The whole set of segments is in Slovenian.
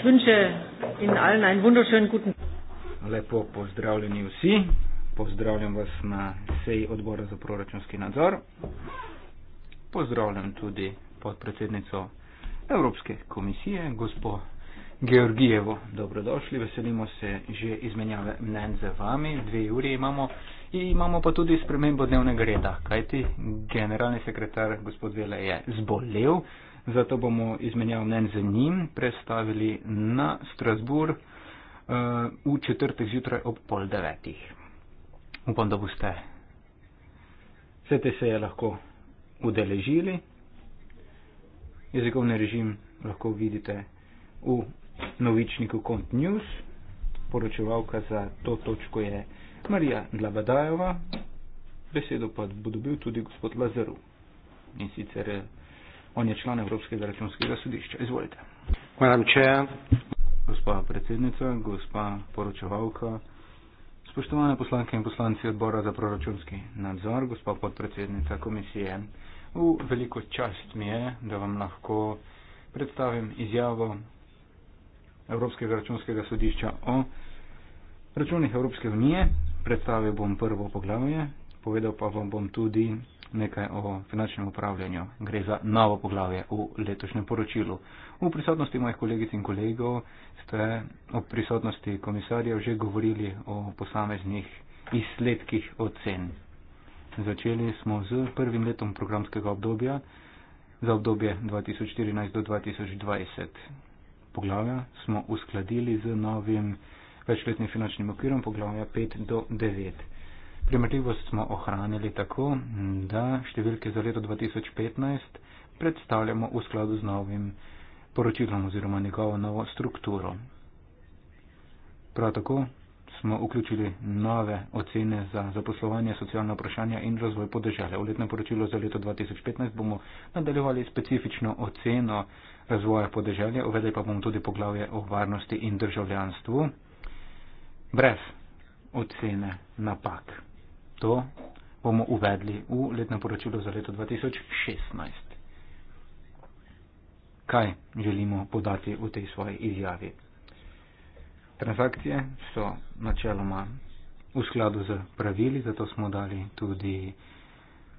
Ich wünsche Ihnen allen einen wunderschönen guten Lepo pozdravljeni vsi. Pozdravljam vas na seji odbora za proračunski nadzor. Pozdravljam tudi podpredsednico Evropske komisije, gospod Georgijevo. Dobrodošli, veselimo se že izmenjave mnen za vami. Dve uri imamo in imamo pa tudi spremembo dnevnega reda, kajti generalni sekretar gospod Vele je zbolel zato bomo izmenjav mnen z njim predstavili na Strasbourg eh, v četrtek zjutraj ob pol devetih. Upam, da boste vse te seje lahko udeležili. Jezikovni režim lahko vidite v novičniku Kont News. Poročevalka za to točko je Marija Dlabadajeva, besedo pa bo dobil tudi gospod Lazaru. In sicer eh, On je član Evropskega računskega sodišča. Izvolite. Madam Chair. Gospa predsednica, gospa poročevalka, spoštovane poslanke in poslanci odbora za proračunski nadzor, gospa podpredsednica komisije. V veliko čast mi je, da vam lahko predstavim izjavo Evropskega računskega sodišča o računih Evropske unije. Predstavil bom prvo poglavje, povedal pa vam bom tudi nekaj o finančnem upravljanju. Gre za novo poglavje v letošnjem poročilu. V prisotnosti mojih kolegic in kolegov ste ob prisotnosti komisarjev že govorili o posameznih izsledkih ocen. Začeli smo z prvim letom programskega obdobja za obdobje 2014 do 2020. Poglavja smo uskladili z novim večletnim finančnim okvirom poglavja 5 do 9. Primerljivo smo ohranili tako, da številke za leto 2015 predstavljamo v skladu z novim poročilom oziroma njegovo novo strukturo. Prav tako smo vključili nove ocene za zaposlovanje, socialna vprašanja in razvoj podeželja. V letnem poročilu za leto 2015 bomo nadaljevali specifično oceno razvoja podeželja, uvedli pa bomo tudi poglavje o varnosti in državljanstvu brez ocene napak to bomo uvedli v letno poročilo za leto 2016. Kaj želimo podati v tej svoji izjavi? Transakcije so načeloma v skladu z pravili, zato smo dali tudi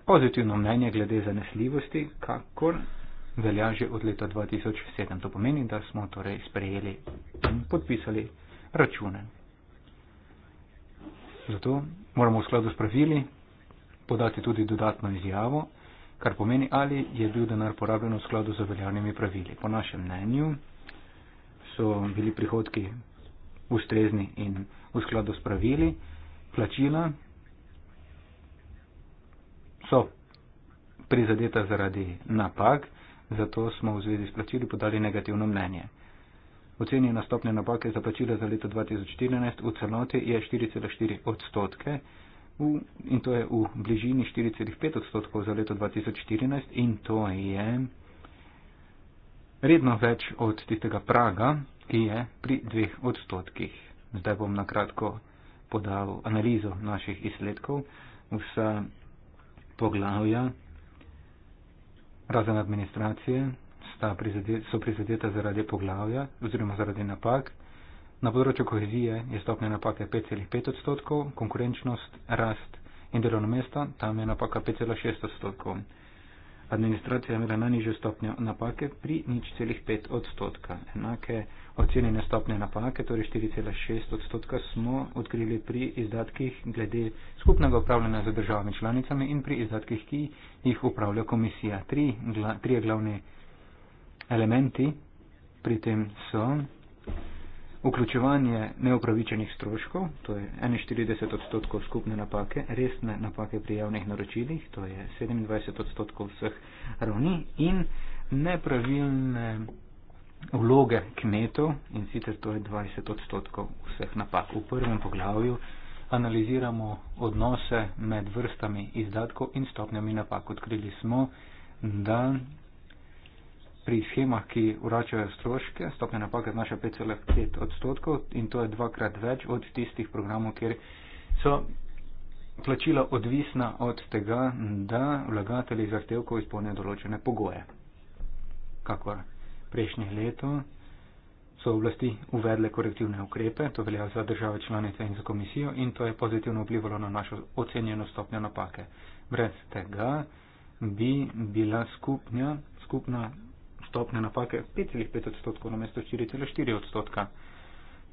pozitivno mnenje glede zanesljivosti, kakor velja že od leta 2007. To pomeni, da smo torej sprejeli in podpisali račune. Zato moramo v skladu s pravili podati tudi dodatno izjavo, kar pomeni, ali je bil denar porabljen v skladu z veljavnimi pravili. Po našem mnenju so bili prihodki ustrezni in v skladu s pravili, plačila so prizadeta zaradi napak, zato smo v zvezi s plačili podali negativno mnenje. Ocenjena stopnja napake za plačila za leto 2014 v celoti je 4,4 odstotke v, in to je v bližini 4,5 odstotkov za leto 2014 in to je redno več od tistega praga, ki je pri dveh odstotkih. Zdaj bom na kratko podal analizo naših izsledkov. Vsa poglavja razen administracije prizadet, so prizadeta zaradi poglavja oziroma zaradi napak. Na področju kohezije je stopnja napake 5,5 odstotkov, konkurenčnost, rast in delovno mesto, tam je napaka 5,6 odstotkov. Administracija je imela najnižjo stopnjo napake pri nič celih 5 odstotka. Enake ocenjene stopnje napake, torej 4,6 odstotka, smo odkrili pri izdatkih glede skupnega upravljanja z državami članicami in pri izdatkih, ki jih upravlja komisija. Tri, gla, tri glavne elementi pri tem so vključevanje neopravičenih stroškov, to je 41 odstotkov skupne napake, resne napake pri javnih naročilih, to je 27 odstotkov vseh ravni in nepravilne vloge kmetov in sicer to je 20 odstotkov vseh napak. V prvem poglavju analiziramo odnose med vrstami izdatkov in stopnjami napak. Odkrili smo, da pri schemah, ki vračajo stroške, stopnja napake znaša 5,5 odstotkov in to je dvakrat več od tistih programov, kjer so plačila odvisna od tega, da vlagatelji zahtevkov izpolnijo določene pogoje. Kakor prejšnjih leto so oblasti uvedle korektivne ukrepe, to velja za države članice in za komisijo in to je pozitivno vplivalo na našo ocenjeno stopnjo napake. Brez tega bi bila skupnja, skupna stopne napake 5,5 odstotkov na mesto 4,4 odstotka.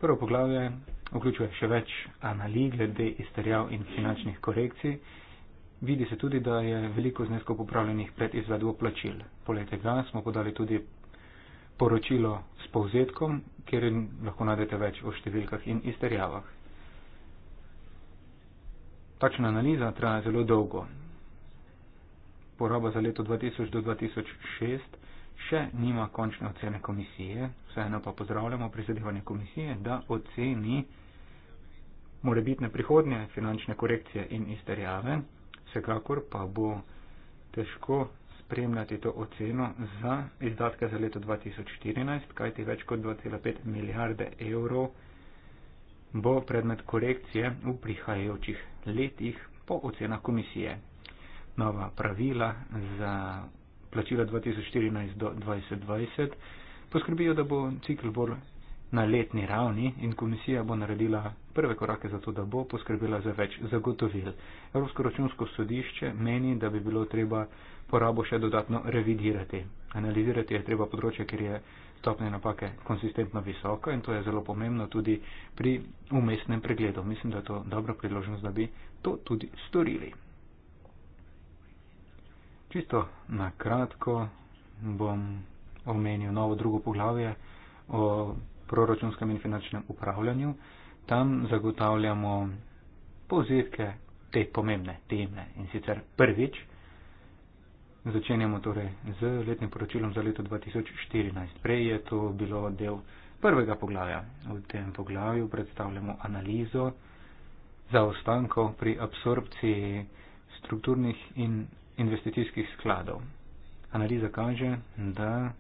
Prvo poglavje vključuje še več analiz glede izterjav in finančnih korekcij. Vidi se tudi, da je veliko zneskov popravljenih pred izvedbo plačil. Poleg tega smo podali tudi poročilo s povzetkom, kjer lahko najdete več o številkah in izterjavah. Takšna analiza traja zelo dolgo. Poraba za leto 2000 do 2006 še nima končne ocene komisije, vseeno pa pozdravljamo prizadevanje komisije, da oceni morebitne prihodnje finančne korekcije in izterjave, vsekakor pa bo težko spremljati to oceno za izdatke za leto 2014, kajti več kot 2,5 milijarde evrov bo predmet korekcije v prihajajočih letih po ocenah komisije. Nova pravila za plačila 2014 do 2020, poskrbijo, da bo cikl bolj na letni ravni in komisija bo naredila prve korake za to, da bo poskrbila za več zagotovil. Evropsko računsko sodišče meni, da bi bilo treba porabo še dodatno revidirati. Analizirati je treba področje, kjer je stopnje napake konsistentno visoka in to je zelo pomembno tudi pri umestnem pregledu. Mislim, da je to dobra priložnost, da bi to tudi storili. Čisto na kratko bom omenil novo drugo poglavje o proračunskem in finančnem upravljanju. Tam zagotavljamo pozitke te pomembne teme in sicer prvič. Začenjamo torej z letnim poročilom za leto 2014. Prej je to bilo del prvega poglavja. V tem poglavju predstavljamo analizo zaostankov pri absorpciji strukturnih in investicijskih skladov. Analiza kaže, da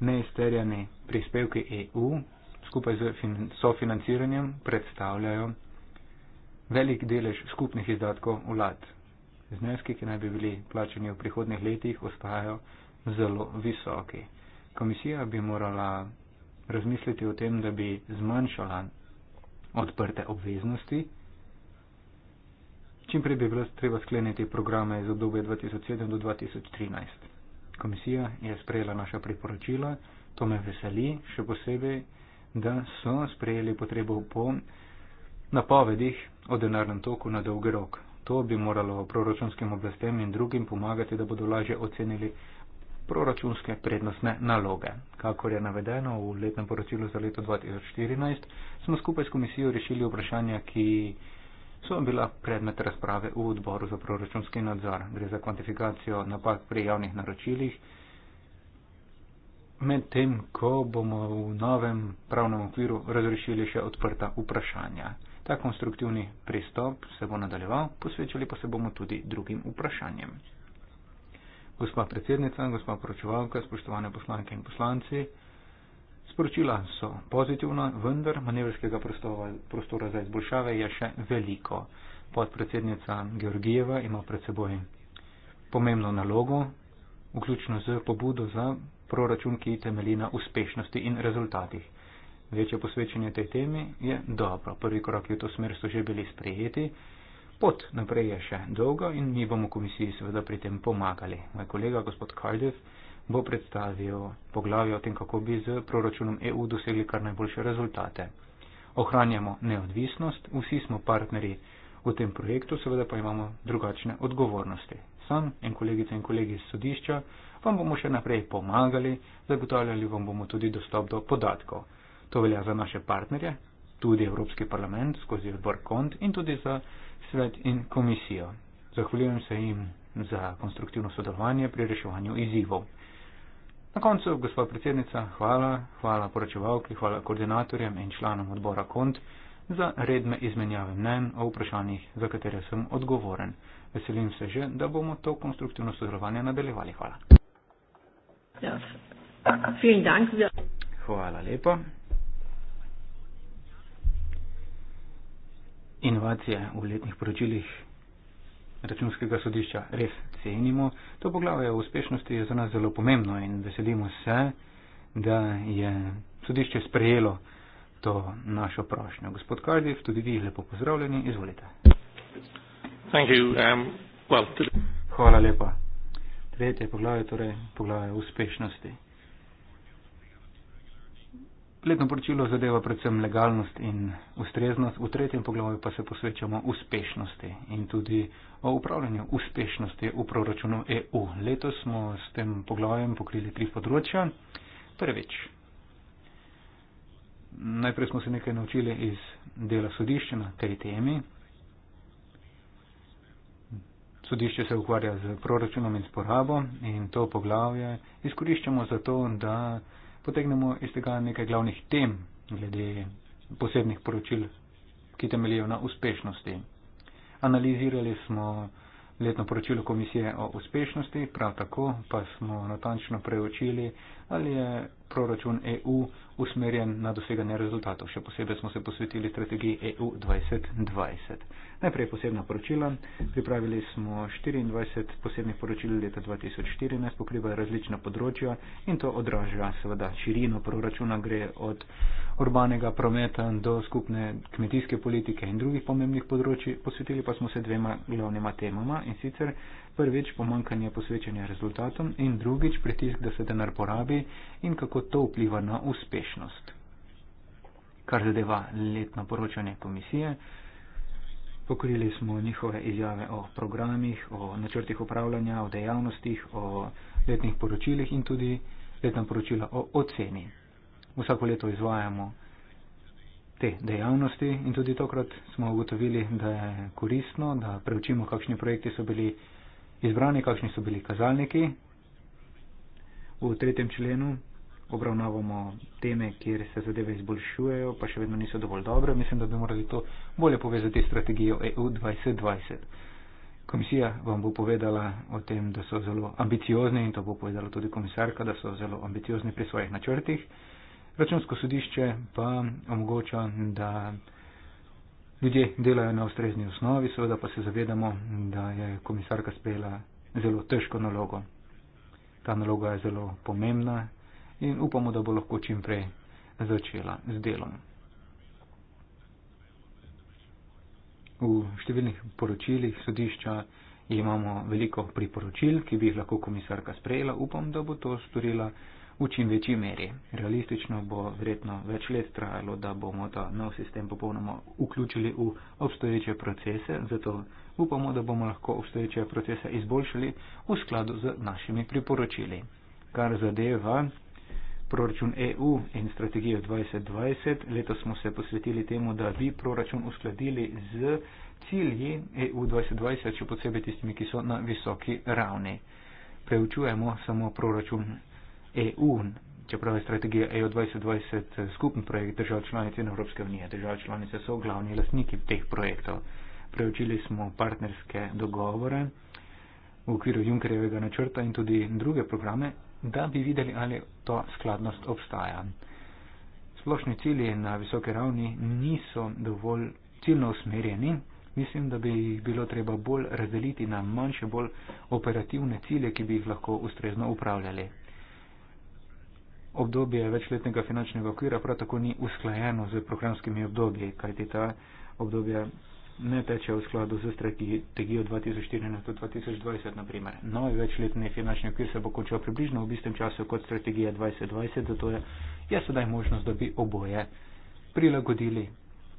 neizterjani prispevki EU skupaj z sofinanciranjem predstavljajo velik delež skupnih izdatkov vlad. Zneski, ki naj bi bili plačeni v prihodnih letih, ostajajo zelo visoki. Komisija bi morala razmisliti o tem, da bi zmanjšala odprte obveznosti, čim prej bi bilo treba skleniti programe za obdobje 2007 do 2013. Komisija je sprejela naša priporočila, to me veseli, še posebej, da so sprejeli potrebo po napovedih o denarnem toku na dolg rok. To bi moralo proračunskim oblastem in drugim pomagati, da bodo lažje ocenili proračunske prednostne naloge. Kakor je navedeno v letnem poročilu za leto 2014, smo skupaj s komisijo rešili vprašanja, ki so bila predmet razprave v odboru za proračunski nadzor. Gre za kvantifikacijo napak pri javnih naročilih. Medtem, ko bomo v novem pravnem okviru razrešili še odprta vprašanja. Ta konstruktivni pristop se bo nadaljeval, posvečali pa se bomo tudi drugim vprašanjem. Gospa predsednica, gospa poročevalka, spoštovane poslanke in poslanci. Sporočila so pozitivna, vendar manevrskega prostora za izboljšave je še veliko. Podpredsednica Georgijeva ima pred seboj pomembno nalogo, vključno z pobudo za proračun, ki temelji na uspešnosti in rezultatih. Večje posvečanje tej temi je dobro. Prvi koraki v to smer so že bili sprejeti. Pot naprej je še dolga in mi bomo komisiji seveda pri tem pomagali. Moj kolega, gospod Kardiv, bo predstavil poglavje o tem, kako bi z proračunom EU dosegli kar najboljše rezultate. Ohranjamo neodvisnost, vsi smo partnerji v tem projektu, seveda pa imamo drugačne odgovornosti. Sam in kolegice in kolegi iz sodišča vam bomo še naprej pomagali, zagotavljali vam bomo tudi dostop do podatkov. To velja za naše partnerje, tudi Evropski parlament skozi odbor KONT in tudi za svet in komisijo. Zahvaljujem se jim za konstruktivno sodelovanje pri reševanju izzivov. Na koncu, gospod predsednica, hvala, hvala poročevalki, hvala koordinatorjem in članom odbora KONT za redne izmenjave mnen o vprašanjih, za katere sem odgovoren. Veselim se že, da bomo to konstruktivno sodelovanje nadaljevali. Hvala. Ja, hvala lepa. Inovacije v letnih poročilih računskega sodišča. Res cenimo to poglavje o uspešnosti, je za nas zelo pomembno in veselimo se, da je sodišče sprejelo to našo prošnjo. Gospod Kardiv, tudi vi lepo pozdravljeni, izvolite. Um, Hvala lepa. Tretje poglavje, torej poglavje uspešnosti. Letno poročilo zadeva predvsem legalnost in ustreznost, v tretjem poglavju pa se posvečamo uspešnosti in tudi o upravljanju uspešnosti v proračunu EU. Letos smo s tem poglavjem pokrili tri področja. Prvič, najprej smo se nekaj naučili iz dela sodišča na tej temi. Sodišče se ukvarja z proračunom in sporabo in to poglavje izkoriščamo zato, da potegnemo iz tega nekaj glavnih tem glede posebnih poročil, ki temeljijo na uspešnosti. Analizirali smo letno poročilo komisije o uspešnosti, prav tako pa smo natančno preučili, ali je proračun EU usmerjen na doseganje rezultatov. Še posebej smo se posvetili strategiji EU 2020. Najprej posebna poročila. Pripravili smo 24 posebnih poročil leta 2014, pokrivajo različna področja in to odraža seveda širino proračuna, gre od urbanega prometa do skupne kmetijske politike in drugih pomembnih področji. Posvetili pa smo se dvema glavnima temama in sicer prvič pomankanje posvečanja rezultatom in drugič pritisk, da se denar porabi in kako to vpliva na uspešnost. Kar zadeva letno poročanje komisije, pokrili smo njihove izjave o programih, o načrtih upravljanja, o dejavnostih, o letnih poročilih in tudi letna poročila o oceni. Vsako leto izvajamo te dejavnosti in tudi tokrat smo ugotovili, da je koristno, da preučimo, kakšni projekti so bili izbrani, kakšni so bili kazalniki. V tretjem členu obravnavamo teme, kjer se zadeve izboljšujejo, pa še vedno niso dovolj dobre. Mislim, da bi morali to bolje povezati s strategijo EU 2020. Komisija vam bo povedala o tem, da so zelo ambiciozni in to bo povedala tudi komisarka, da so zelo ambiciozni pri svojih načrtih. Računsko sodišče pa omogoča, da ljudje delajo na ustrezni osnovi, seveda pa se zavedamo, da je komisarka sprejela zelo težko nalogo. Ta naloga je zelo pomembna in upamo, da bo lahko čim prej začela z delom. V številnih poročilih sodišča imamo veliko priporočil, ki bi jih lahko komisarka sprejela. Upam, da bo to storila v čim večji meri. Realistično bo verjetno več let trajalo, da bomo ta nov sistem popolnoma vključili v obstoječe procese, zato upamo, da bomo lahko obstoječe procese izboljšali v skladu z našimi priporočili. Kar zadeva proračun EU in strategijo 2020, letos smo se posvetili temu, da bi proračun uskladili z cilji EU 2020, še posebej tistimi, ki so na visoki ravni. Preučujemo samo proračun EU, čeprav je strategija EU 2020 eh, skupen projekt držav članic in Evropske unije. Držav članice so glavni lastniki teh projektov. Preučili smo partnerske dogovore v okviru Junkerjevega načrta in tudi druge programe, da bi videli, ali to skladnost obstaja. Splošni cilji na visoke ravni niso dovolj ciljno usmerjeni. Mislim, da bi jih bilo treba bolj razdeliti na manjše, bolj operativne cilje, ki bi jih lahko ustrezno upravljali obdobje večletnega finančnega okvira prav tako ni usklajeno z programskimi obdobji, kajti ta obdobja ne teče v skladu z strategijo 2014-2020, naprimer. Novi večletni finančni okvir se bo končal približno v istem času kot strategija 2020, zato je, je sedaj možnost, da bi oboje prilagodili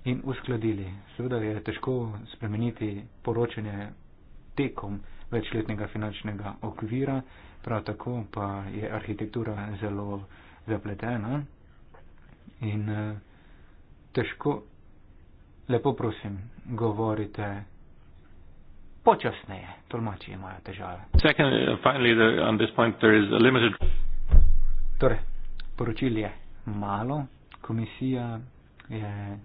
in uskladili. Seveda je težko spremeniti poročanje tekom večletnega finančnega okvira prav tako pa je arhitektura zelo zapletena in eh, težko, lepo prosim, govorite. Počasneje, tolmači imajo težave. Second, uh, finally, the, on this point, there is a limited... Torej, poročil je malo, komisija je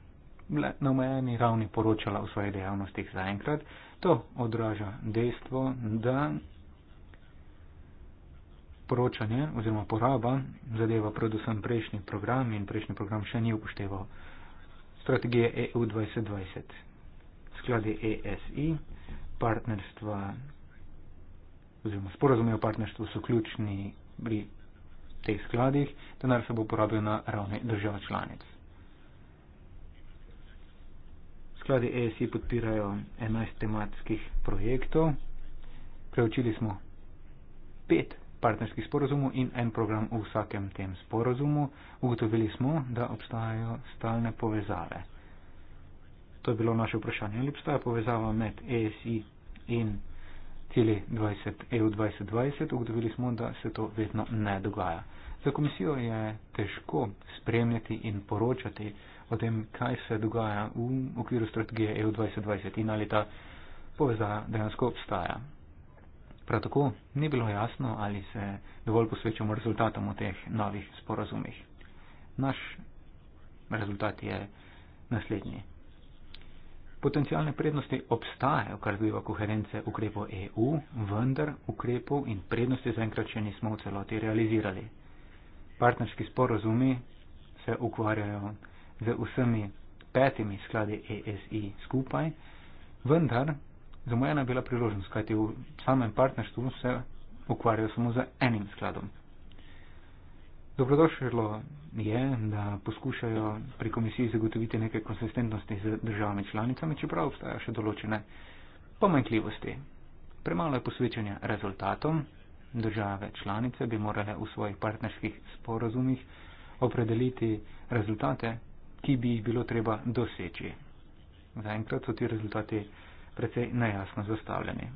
na omejeni ravni poročala o svojih dejavnostih zaenkrat. To odraža dejstvo, da poročanje oziroma poraba zadeva predvsem prejšnji program in prejšnji program še ni upošteval strategije EU 2020, skladi ESI, partnerstva oziroma sporozume o partnerstvu so ključni pri teh skladih, denar se bo uporabil na ravni država članic. Skladi ESI podpirajo 11 tematskih projektov, preučili smo pet partnerskih sporozumov in en program v vsakem tem sporozumu, ugotovili smo, da obstajajo stalne povezave. To je bilo naše vprašanje. Ali obstaja povezava med ESI in cilji EU2020? E ugotovili smo, da se to vedno ne dogaja. Za komisijo je težko spremljati in poročati o tem, kaj se dogaja v okviru strategije EU2020 in ali ta povezava dejansko obstaja. Prav tako ni bilo jasno, ali se dovolj posvečamo rezultatom v teh novih sporazumih. Naš rezultat je naslednji. Potencijalne prednosti obstajajo, kar zdiva koherence ukrepov EU, vendar ukrepov in prednosti zaenkrat še nismo v celoti realizirali. Partnerski sporozumi se ukvarjajo z vsemi petimi skladi ESI skupaj, vendar za mojena bila priložnost, kajti v samem partnerstvu se ukvarjajo samo z enim skladom. Dobrodošlo je, da poskušajo pri komisiji zagotoviti nekaj konsistentnosti z državami članicami, čeprav obstajajo še določene pomanjkljivosti. Premalo je posvečanja rezultatom, države članice bi morale v svojih partnerskih sporazumih opredeliti rezultate, ki bi jih bilo treba doseči. Zaenkrat so ti rezultati precej nejasno zastavljeni.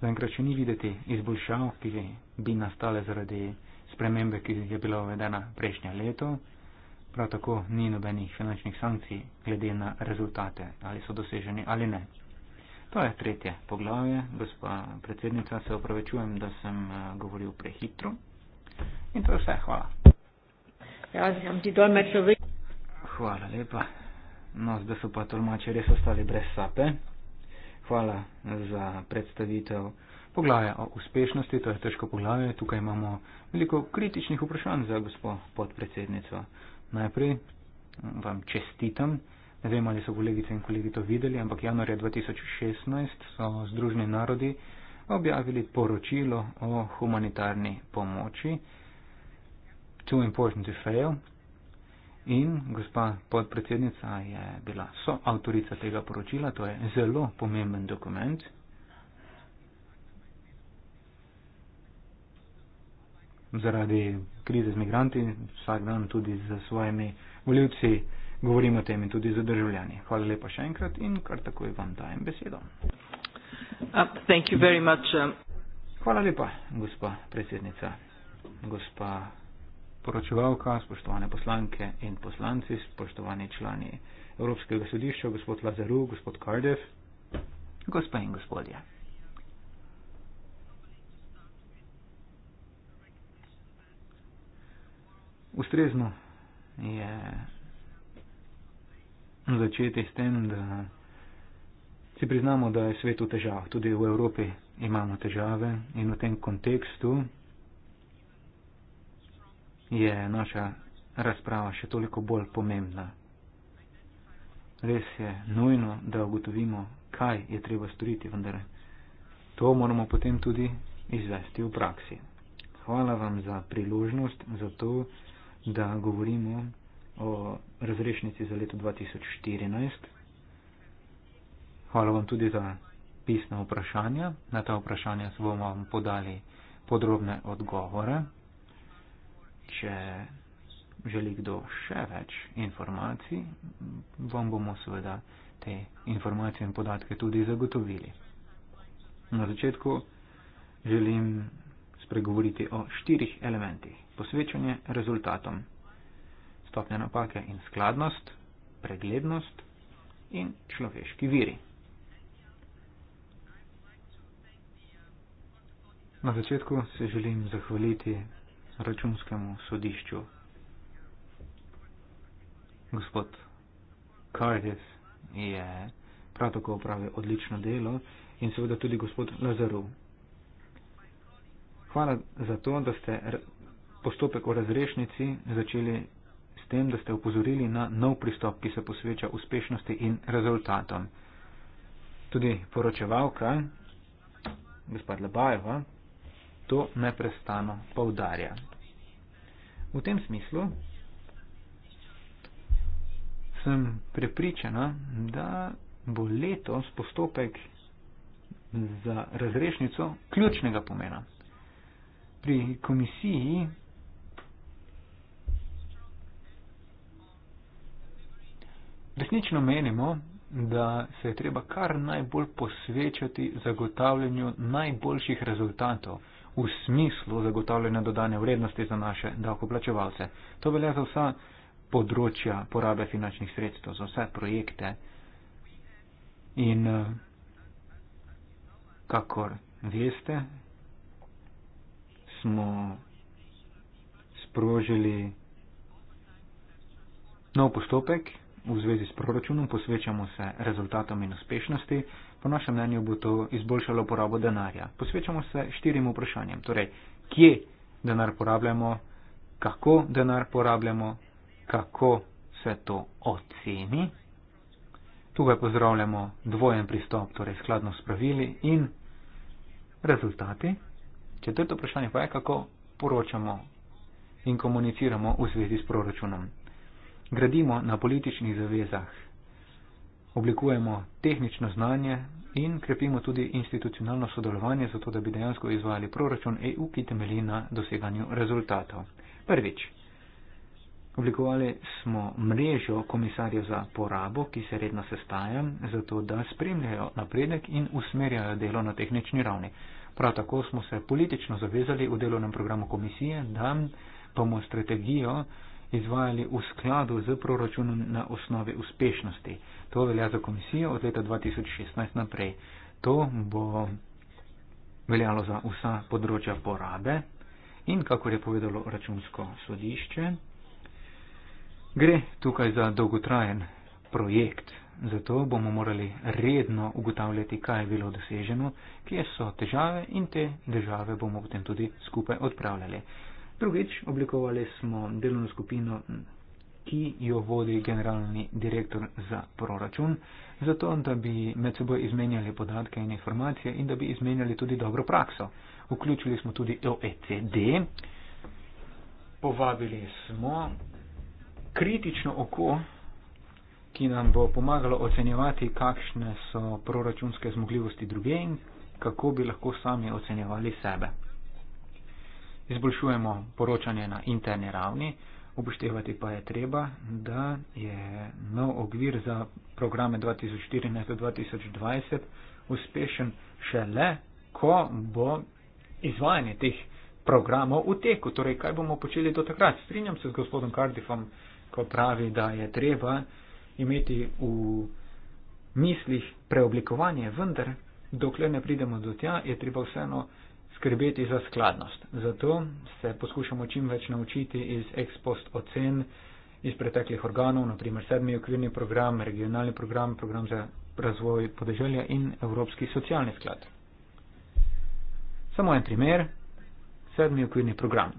Zaenkrat še ni videti izboljšav, ki bi nastale zaradi spremembe, ki je bila uvedena prejšnje leto. Prav tako ni nobenih finančnih sankcij glede na rezultate, ali so doseženi ali ne. To je tretje poglavje. Gospa predsednica, se opravičujem, da sem eh, govoril prehitro. In to je vse. Hvala. Ja, Hvala lepa nas do so pa tolmači res ostali brez sape. Hvala za predstavitev poglavja o uspešnosti, to je težko poglavje. Tukaj imamo veliko kritičnih vprašanj za gospod podpredsednico. Najprej vam čestitam. Ne vem, ali so kolegice in kolegi to videli, ampak januarja 2016 so Združeni narodi objavili poročilo o humanitarni pomoči. Too important to fail, In gospa podpredsednica je bila soautorica tega poročila, to je zelo pomemben dokument. Zaradi krize z migranti vsak dan tudi za svojimi voljivci govorimo o tem in tudi za državljani. Hvala lepa še enkrat in kar takoj vam dajem besedo. Uh, uh. Hvala lepa, gospa predsednica. Gospa poročevalka, spoštovane poslanke in poslanci, spoštovani člani Evropskega sodišča, gospod Lazaru, gospod Kardev, gospa in gospodje. Ustrezno je začeti s tem, da si priznamo, da je svet v težavah. Tudi v Evropi imamo težave in v tem kontekstu je naša razprava še toliko bolj pomembna. Res je nujno, da ugotovimo, kaj je treba storiti, vendar to moramo potem tudi izvesti v praksi. Hvala vam za priložnost, za to, da govorimo o razrešnici za leto 2014. Hvala vam tudi za pisna vprašanja. Na ta vprašanja smo vam podali podrobne odgovore če želi kdo še več informacij, vam bomo seveda te informacije in podatke tudi zagotovili. Na začetku želim spregovoriti o štirih elementih. Posvečanje rezultatom, stopnja napake in skladnost, preglednost in človeški viri. Na začetku se želim zahvaliti računskemu sodišču. Gospod Cardiff je prav tako opravil odlično delo in seveda tudi gospod Lazaru. Hvala za to, da ste postopek o razrešnici začeli s tem, da ste upozorili na nov pristop, ki se posveča uspešnosti in rezultatom. Tudi poročevalka, gospod Lebajeva, to neprestano povdarja. V tem smislu sem prepričana, da bo letos postopek za razrešnico ključnega pomena. Pri komisiji resnično menimo, da se je treba kar najbolj posvečati zagotavljanju najboljših rezultatov v smislu zagotavljanja dodane vrednosti za naše davkoplačevalce. To velja za vsa področja porabe finančnih sredstev, za vse projekte in eh, kakor veste, smo sprožili nov postopek v zvezi s proračunom, posvečamo se rezultatom in uspešnosti. Po našem mnenju bo to izboljšalo porabo denarja. Posvečamo se štirim vprašanjem. Torej, kje denar porabljamo, kako denar porabljamo, kako se to oceni. Tukaj pozdravljamo dvojen pristop, torej skladno s pravili in rezultati. Četrto vprašanje pa je, kako poročamo in komuniciramo v zvezi s proračunom. Gradimo na političnih zavezah oblikujemo tehnično znanje in krepimo tudi institucionalno sodelovanje, zato da bi dejansko izvajali proračun EU, ki temelji na doseganju rezultatov. Prvič, oblikovali smo mrežo komisarjev za porabo, ki se redno sestaja, zato da spremljajo napredek in usmerjajo delo na tehnični ravni. Prav tako smo se politično zavezali v delovnem programu komisije, da bomo strategijo izvajali v skladu z proračunom na osnovi uspešnosti. To velja za komisijo od leta 2016 naprej. To bo veljalo za vsa področja porabe in, kako je povedalo računsko sodišče, gre tukaj za dolgotrajen projekt. Zato bomo morali redno ugotavljati, kaj je bilo doseženo, kje so težave in te težave bomo potem tudi skupaj odpravljali. Drugič, oblikovali smo delovno skupino, ki jo vodi generalni direktor za proračun, zato da bi med seboj izmenjali podatke in informacije in da bi izmenjali tudi dobro prakso. Vključili smo tudi OECD, povabili smo kritično oko, ki nam bo pomagalo ocenjevati, kakšne so proračunske zmogljivosti druge in kako bi lahko sami ocenjevali sebe izboljšujemo poročanje na interni ravni, upoštevati pa je treba, da je nov okvir za programe 2014 do 2020 uspešen šele, ko bo izvajanje teh programov v teku. Torej, kaj bomo počeli do takrat? Strinjam se z gospodom Kardifom, ko pravi, da je treba imeti v mislih preoblikovanje, vendar dokler ne pridemo do tja, je treba vseeno skrbeti za skladnost. Zato se poskušamo čim več naučiti iz ekspost ocen iz preteklih organov, naprimer sedmi okvirni program, regionalni program, program za razvoj podeželja in Evropski socialni sklad. Samo en primer, sedmi okvirni program.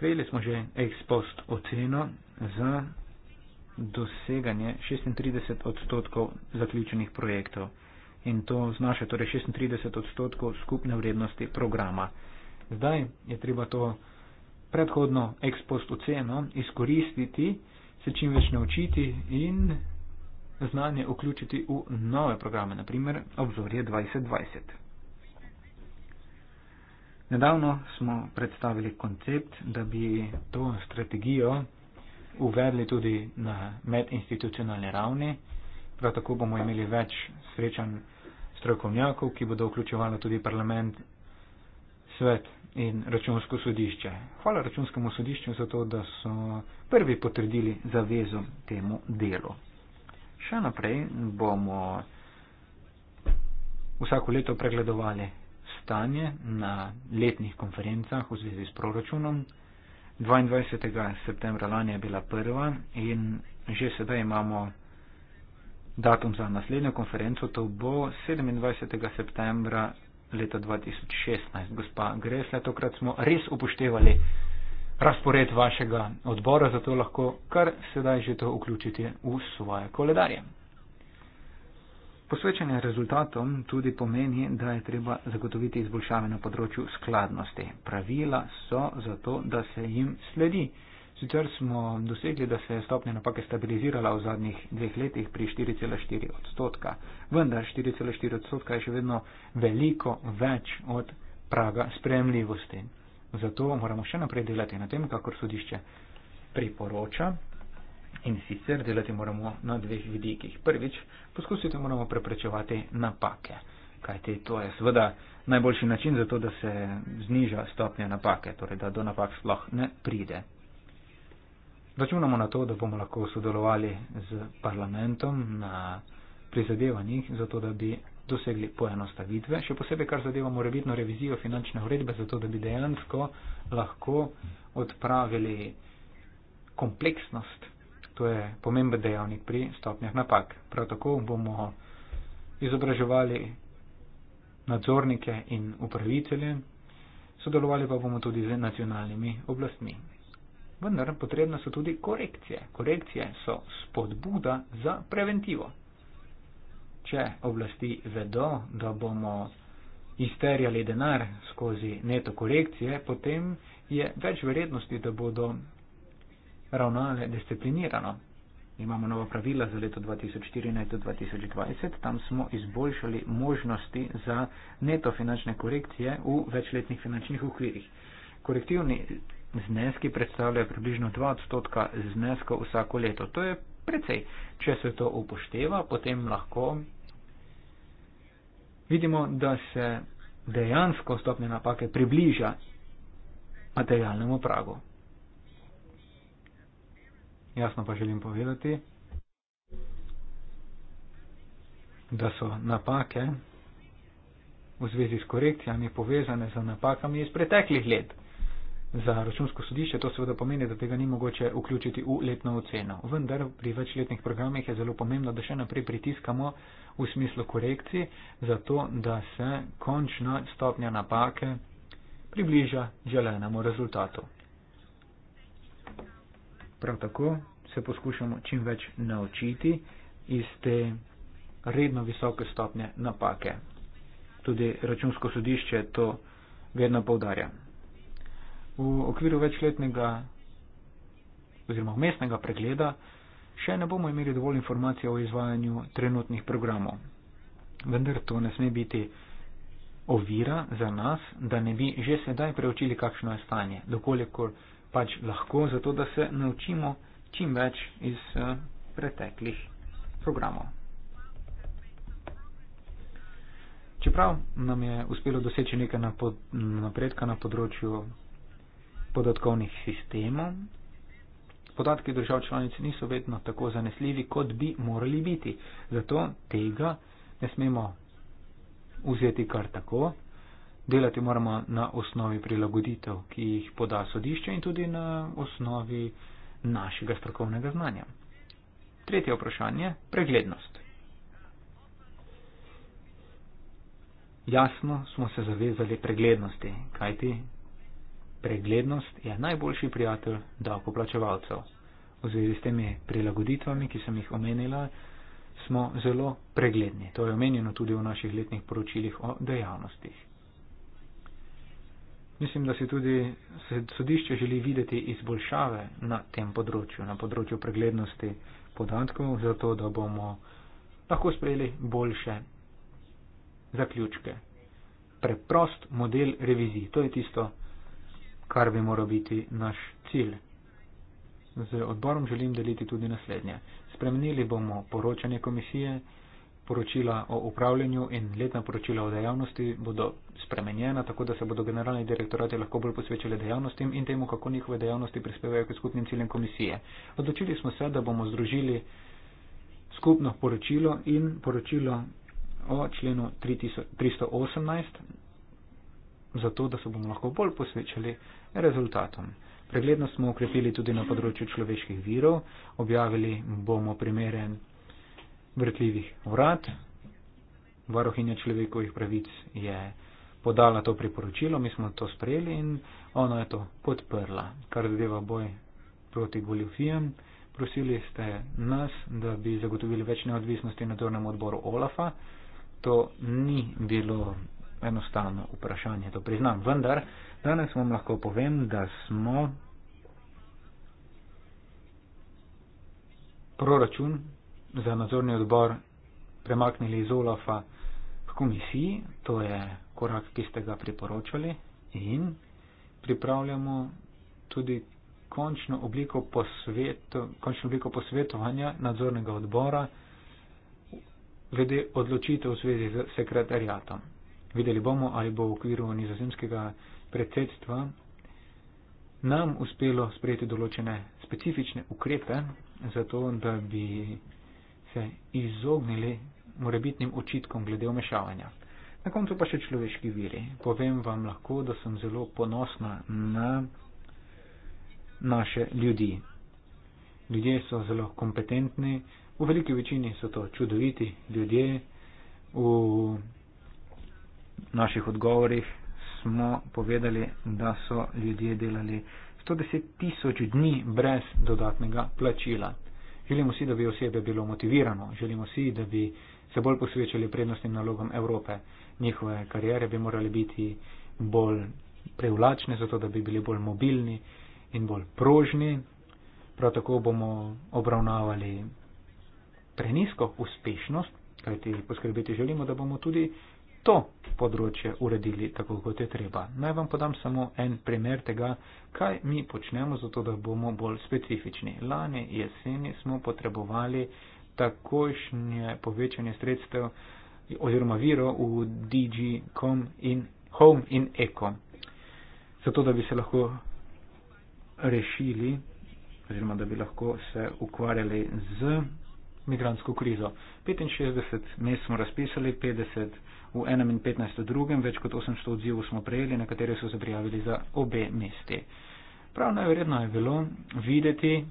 Prejeli smo že ekspost oceno za doseganje 36 odstotkov zaključenih projektov. In to znaša torej 36 odstotkov skupne vrednosti programa. Zdaj je treba to predhodno ekspost oceno izkoristiti, se čim več naučiti in znanje vključiti v nove programe, naprimer obzorje 2020. Nedavno smo predstavili koncept, da bi to strategijo uvedli tudi na medinstitucionalni ravni. Prav tako bomo imeli več srečanj strokovnjakov, ki bodo vključevali tudi parlament, svet in računsko sodišče. Hvala računskemu sodišču za to, da so prvi potrdili zavezo temu delu. Še naprej bomo vsako leto pregledovali stanje na letnih konferencah v zvezi s proračunom. 22. septembra lani je bila prva in že sedaj imamo datum za naslednjo konferenco, to bo 27. septembra leta 2016. Gospa Gresle, tokrat smo res upoštevali razpored vašega odbora, zato lahko kar sedaj že to vključite v svoje koledarje. Posvečanje rezultatom tudi pomeni, da je treba zagotoviti izboljšave na področju skladnosti. Pravila so zato, da se jim sledi. Sicer smo dosegli, da se je stopnja napake stabilizirala v zadnjih dveh letih pri 4,4 odstotka, vendar 4,4 odstotka je še vedno veliko več od praga sprejemljivosti. Zato moramo še naprej delati na tem, kakor sodišče priporoča. In sicer delati moramo na dveh vidikih. Prvič, poskusiti moramo preprečevati napake, kajti to je seveda najboljši način za to, da se zniža stopnja napake, torej da do napak sploh ne pride. Računamo na to, da bomo lahko sodelovali z parlamentom na prizadevanjih za to, da bi dosegli poenostavitve, še posebej kar zadeva morebitno revizijo finančne uredbe, zato da bi dejansko lahko odpravili kompleksnost To je pomemben dejavnik pri stopnjah napak. Prav tako bomo izobraževali nadzornike in upravitelje, sodelovali pa bomo tudi z nacionalnimi oblastmi. Vendar potrebna so tudi korekcije. Korekcije so spodbuda za preventivo. Če oblasti vedo, da bomo izterjali denar skozi neto korekcije, potem je več verjetnosti, da bodo ravnale disciplinirano. Imamo novo pravila za leto 2014 do 2020, tam smo izboljšali možnosti za neto finančne korekcije v večletnih finančnih okvirih. Korektivni zneski predstavljajo približno 2 odstotka zneska vsako leto. To je precej. Če se to upošteva, potem lahko vidimo, da se dejansko stopnje napake približa materialnemu pragu. Jasno pa želim povedati, da so napake v zvezi s korekcijami povezane z napakami iz preteklih let. Za računsko sodišče to seveda pomeni, da tega ni mogoče vključiti v letno oceno. Vendar pri večletnih programih je zelo pomembno, da še naprej pritiskamo v smislu korekcij, zato da se končna stopnja napake približa želenemu rezultatu prav tako se poskušamo čim več naučiti iz te redno visoke stopnje napake. Tudi računsko sodišče to vedno povdarja. V okviru večletnega oziroma mestnega pregleda še ne bomo imeli dovolj informacij o izvajanju trenutnih programov. Vendar to ne sme biti ovira za nas, da ne bi že sedaj preučili, kakšno je stanje, dokolikor pač lahko, zato da se naučimo čim več iz eh, preteklih programov. Čeprav nam je uspelo doseči nekaj napredka na področju podatkovnih sistemov, podatki držav članic niso vedno tako zanesljivi, kot bi morali biti. Zato tega ne smemo vzeti kar tako, Delati moramo na osnovi prilagoditev, ki jih poda sodišče in tudi na osnovi našega strokovnega znanja. Tretje vprašanje - preglednost. Jasno smo se zavezali preglednosti, kajti preglednost je najboljši prijatelj davkoplačevalcev. V zvezi s temi prilagoditvami, ki sem jih omenila, smo zelo pregledni. To je omenjeno tudi v naših letnih poročilih o dejavnostih. Mislim, da si tudi sodišče želi videti izboljšave na tem področju, na področju preglednosti podatkov, zato da bomo lahko sprejeli boljše zaključke. Preprost model revizij, to je tisto, kar bi moral biti naš cilj. Z odborom želim deliti tudi naslednje. Spremenili bomo poročanje komisije poročila o upravljanju in letna poročila o dejavnosti bodo spremenjena, tako da se bodo generalni direktorati lahko bolj posvečali dejavnostim in temu, kako njihove dejavnosti prispevajo k skupnim ciljem komisije. Odločili smo se, da bomo združili skupno poročilo in poročilo o členu 318, zato da se bomo lahko bolj posvečali rezultatom. Preglednost smo ukrepili tudi na področju človeških virov, objavili bomo primere vrtljivih vrat. Varohinja človekovih pravic je podala to priporočilo, mi smo to sprejeli in ona je to podprla, kar zadeva boj proti goljofijam. Prosili ste nas, da bi zagotovili več neodvisnosti nadzornemu odboru OLAFA. To ni bilo enostavno vprašanje, to priznam. Vendar, danes vam lahko povem, da smo proračun za nadzorni odbor premaknili iz Olafa k komisiji, to je korak, ki ste ga priporočali in pripravljamo tudi končno obliko, posvetu, končno obliko posvetovanja nadzornega odbora glede odločitev v zvezi z sekretarijatom. Videli bomo, ali bo v okviru nizozemskega predsedstva nam uspelo sprejeti določene specifične ukrepe, zato da bi se izognili morebitnim očitkom glede omešavanja. Na koncu pa še človeški viri. Povem vam lahko, da sem zelo ponosna na naše ljudi. Ljudje so zelo kompetentni, v veliki večini so to čudoviti ljudje. V naših odgovorih smo povedali, da so ljudje delali 110 tisoč dni brez dodatnega plačila. Želimo si, da bi osebe bilo motivirano, želimo si, da bi se bolj posvečali prednostnim nalogam Evrope. Njihove karijere bi morali biti bolj preulačne, zato da bi bili bolj mobilni in bolj prožni. Prav tako bomo obravnavali prenisko uspešnost, kajti poskrbeti želimo, da bomo tudi to področje uredili tako, kot je treba. Naj vam podam samo en primer tega, kaj mi počnemo, zato da bomo bolj specifični. Lani jeseni smo potrebovali takošnje povečanje sredstev oziroma viro v DG.com in Home in Eco, zato da bi se lahko rešili oziroma da bi lahko se ukvarjali z migransko krizo. 65 mest smo razpisali, 50 v enem in 15 v drugem, več kot 800 odzivov smo prejeli, na katere so se prijavili za obe mesti. Prav najverjetno je bilo videti,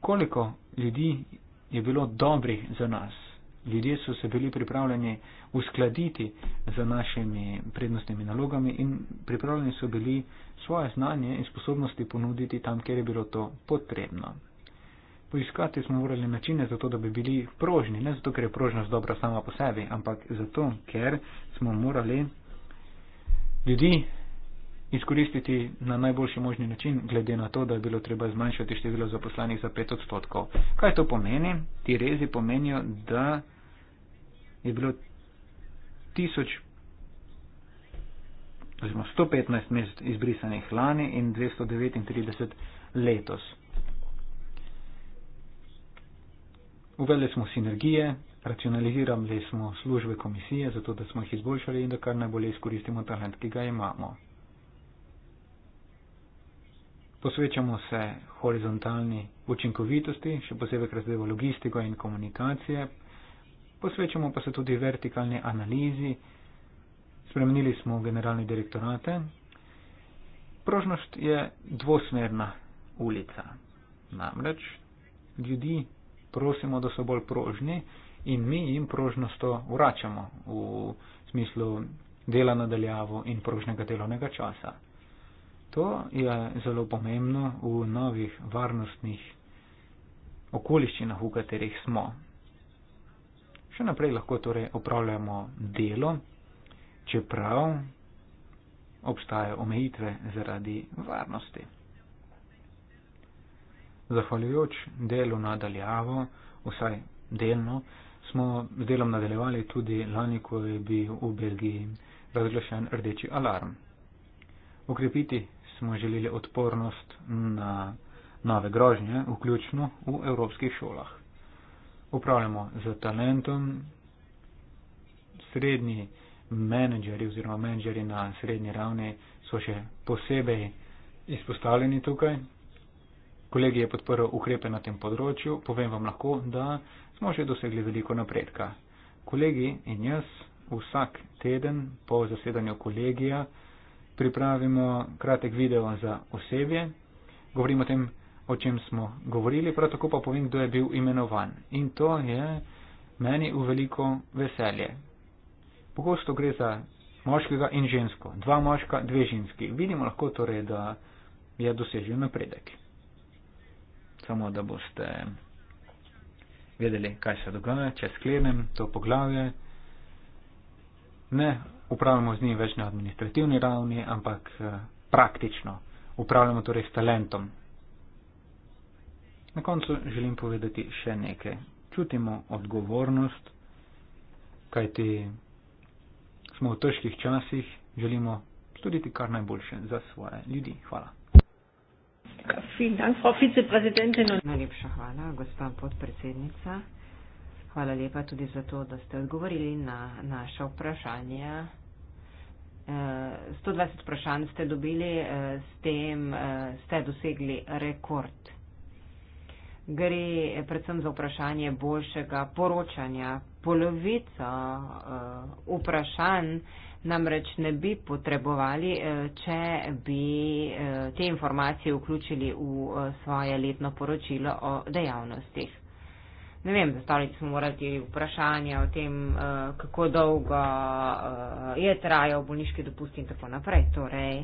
koliko ljudi je bilo dobrih za nas. Ljudje so se bili pripravljeni uskladiti za našimi prednostnimi nalogami in pripravljeni so bili svoje znanje in sposobnosti ponuditi tam, kjer je bilo to potrebno. Poiskati smo morali načine za to, da bi bili prožni, ne zato, ker je prožnost dobra sama po sebi, ampak zato, ker smo morali ljudi izkoristiti na najboljši možni način, glede na to, da je bilo treba zmanjšati število zaposlenih za pet odstotkov. Kaj to pomeni? Ti rezi pomenijo, da je bilo tisoč oziroma 115 mest izbrisanih lani in 239 letos. Uvedli smo sinergije, racionalizirali smo službe komisije, zato da smo jih izboljšali in da kar najbolje izkoristimo talent, ki ga imamo. Posvečamo se horizontalni učinkovitosti, še posebej kar zadeva logistiko in komunikacije. Posvečamo pa se tudi vertikalni analizi. Spremenili smo generalni direktorate. Prožnost je dvosmerna ulica. Namreč ljudi prosimo, da so bolj prožni in mi jim prožnost vračamo v smislu dela nadaljavo in prožnega delovnega časa. To je zelo pomembno v novih varnostnih okoliščinah, v katerih smo. Še naprej lahko torej opravljamo delo, čeprav obstajajo omejitve zaradi varnosti. Zahvaljujoč delu nadaljavo, vsaj delno, smo z delom nadaljevali tudi lani, ko je bil v Belgiji razglašen rdeči alarm. Ukrepiti smo želeli odpornost na nove grožnje, vključno v evropskih šolah. Upravljamo z talentom, srednji menedžeri oziroma menedžeri na srednji ravni so še posebej izpostavljeni tukaj. Kolegi je podprl ukrepe na tem področju, povem vam lahko, da smo že dosegli veliko napredka. Kolegi in jaz vsak teden po zasedanju kolegija pripravimo kratek video za osebje, govorimo o tem, o čem smo govorili, prav tako pa povem, kdo je bil imenovan. In to je meni v veliko veselje. Pogosto gre za moškega in žensko, dva moška, dve ženski. Vidimo lahko torej, da je dosežen napredek samo da boste vedeli, kaj se dogaja, če sklenem to poglavje. Ne upravljamo z njim več na administrativni ravni, ampak eh, praktično. Upravljamo torej s talentom. Na koncu želim povedati še nekaj. Čutimo odgovornost, kajti smo v težkih časih, želimo storiti kar najboljše za svoje ljudi. Hvala. Najlepša hvala, gospa podpredsednica. Hvala lepa tudi za to, da ste odgovorili na naše vprašanje. Eh, 120 vprašanj ste dobili, eh, s tem eh, ste dosegli rekord. Gre predvsem za vprašanje boljšega poročanja. Polovica vprašanj namreč ne bi potrebovali, eh, če bi eh, te informacije vključili v eh, svoje letno poročilo o dejavnostih. Ne vem, zastavljati smo morali vprašanje o tem, kako dolgo je trajal bolniški dopust in tako naprej. Torej,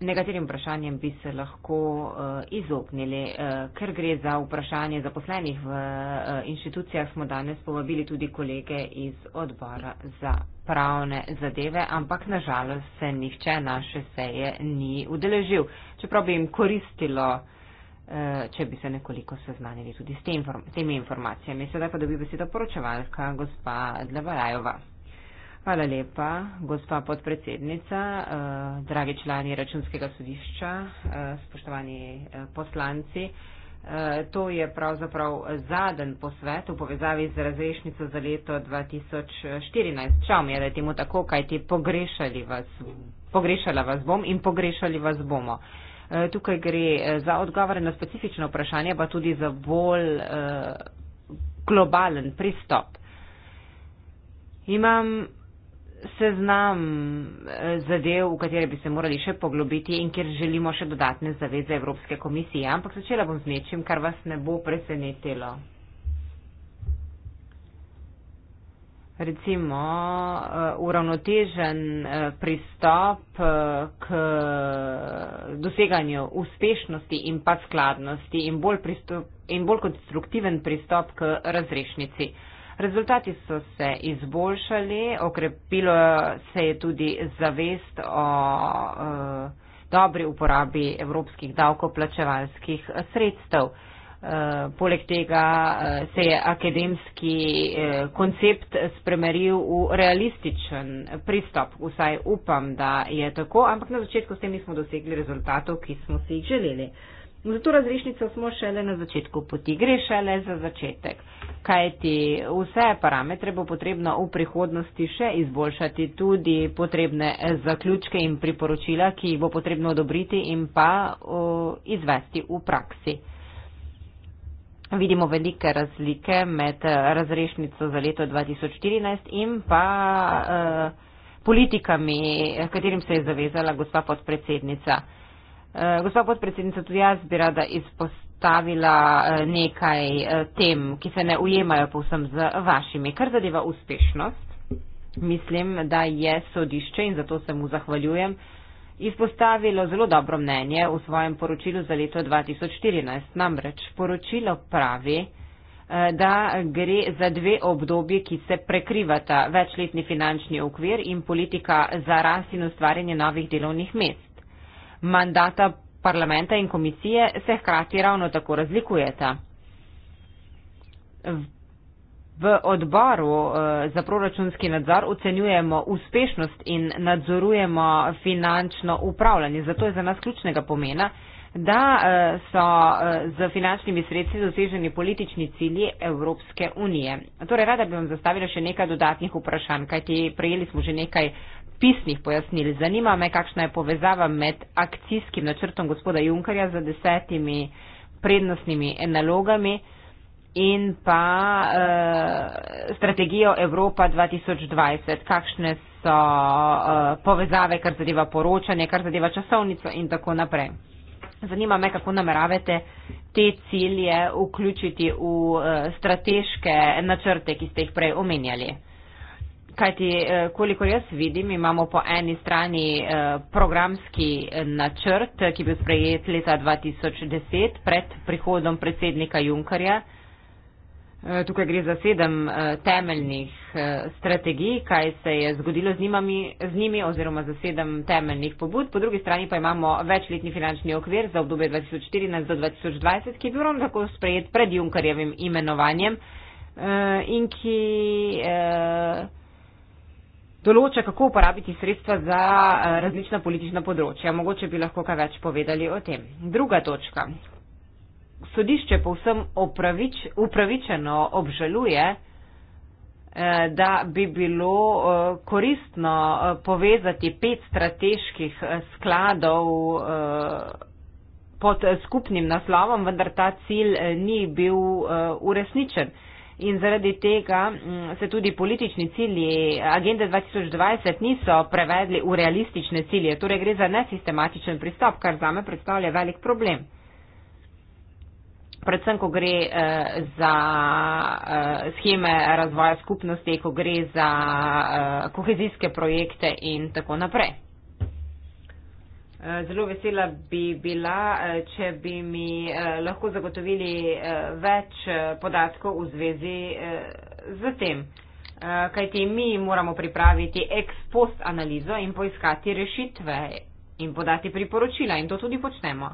Nekaterim vprašanjem bi se lahko uh, izognili, uh, ker gre za vprašanje zaposlenih v uh, inštitucijah, smo danes povabili tudi kolege iz odbora za pravne zadeve, ampak nažalost se nihče naše seje ni udeležil, čeprav bi jim koristilo, uh, če bi se nekoliko seznanili tudi s, te inform s temi informacijami. Sedaj pa dobi beseda poročevalka gospa Dlebalajova. Hvala lepa, gospa podpredsednica, eh, dragi člani računskega sodišča, eh, spoštovani eh, poslanci. To je pravzaprav zaden posvet v povezavi z razrešnico za leto 2014. Čau mi je, da je temu tako, kaj ti pogrešali vas, pogrešala vas bom in pogrešali vas bomo. Tukaj gre za odgovore na specifično vprašanje, pa tudi za bolj globalen pristop. Imam seznam eh, zadev, v katere bi se morali še poglobiti in kjer želimo še dodatne zaveze Evropske komisije. Ampak začela bom z nečim, kar vas ne bo presenetilo. Recimo eh, uravnotežen eh, pristop k doseganju uspešnosti in pa skladnosti in bolj, pristop, in bolj konstruktiven pristop k razrešnici. Rezultati so se izboljšali, okrepilo se je tudi zavest o uh, dobri uporabi evropskih davkoplačevalskih sredstev. Uh, poleg tega uh, se je akademski uh, koncept spremeril v realističen pristop. Vsaj upam, da je tako, ampak na začetku s tem nismo dosegli rezultatov, ki smo si jih želeli. Uh, Zato razrešnico smo šele na začetku poti, gre šele za začetek. Kaj ti vse parametre bo potrebno v prihodnosti še izboljšati, tudi potrebne eh, zaključke in priporočila, ki jih bo potrebno odobriti in pa uh, izvesti v praksi. Vidimo velike razlike med eh, razrešnico za leto 2014 in pa uh, politikami, katerim se je zavezala gospa podpredsednica. Eh, Gospod podpredsednica, tudi jaz bi rada izpostavila eh, nekaj eh, tem, ki se ne ujemajo povsem z vašimi. Kar zadeva uspešnost, mislim, da je sodišče in zato se mu zahvaljujem izpostavilo zelo dobro mnenje v svojem poročilu za leto 2014. Namreč poročilo pravi, da gre za dve obdobje, ki se prekrivata večletni finančni okvir in politika za rast in ustvarjanje novih delovnih mest mandata parlamenta in komisije se hkrati ravno tako razlikujeta. V odboru eh, za proračunski nadzor ocenjujemo uspešnost in nadzorujemo finančno upravljanje. Zato je za nas ključnega pomena, da eh, so eh, z finančnimi sredstvi doseženi politični cilji Evropske unije. Torej, rada bi vam zastavila še nekaj dodatnih vprašanj, kajti prejeli smo že nekaj pisnih pojasnil. Zanima me, kakšna je povezava med akcijskim načrtom gospoda Junkarja z desetimi prednostnimi nalogami in pa uh, strategijo Evropa 2020. Kakšne so uh, povezave, kar zadeva poročanje, kar zadeva časovnico in tako naprej. Zanima me, kako nameravate te cilje vključiti v eh, strateške načrte, ki ste jih prej omenjali. Kajti, eh, koliko jaz vidim, imamo po eni strani eh, programski načrt, ki bi sprejet leta 2010 pred prihodom predsednika Junkarja. Eh, tukaj gre za sedem temeljnih strategij, kaj se je zgodilo z njimi, z njimi oziroma za sedem temeljnih pobud. Po drugi strani pa imamo večletni finančni okvir za obdobje 2014 do 2020, ki je bil ravno tako sprejet pred Junkarjevim imenovanjem in ki. Eh, določa, kako uporabiti sredstva za eh, različna politična področja. Mogoče bi lahko kaj več povedali o tem. Druga točka. Sodišče povsem opravič, upravičeno obžaluje, eh, da bi bilo eh, koristno povezati pet strateških skladov pod skupnim naslovom, vendar ta cilj ni bil uresničen in zaradi tega mm, se tudi politični cilji agende 2020 niso prevedli v realistične cilje. Torej gre za nesistematičen pristop, kar zame predstavlja velik problem. Predvsem, ko gre eh, za eh, scheme razvoja skupnosti, ko gre za eh, kohezijske projekte in tako naprej. Zelo vesela bi bila, eh, če bi mi eh, lahko zagotovili eh, več podatkov v zvezi z tem. Kajti mi moramo pripraviti ex post analizo in poiskati rešitve in podati priporočila in to tudi počnemo.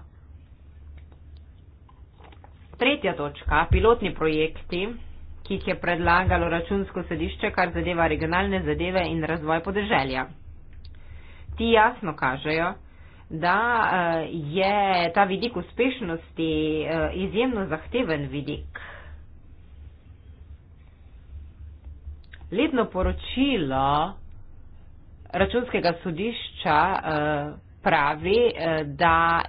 Tretja točka, pilotni projekti, ki jih je predlagalo računsko sedišče, kar zadeva regionalne zadeve in razvoj podeželja. Ti jasno kažejo, da eh, je ta vidik uspešnosti eh, izjemno zahteven vidik. Letno poročilo računskega sodišča eh, pravi, da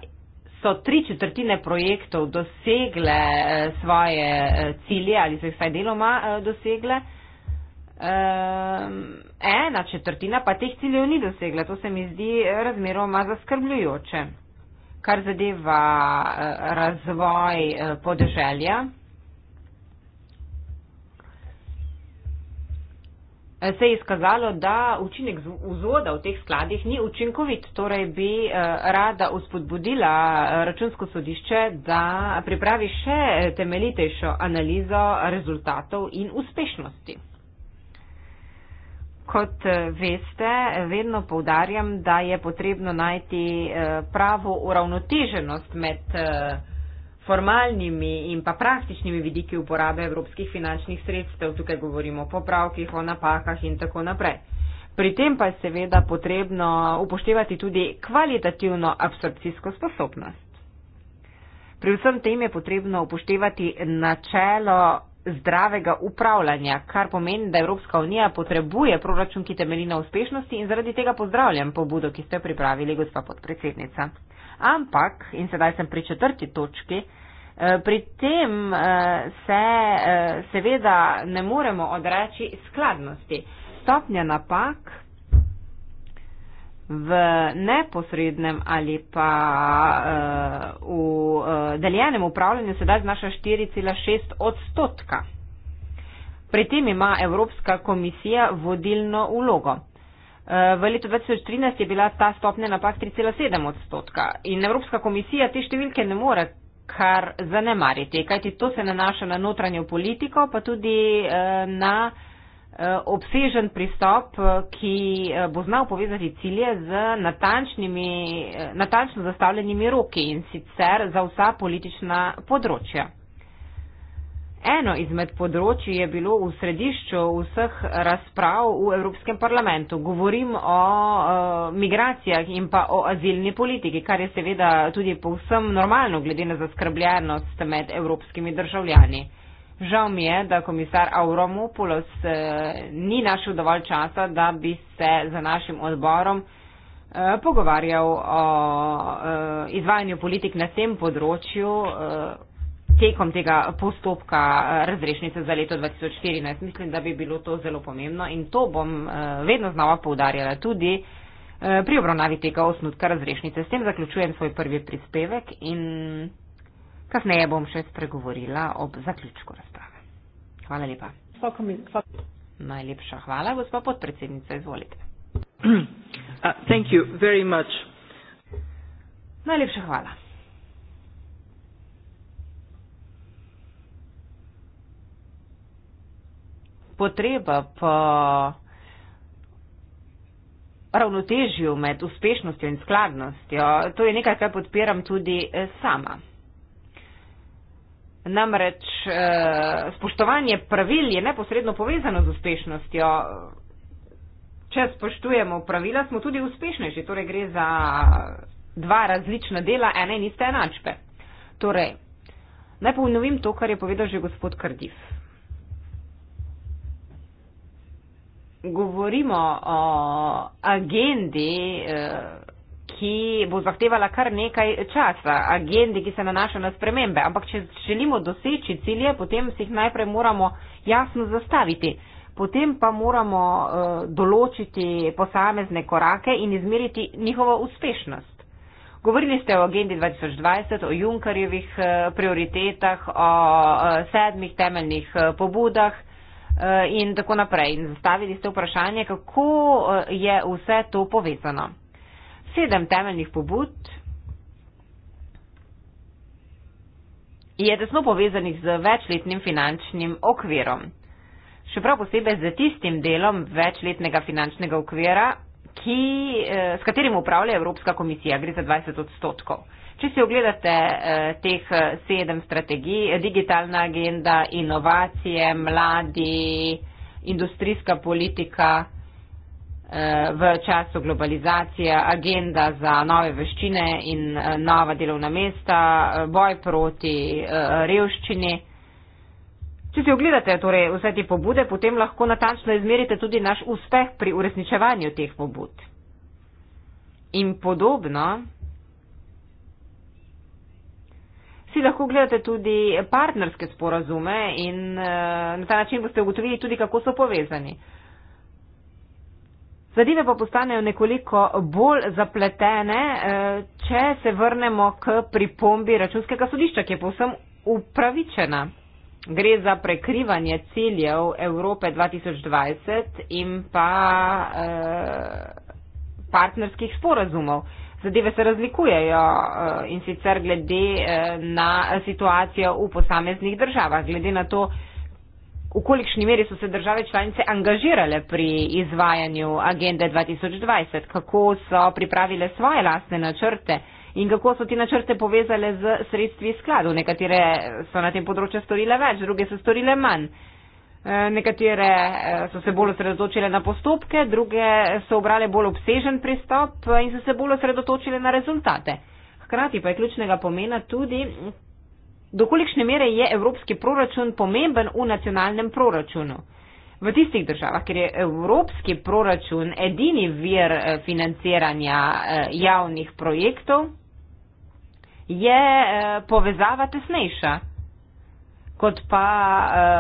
so tri četrtine projektov dosegle svoje cilje ali so jih vsaj deloma dosegle. Ehm, ena četrtina pa teh ciljev ni dosegla. To se mi zdi razmeroma zaskrbljujoče. Kar zadeva e, razvoj e, podeželja, e, se je izkazalo, da učinek vzvoda v teh skladih ni učinkovit. Torej bi rada uspodbudila računsko sodišče, da pripravi še temelitejšo analizo rezultatov in uspešnosti kot eh, veste, vedno povdarjam, da je potrebno najti eh, pravo uravnoteženost med eh, formalnimi in pa praktičnimi vidiki uporabe evropskih finančnih sredstev. Tukaj govorimo o popravkih, o napakah in tako naprej. Pri tem pa je seveda potrebno upoštevati tudi kvalitativno absorpcijsko sposobnost. Pri vsem tem je potrebno upoštevati načelo zdravega upravljanja, kar pomeni, da Evropska unija potrebuje proračun, ki temelji na uspešnosti in zaradi tega pozdravljam pobudo, ki ste pripravili, gospa podpredsednica. Ampak, in sedaj sem pri četrti točki, eh, pri tem eh, se eh, seveda ne moremo odreči skladnosti. Stopnja napak v neposrednem ali pa uh, v uh, deljenem upravljanju sedaj znaša 4,6 odstotka. Pri tem ima Evropska komisija vodilno ulogo. Eh, v letu 2013 je bila ta stopnja napak 3,7 odstotka in Evropska komisija te številke ne more kar zanemariti, kajti to se nanaša na notranjo politiko, pa tudi na. Eh, obsežen pristop, eh, ki eh, bo znal povezati cilje z natančno zastavljenimi roki in sicer za vsa politična področja. Eno izmed področji je bilo v središču vseh razprav v Evropskem parlamentu. Govorim o e, migracijah in pa o azilni politiki, kar je seveda tudi povsem normalno glede na zaskrbljenost med evropskimi državljani. Žal mi je, da komisar Avromopoulos eh, ni našel dovolj časa, da bi se za našim odborom eh, pogovarjal o eh, izvajanju politik na tem področju tekom tega postopka razrešnice za leto 2014. Mislim, da bi bilo to zelo pomembno in to bom vedno znova poudarjala tudi pri obravnavi tega osnutka razrešnice. S tem zaključujem svoj prvi prispevek in kasneje bom še spregovorila ob zaključku razprave. Hvala lepa. Najlepša hvala, gospa podpredsednica, izvolite. Uh, Najlepša hvala. Potreba po ravnotežju med uspešnostjo in skladnostjo, to je nekaj, kar podpiram tudi eh, sama. Namreč eh, spoštovanje pravil je neposredno povezano z uspešnostjo. Če spoštujemo pravila, smo tudi uspešnejši. Torej gre za dva različna dela ene in iste enačbe. Torej, naj ponovim to, kar je povedal že gospod Kardif. Govorimo o agendi. Eh, ki bo zahtevala kar nekaj časa, agendi, ki se nanašajo na spremembe. Ampak, če želimo doseči cilje, potem si jih najprej moramo jasno zastaviti. Potem pa moramo uh, določiti posamezne korake in izmeriti njihovo uspešnost. Govorili ste o agendi 2020, o Junkarjevih uh, eh, prioritetah, o uh, sedmih temeljnih uh, pobudah. In tako naprej. In zastavili ste vprašanje, kako je vse to povezano sedem temeljnih pobud je tesno povezanih z večletnim finančnim okvirom. Še prav posebej z tistim delom večletnega finančnega okvira, ki, eh, s katerim upravlja Evropska komisija, gre za 20 odstotkov. Če si ogledate eh, teh eh, sedem strategij, eh, digitalna agenda, inovacije, mladi, industrijska politika, eh, v času globalizacije, agenda za nove veščine in eh, nova delovna mesta, eh, boj proti eh, revščini. Če si ogledate torej, vse te pobude, potem lahko natančno izmerite tudi naš uspeh pri uresničevanju teh pobud. In podobno si lahko gledate tudi partnerske sporazume in na ta način boste ugotovili tudi, kako so povezani. Zadeve pa postanejo nekoliko bolj zapletene, eh, če se vrnemo k pripombi računskega sodišča, ki je povsem upravičena. Gre za prekrivanje ciljev Evrope 2020 in pa eh, partnerskih sporazumov. Zadeve se razlikujejo eh, in sicer glede eh, na situacijo v posameznih državah, glede na to, v kolikšni meri so se države članice angažirale pri izvajanju agende 2020, kako so pripravile svoje lastne načrte in kako so ti načrte povezale z sredstvi skladov. Nekatere so na tem področju storile več, druge so storile manj. E, nekatere e, so se bolj osredotočile na postopke, druge so obrale bolj obsežen pristop in so se bolj osredotočile na rezultate. Hkrati pa je ključnega pomena tudi, dokolikšne mere je evropski proračun pomemben v nacionalnem proračunu. V tistih državah, kjer je evropski proračun edini vir eh, financiranja eh, javnih projektov, je eh, povezava tesnejša kot pa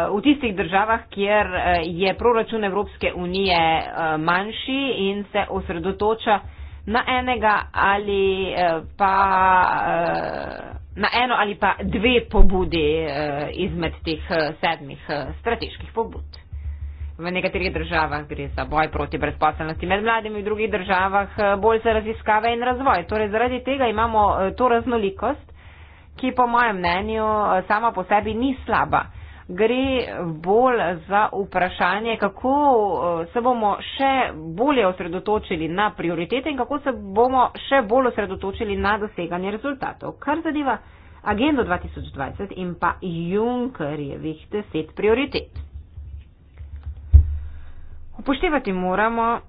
v tistih državah, kjer je proračun Evropske unije manjši in se osredotoča na enega ali pa na eno ali pa dve pobudi eh, izmed teh eh, sedmih eh, strateških pobud. V nekaterih državah gre za boj proti brezposelnosti med mladimi, v drugih državah bolj za raziskave in razvoj. Torej, zaradi tega imamo to raznolikost, ki po mojem mnenju sama po sebi ni slaba gre bolj za vprašanje, kako eh, se bomo še bolje osredotočili na prioritete in kako se bomo še bolj osredotočili na doseganje rezultatov. Kar zadeva agendo 2020 in pa Junkerjevih deset prioritet. Upoštevati moramo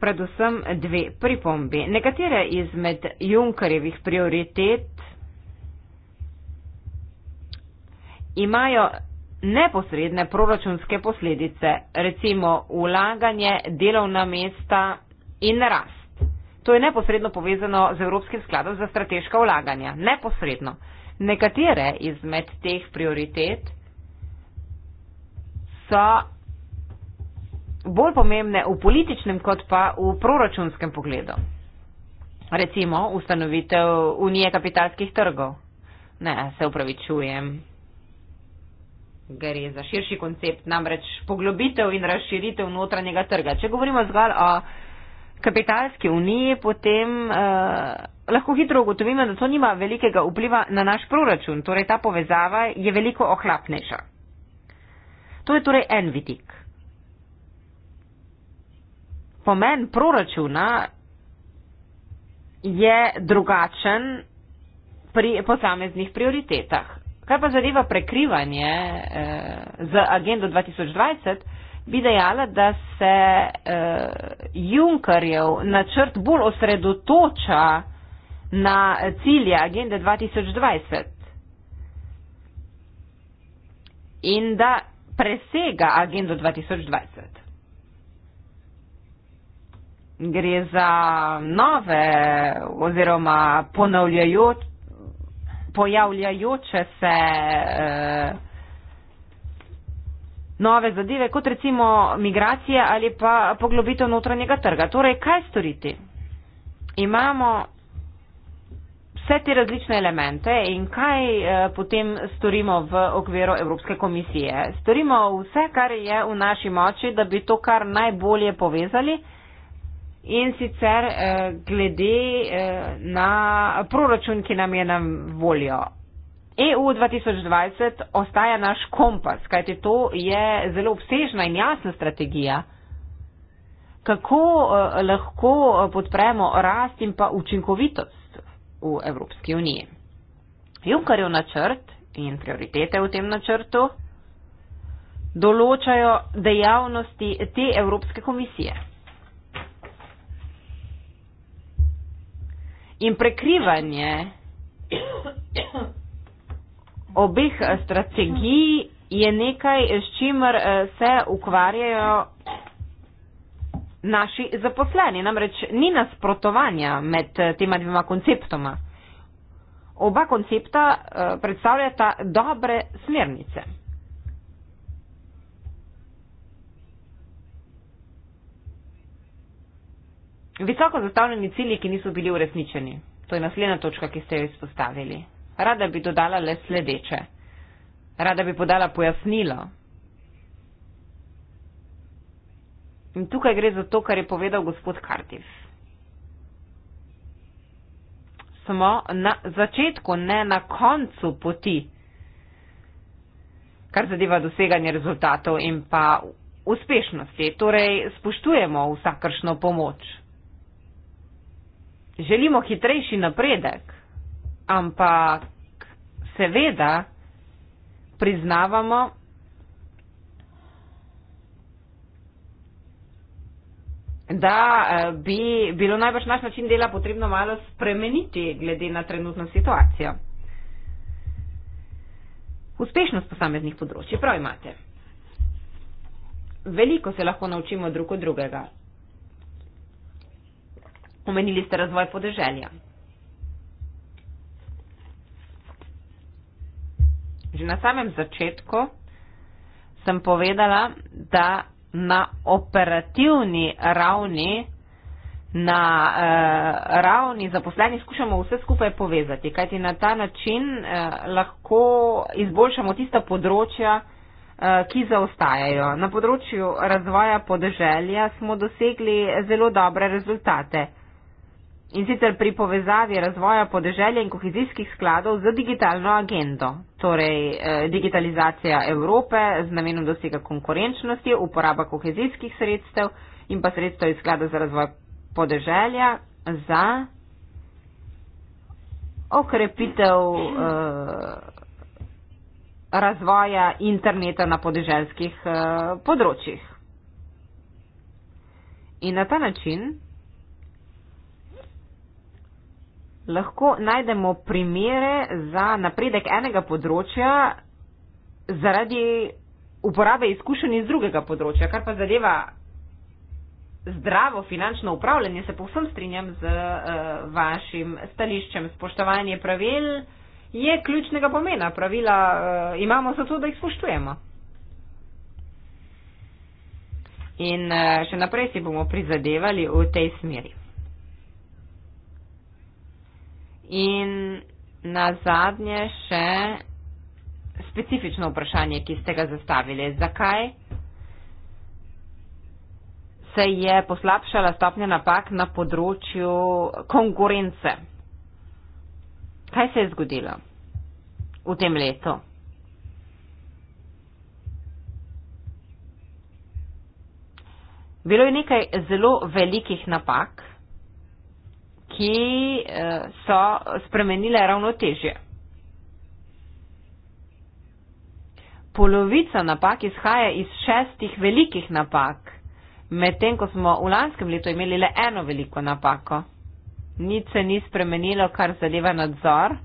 predvsem dve pripombi. Nekatere izmed Junkerjevih prioritet imajo neposredne proračunske posledice, recimo ulaganje, delovna mesta in rast. To je neposredno povezano z Evropskim skladom za strateška ulaganja. Neposredno. Nekatere izmed teh prioritet so bolj pomembne v političnem kot pa v proračunskem pogledu. Recimo ustanovitev Unije kapitalskih trgov. Ne, se upravičujem, gre za širši koncept, namreč poglobitev in razširitev notranjega trga. Če govorimo zgolj o kapitalski uniji, potem eh, lahko hitro ugotovimo, da to nima velikega vpliva na naš proračun. Torej, ta povezava je veliko ohlapnejša. To je torej en vidik. Pomen proračuna je drugačen pri posameznih prioritetah. Kaj pa zadeva prekrivanje eh, z agendo 2020, bi dejala, da se eh, Junkerjev načrt bolj osredotoča na cilje agende 2020 in da presega agendo 2020. Gre za nove oziroma ponavljajoč, pojavljajoče se eh, nove zadeve, kot recimo migracije ali pa poglobitev notranjega trga. Torej, kaj storiti? Imamo vse te različne elemente in kaj eh, potem storimo v okviru Evropske komisije? Storimo vse, kar je v naši moči, da bi to kar najbolje povezali in sicer eh, glede eh, na proračun, ki nam je nam voljo. EU 2020 ostaja naš kompas, kajti to je zelo obsežna in jasna strategija, kako eh, lahko eh, podpremo rast in pa učinkovitost v Evropski uniji. Junkarjev načrt in prioritete v tem načrtu določajo dejavnosti te Evropske komisije. in prekrivanje obeh eh, strategij je nekaj, eh, s čimer eh, se ukvarjajo naši zaposleni. Namreč ni nasprotovanja med tema dvima konceptoma. Oba koncepta predstavljata dobre smernice. Visoko zastavljeni cilji, ki niso bili uresničeni. To je naslednja točka, ki ste jo izpostavili. Rada bi dodala le sledeče. Rada bi podala pojasnilo. In tukaj gre za to, kar je povedal gospod Kartif. Smo na začetku, ne na koncu poti, kar zadeva doseganje rezultatov in pa uspešnosti. Torej, spoštujemo vsakršno pomoč želimo hitrejši napredek, ampak seveda priznavamo, da eh, bi bilo najbrž naš način dela potrebno malo spremeniti glede na trenutno situacijo. Uspešnost posameznih področji, prav imate. Veliko se lahko naučimo drug od drugega. Omenili ste razvoj podeželja. Že na samem začetku sem povedala, da na operativni ravni, na eh, ravni zaposlenih skušamo vse skupaj povezati, kajti na ta način eh, lahko izboljšamo tista področja, eh, ki zaostajajo. Na področju razvoja podeželja smo dosegli zelo dobre rezultate in sicer pri povezavi razvoja podeželja in kohezijskih skladov z digitalno agendo, torej eh, digitalizacija Evrope z namenom dosega konkurenčnosti, uporaba kohezijskih sredstev in pa sredstev iz sklada za razvoj podeželja za okrepitev eh, razvoja interneta na podeželskih eh, področjih. In na ta način lahko najdemo primere za napredek enega področja zaradi uporabe izkušenj iz drugega področja. Kar pa zadeva zdravo finančno upravljanje, se povsem strinjam z uh, vašim stališčem. Spoštovanje pravil je ključnega pomena. Pravila uh, imamo zato, da jih spoštujemo. In eh, še naprej si bomo prizadevali v tej smeri. In na zadnje še specifično vprašanje, ki ste ga zastavili. Zakaj se je poslabšala stopnja napak na področju konkurence? Kaj se je zgodilo v tem letu? Bilo je nekaj zelo velikih napak, ki eh, so spremenile ravnotežje. Polovica napak izhaja iz šestih velikih napak, medtem ko smo v lanskem letu imeli le eno veliko napako. Nič se ni spremenilo, kar zadeva nadzor.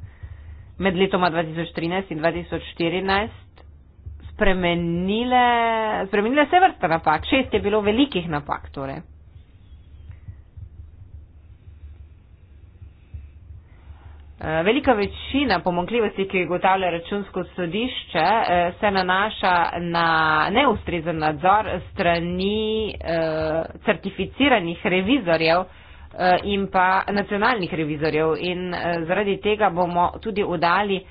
Med letoma 2013 in 2014 spremenile, spremenile se vrsta napak, šest je bilo velikih napak torej. Eh, velika večina pomankljivosti, ki jih ugotavlja računsko sodišče, eh, se nanaša na neustrezen nadzor strani eh, certificiranih revizorjev in pa nacionalnih revizorjev. In zaradi tega bomo tudi udali,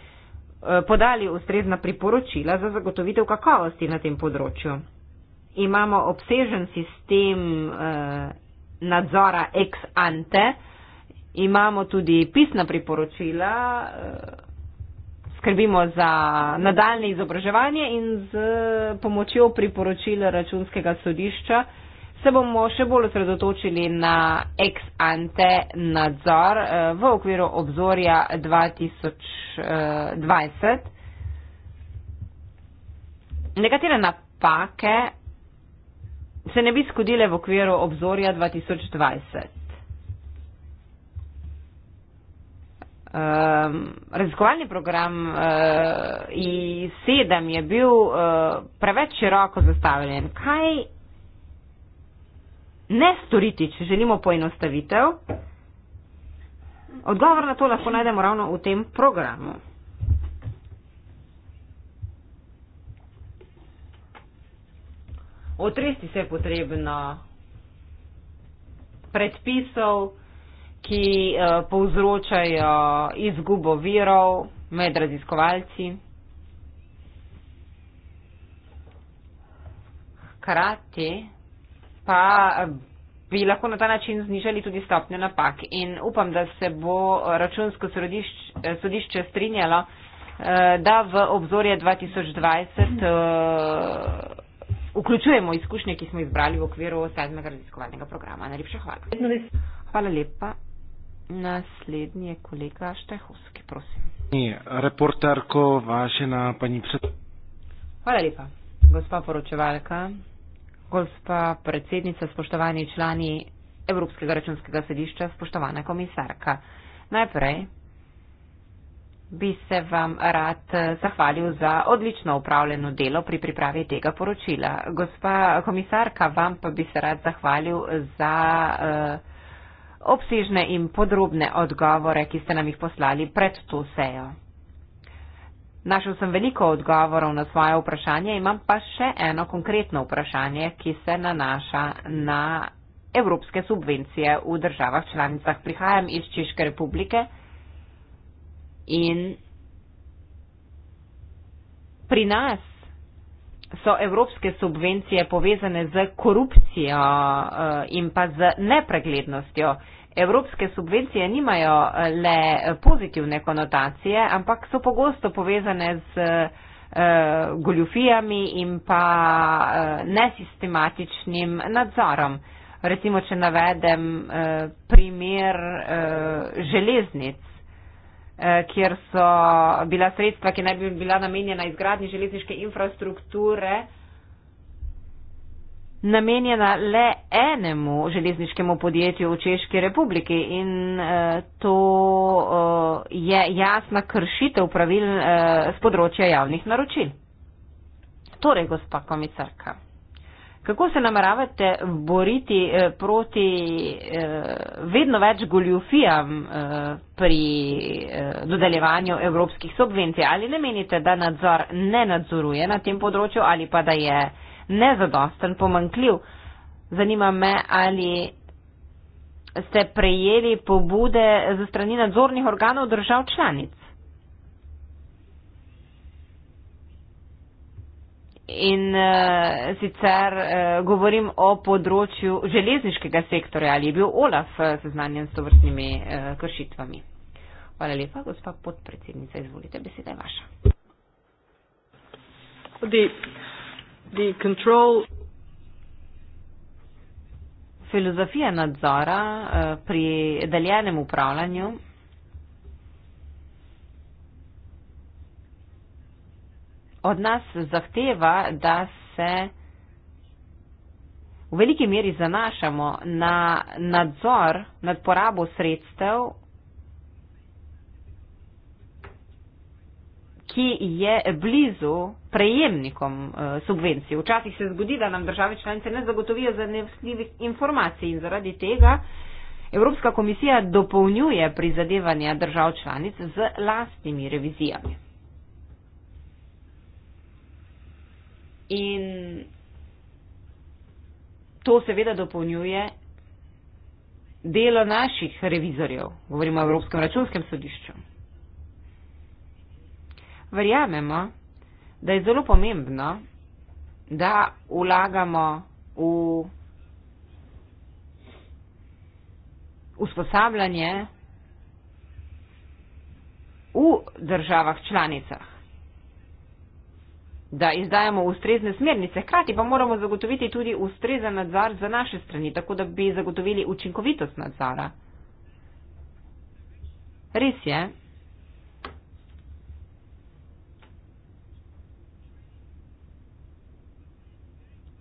podali ustrezna priporočila za zagotovitev kakovosti na tem področju. Imamo obsežen sistem nadzora ex ante imamo tudi pisna priporočila, eh, skrbimo za nadaljne izobraževanje in z pomočjo priporočila računskega sodišča se bomo še bolj osredotočili na ex ante nadzor eh, v okviru obzorja 2020. Nekatere napake se ne bi skodile v okviru obzorja 2020. Ehm, raziskovalni program uh, eh, I7 je bil uh, preveč široko zastavljen. Kaj ne storiti, če želimo poenostavitev? Odgovor na to lahko najdemo ravno v tem programu. Otresti se je potrebno predpisov, ki eh, povzročajo izgubo virov med raziskovalci. Hkrati pa bi lahko na ta način znižali tudi stopnjo napak. In upam, da se bo računsko sodišč, eh, sodišče strinjalo, eh, da v obzorje 2020 vključujemo izkušnje, ki smo izbrali v okviru sedmega raziskovalnega programa. Najlepša hvala. Hvala lepa. Naslednji je kolega Štehovski, prosim. Reporterko, vašena paní pred... Hvala lepa, gospa poročevalka, gospa predsednica, spoštovani člani Evropskega računskega sedišča, spoštovana komisarka. Najprej bi se vam rad eh, zahvalil za odlično upravljeno delo pri pripravi tega poročila. Gospa komisarka, vam pa bi se rad zahvalil za. Uh, obsežne in podrobne odgovore, ki ste nam jih poslali pred to sejo. Našel sem veliko odgovorov na svoje vprašanje, imam pa še eno konkretno vprašanje, ki se nanaša na evropske subvencije v državah članicah. Prihajam iz Češke republike in pri nas so evropske subvencije povezane z korupcijo eh, in pa z nepreglednostjo. Evropske subvencije nimajo eh, le pozitivne konotacije, ampak so pogosto povezane z eh, goljufijami in pa nesistematičnim nadzorom. Recimo, če navedem primer železnic. Eh, kjer so bila sredstva, ki naj bi bila namenjena izgradnji železniške infrastrukture, namenjena le enemu železniškemu podjetju v Češki republiki. In eh, to eh, je jasna kršitev pravil z področja javnih naročil. Torej, gospa komisarka. Kako se nameravate boriti eh, proti eh, vedno več goljufijam eh, pri dodeljevanju evropskih subvencij? Ali ne menite, da nadzor ne nadzoruje na tem področju ali pa da je nezadosten, pomankljiv? Zanima me, ali ste prejeli pobude za strani nadzornih organov držav članic? in uh, sicer uh, govorim o področju železniškega sektorja, ali je bil Olaf eh, seznanjen s tovrstnimi uh, kršitvami. Hvala lepa, gospa podpredsednica, izvolite, beseda je vaša. The, the control... Filozofija nadzora uh, pri deljenem upravljanju od nas zahteva, da se v veliki meri zanašamo na nadzor nad porabo sredstev, ki je blizu prejemnikom eh, subvencij. Včasih se zgodi, da nam države članice ne zagotovijo zanesljivih informacij in zaradi tega Evropska komisija dopolnjuje prizadevanja držav članic z lastnimi revizijami. In to seveda dopolnjuje delo naših revizorjev, govorimo o Evropskem računskem sodišču. Verjamemo, da je zelo pomembno, da vlagamo v usposabljanje v državah članicah da izdajamo ustrezne smernice, hkrati pa moramo zagotoviti tudi ustrezen nadzor za naše strani, tako da bi zagotovili učinkovitost nadzora. Res je.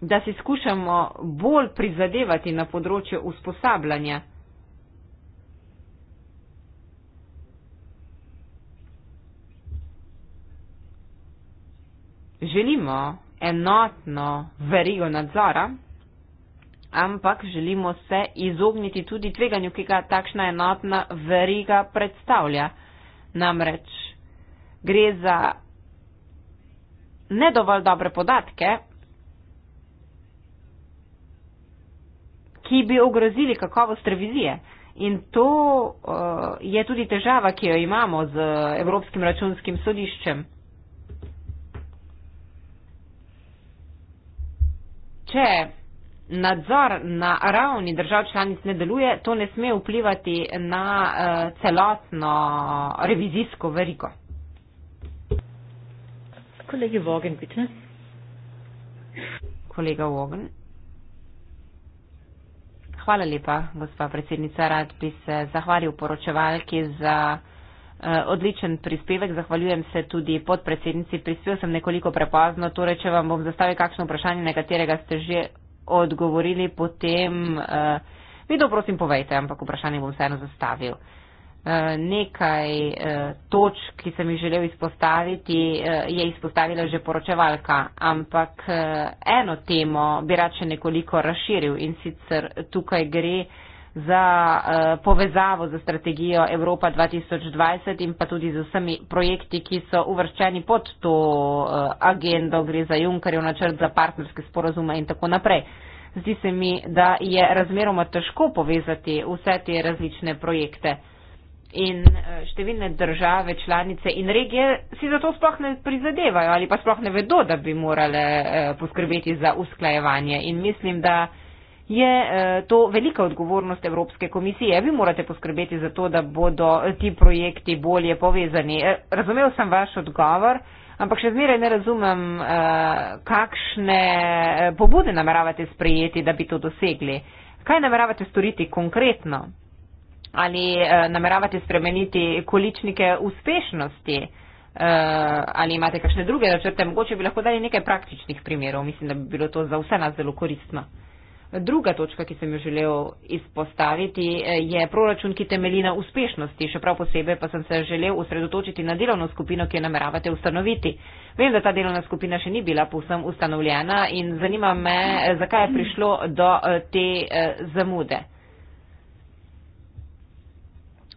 da si skušamo bolj prizadevati na področju usposabljanja. želimo enotno verigo nadzora, ampak želimo se izogniti tudi tveganju, ki ga takšna enotna veriga predstavlja. Namreč gre za nedovolj dobre podatke, ki bi ogrozili kakovost revizije. In to uh, je tudi težava, ki jo imamo z Evropskim računskim sodiščem. če nadzor na ravni držav članic ne deluje, to ne sme vplivati na uh, celotno revizijsko verigo. Kolegi Vogen, pite. Kolega Vogen. Hvala lepa, gospa predsednica. Rad bi se zahvalil poročevalki za. Eh, odličen prispevek, zahvaljujem se tudi podpredsednici, prispel sem nekoliko prepazno, torej če vam bom zastavil kakšno vprašanje, na katerega ste že odgovorili, potem uh, vi doprosim povejte, ampak vprašanje bom vseeno zastavil. Uh, nekaj uh, točk, ki sem jih želel izpostaviti, uh, je izpostavila že poročevalka, ampak uh, eno temo bi rače nekoliko razširil in sicer tukaj gre uh, za eh, povezavo za strategijo Evropa 2020 in pa tudi z vsemi projekti, ki so uvrščeni pod to eh, agendo, gre za Junkerjev načrt za partnerske sporozume in tako naprej. Zdi se mi, da je razmeroma težko povezati vse te različne projekte. In eh, številne države, članice in regije si zato sploh ne prizadevajo ali pa sploh ne vedo, da bi morale poskrbeti za usklajevanje. In mislim, da je eh, to velika odgovornost Evropske komisije. Vi morate poskrbeti za to, da bodo eh, ti projekti bolje povezani. Eh, razumel sem vaš odgovor, ampak še zmeraj ne razumem, kakšne pobude nameravate sprejeti, da bi to dosegli. Kaj nameravate storiti konkretno? Ali nameravate spremeniti količnike uspešnosti? Ali imate kakšne druge načrte? Mogoče bi lahko dali nekaj praktičnih primerov. Mislim, da bi bilo to za vse nas zelo koristno. Druga točka, ki sem jo želel izpostaviti, eh, je proračun, ki temelji na uspešnosti. Še prav posebej pa sem se želel usredotočiti na delovno skupino, ki jo nameravate ustanoviti. Vem, da ta delovna skupina še ni bila povsem ustanovljena in zanima me, eh, zakaj je prišlo do eh, te zamude.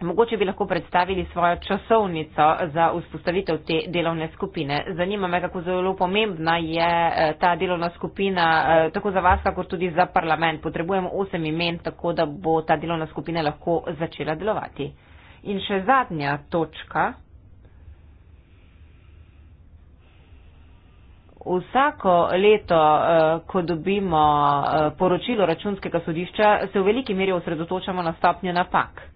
Mogoče bi lahko predstavili svojo časovnico za vzpostavitev te delovne skupine. Zanima me, kako zelo pomembna je eh, ta delovna skupina eh, tako za vas, kako tudi za parlament. Potrebujemo osem imen, tako da bo ta delovna skupina lahko začela delovati. In še zadnja točka. Vsako leto, eh, ko dobimo poročilo računskega sodišča, se v veliki meri osredotočamo na stopnjo napak.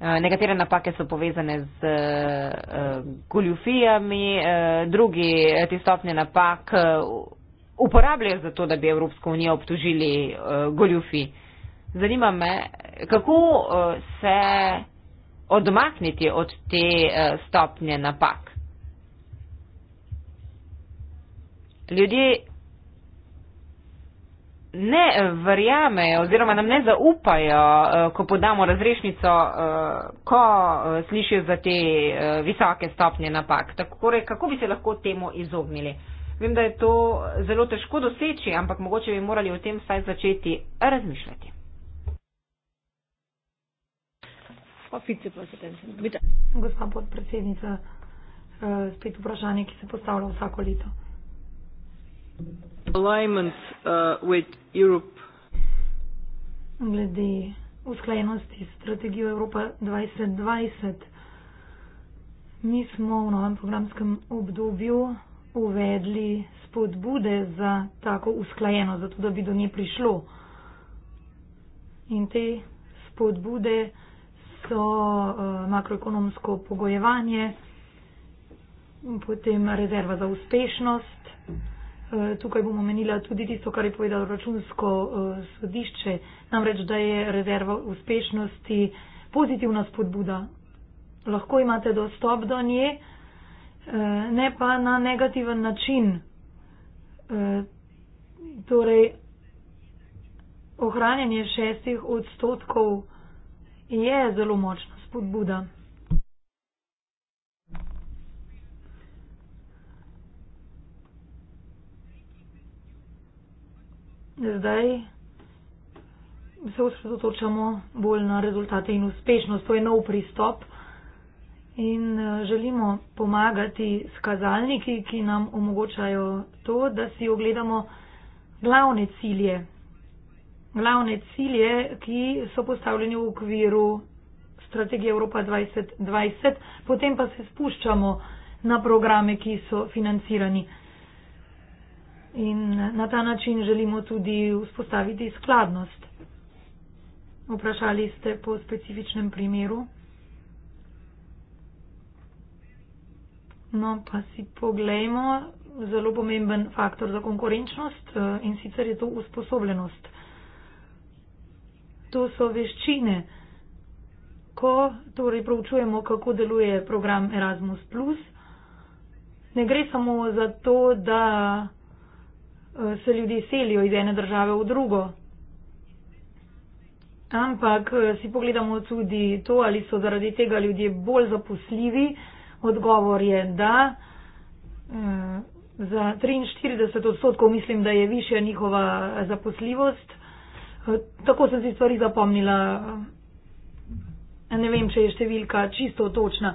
Eh, nekatere napake so povezane z eh, goljufijami, eh, drugi te stopnje napak uporabljajo za to, da bi Evropsko unijo obtožili goljufi. Zanima me, kako se odmakniti od te stopnje napak. Ljudje ne verjamejo oziroma nam ne zaupajo, eh, ko podamo razrešnico, eh, ko eh, slišijo za te visoke stopnje napak. Tako, torej, kako bi se lahko temu izognili? Vem, da je to zelo težko doseči, ampak mogoče bi morali o tem vsaj začeti razmišljati. Gospa podpredsednica, spet vprašanje, ki se postavlja vsako leto alignment uh, with Europe. Glede usklajenosti s strategijo Evropa 2020. Mi smo v novem programskem obdobju uvedli spodbude za tako usklajeno, zato da bi do nje prišlo. In te spodbude so uh, makroekonomsko pogojevanje, potem rezerva za uspešnost. Mm -hmm. Eh, tukaj bom omenila tudi tisto, kar je povedalo računsko eh, sodišče, namreč, da je rezerva uspešnosti pozitivna spodbuda. Lahko imate dostop do nje, eh, ne pa na negativen način. Torej, ohranjanje šestih odstotkov je zelo močna spodbuda. zdaj se osredotočamo bolj na rezultate in uspešnost. To je nov pristop in eh, želimo pomagati s kazalniki, ki nam omogočajo to, da si ogledamo glavne cilje. Glavne cilje, ki so postavljeni v okviru strategije Evropa 2020, potem pa se spuščamo na programe, ki so financirani in na ta način želimo tudi vzpostaviti skladnost. Vprašali ste po specifičnem primeru. No, pa si poglejmo zelo pomemben faktor za konkurenčnost eh, in sicer je to usposobljenost. To so veščine. Ko torej proučujemo, kako deluje program Erasmus, ne gre samo za to, da Eh, se ljudje selijo iz ene države v drugo. Ampak eh, si pogledamo tudi to, ali so zaradi tega ljudje bolj zaposljivi. Odgovor je da. Eh, za 43 odstotkov mislim, da je više njihova zaposljivost. Tako sem si stvari zapomnila. Ne vem, če je številka čisto točna.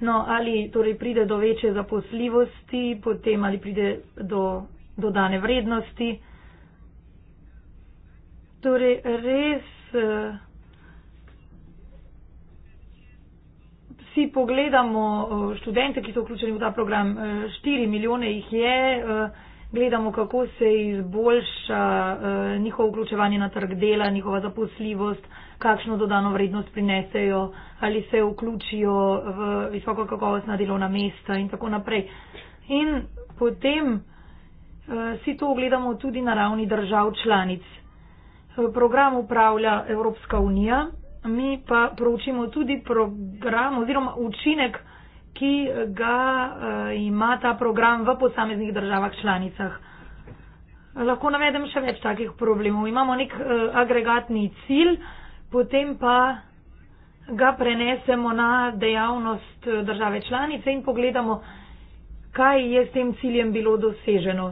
No, ali torej pride do večje zaposljivosti, potem ali pride do dodane vrednosti. Torej, res eh, si pogledamo eh, študente, ki so vključeni v ta program, 4 eh, milijone jih je, gledamo, kako se izboljša njihovo vključevanje na trg dela, njihova zaposljivost, kakšno dodano vrednost prinesejo, ali se vključijo v visoko kakovostna delovna mesta in tako naprej. In potem Eh, si to ogledamo tudi na ravni držav članic. Eh, program upravlja Evropska unija, mi pa proučimo tudi program oziroma učinek, ki ga eh, ima ta program v posameznih državah članicah. Lahko navedem še več takih problemov. Imamo nek agregatni cilj, potem pa ga prenesemo na dejavnost države članice in pogledamo, kaj je s tem ciljem bilo doseženo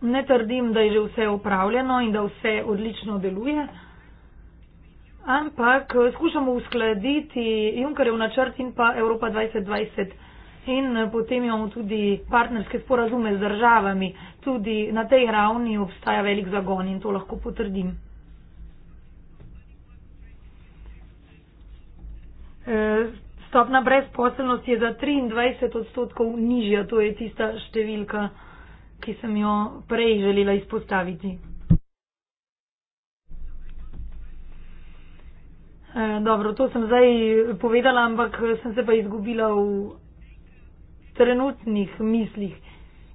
ne trdim, da je že vse upravljeno in da vse odlično deluje, ampak eh, skušamo uskladiti Junkerjev načrt in pa Evropa 2020 in eh, potem imamo tudi partnerske sporazume z državami. Tudi na tej ravni obstaja velik zagon in to lahko potrdim. Eh, Stopna brezposelnosti je za 23 odstotkov nižja, to je tista številka ki sem jo prej želela izpostaviti. E, dobro, to sem zdaj povedala, ampak sem se pa izgubila v trenutnih mislih.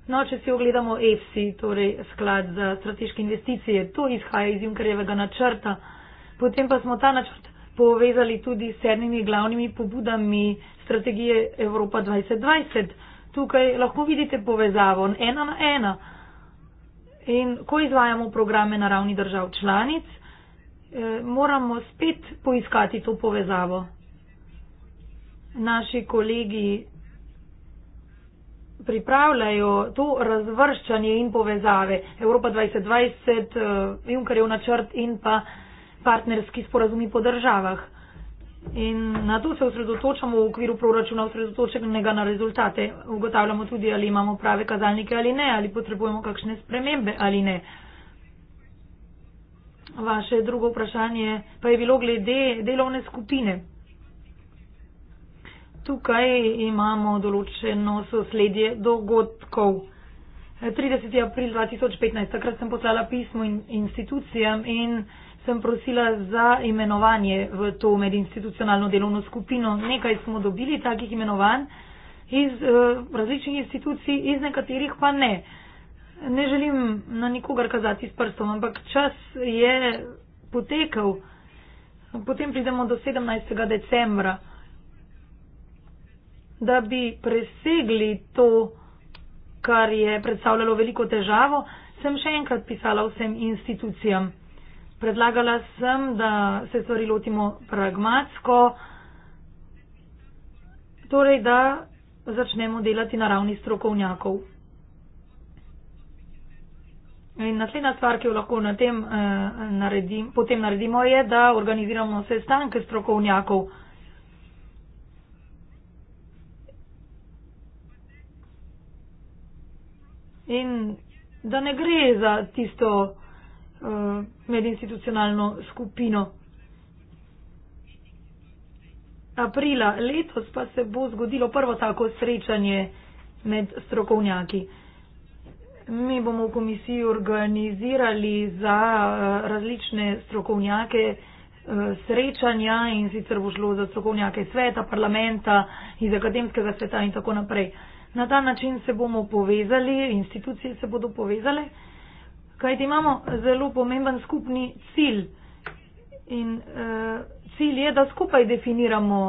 No, če si ogledamo EFSI, torej sklad za strateške investicije, to izhaja iz Junkarjevega načrta. Potem pa smo ta načrt povezali tudi s sedmimi glavnimi pobudami strategije Evropa 2020 tukaj lahko vidite povezavo ena na ena. In ko izvajamo programe na ravni držav članic, eh, moramo spet poiskati to povezavo. Naši kolegi pripravljajo to razvrščanje in povezave Evropa 2020, eh, Junkerjev načrt in pa partnerski sporazumi po državah. In na to se osredotočamo v okviru proračuna, osredotočenega na rezultate. Ugotavljamo tudi, ali imamo prave kazalnike ali ne, ali potrebujemo kakšne spremembe ali ne. Vaše drugo vprašanje pa je bilo glede delovne skupine. Tukaj imamo določeno sosledje dogodkov. 30. april 2015, takrat sem poslala pismo in institucijam in sem prosila za imenovanje v to medinstitucionalno delovno skupino. Nekaj smo dobili takih imenovanj iz uh, različnih institucij, iz nekaterih pa ne. Ne želim na nikogar kazati s prstom, ampak čas je potekal. Potem pridemo do 17. decembra. Da bi presegli to, kar je predstavljalo veliko težavo, sem še enkrat pisala vsem institucijam predlagala sem, da se stvari lotimo pragmatsko, torej da začnemo delati na ravni strokovnjakov. In naslednja stvar, ki jo lahko na tem, eh, naredim, potem naredimo, je, da organiziramo sestanke strokovnjakov. In da ne gre za tisto, uh, medinstitucionalno skupino. Aprila letos pa se bo zgodilo prvo tako srečanje med strokovnjaki. Mi bomo v komisiji organizirali za eh, različne strokovnjake eh, srečanja in sicer bo šlo za strokovnjake sveta, parlamenta, iz akademskega sveta in tako naprej. Na ta način se bomo povezali, institucije se bodo povezale kajti imamo zelo pomemben skupni cilj. In uh, cilj je, da skupaj definiramo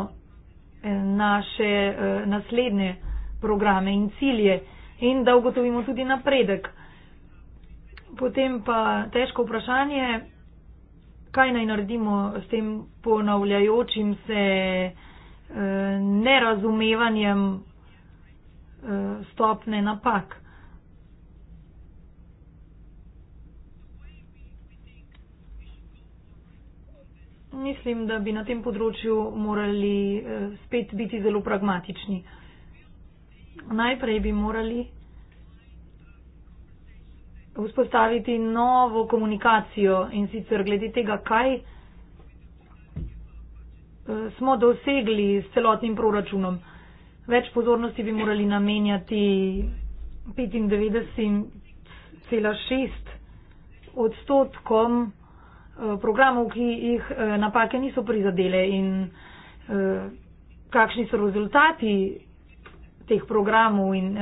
eh, naše uh, naslednje programe in cilje in da ugotovimo tudi napredek. Potem pa težko vprašanje, kaj naj naredimo s tem ponavljajočim se uh, nerazumevanjem uh, stopne napak. mislim, da bi na tem področju morali eh, spet biti zelo pragmatični. Najprej bi morali vzpostaviti novo komunikacijo in sicer glede tega, kaj eh, smo dosegli s celotnim proračunom. Več pozornosti bi morali namenjati 95,6 odstotkom Eh, programov, ki jih eh, napake niso prizadele in eh, kakšni so rezultati teh programov in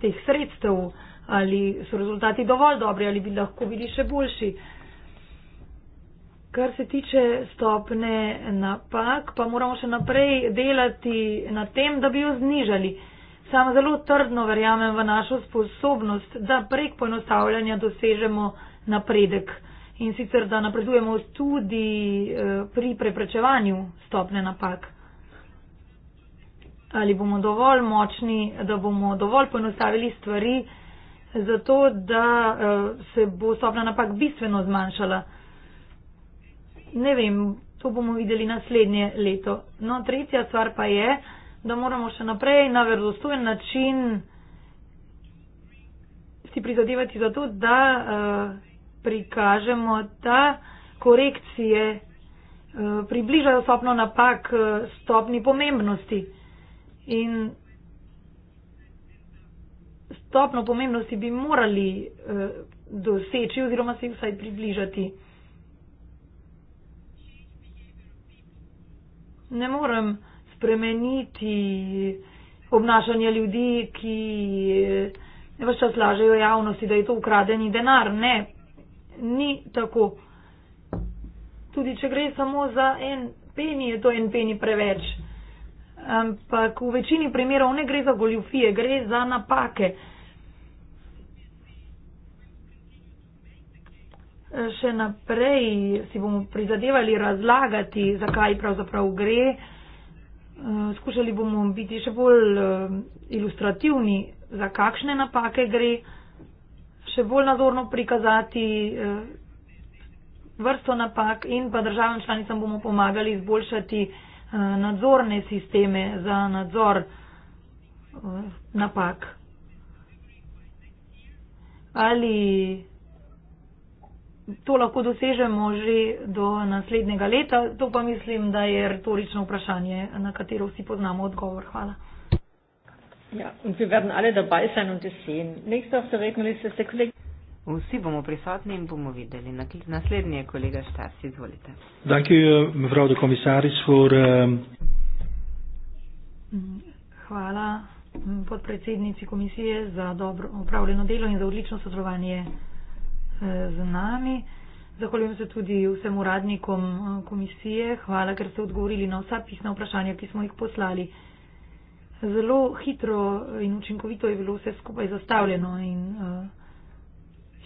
teh sredstev, ali so rezultati dovolj dobri ali bi lahko bili še boljši. Kar se tiče stopne napak, pa moramo še naprej delati na tem, da bi jo znižali. Sam zelo trdno verjamem v našo sposobnost, da prek poenostavljanja dosežemo napredek in sicer, da napredujemo tudi eh, pri preprečevanju stopne napak. Ali bomo dovolj močni, da bomo dovolj poenostavili stvari, zato da eh, se bo stopna napak bistveno zmanjšala. Ne vem, to bomo videli naslednje leto. No, tretja stvar pa je, da moramo še naprej na verodostojen način si prizadevati za to, da uh, prikažemo, da korekcije eh, približajo stopno napak eh, stopni pomembnosti. In stopno pomembnosti bi morali eh, doseči oziroma se vsaj približati. Ne morem spremeniti obnašanje ljudi, ki vse čas lažejo javnosti, da je to ukradeni denar. Ne, ni tako. Tudi če gre samo za en peni, je to en peni preveč. Ampak v večini primerov ne gre za goljufije, gre za napake. Še naprej si bomo prizadevali razlagati, zakaj pravzaprav gre. Skušali bomo biti še bolj eh, ilustrativni, za kakšne napake gre še bolj nazorno prikazati eh, vrsto napak in pa državam članicam bomo pomagali izboljšati eh, nadzorne sisteme za nadzor eh, napak. Ali to lahko dosežemo že do naslednjega leta, to pa mislim, da je retorično vprašanje, na katero vsi poznamo odgovor. Hvala. Ja, und wir werden alle dabei sein und es sehen. Nächster auf der Rednerliste ist der Kollege. Vsi bomo prisotni in bomo videli. Naslednji je kolega Štars, izvolite. Eh, eh, Hvala mm, podpredsednici komisije za dobro upravljeno delo in za odlično sodelovanje eh, z nami. Zahvaljujem se tudi vsem uradnikom komisije. Hvala, ker ste odgovorili na vsa pisna vprašanja, ki smo jih poslali zelo hitro in učinkovito je bilo vse skupaj zastavljeno in uh,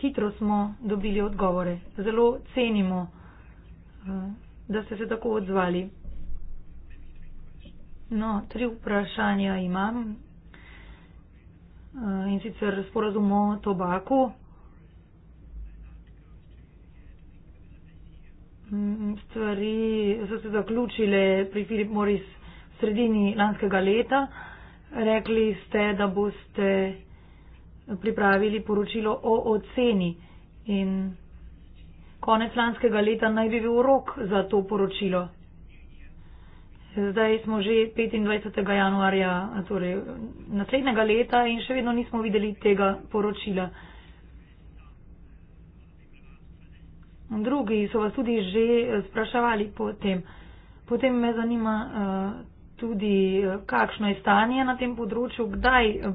hitro smo dobili odgovore. Zelo cenimo, uh, da ste se tako odzvali. No, tri vprašanja imam. Eh, in sicer sporazum o tobaku. Mm, stvari so se zaključile pri Filip Moris sredini lanskega leta. Rekli ste, da boste pripravili poročilo o oceni in konec lanskega leta naj bi bil rok za to poročilo. Zdaj smo že 25. januarja torej naslednjega leta in še vedno nismo videli tega poročila. Drugi so vas tudi že spraševali po tem. Potem me zanima uh, tudi, eh, kakšno je stanje na tem področju, kdaj eh,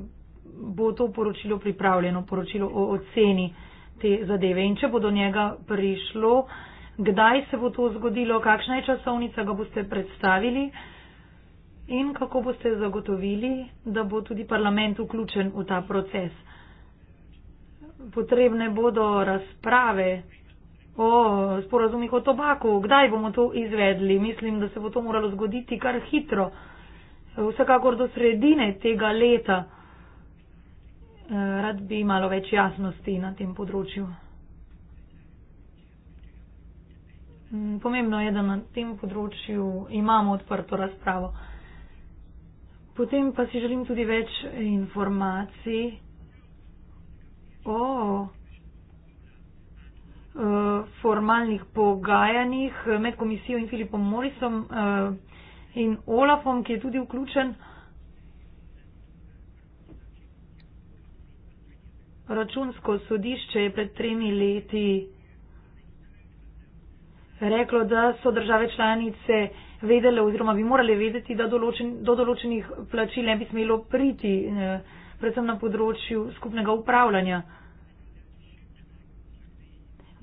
bo to poročilo pripravljeno, poročilo o oceni te zadeve in če bo do njega prišlo, kdaj se bo to zgodilo, kakšna je časovnica, ga boste predstavili in kako boste zagotovili, da bo tudi parlament vključen v ta proces. Potrebne bodo razprave O, sporazumih o tobaku, kdaj bomo to izvedli? Mislim, da se bo to moralo zgoditi kar hitro, vsekakor do sredine tega leta. Eh, rad bi malo več jasnosti na tem področju. Mm, pomembno je, da na tem področju imamo odprto razpravo. Potem pa si želim tudi več informacij. O, oh. Eh, formalnih pogajanjih med komisijo in Filipom Morisom eh, in Olafom, ki je tudi vključen. Računsko sodišče je pred tremi leti reklo, da so države članice vedele oziroma bi morale vedeti, da določen, do določenih plačil ne bi smelo priti, eh, predvsem na področju skupnega upravljanja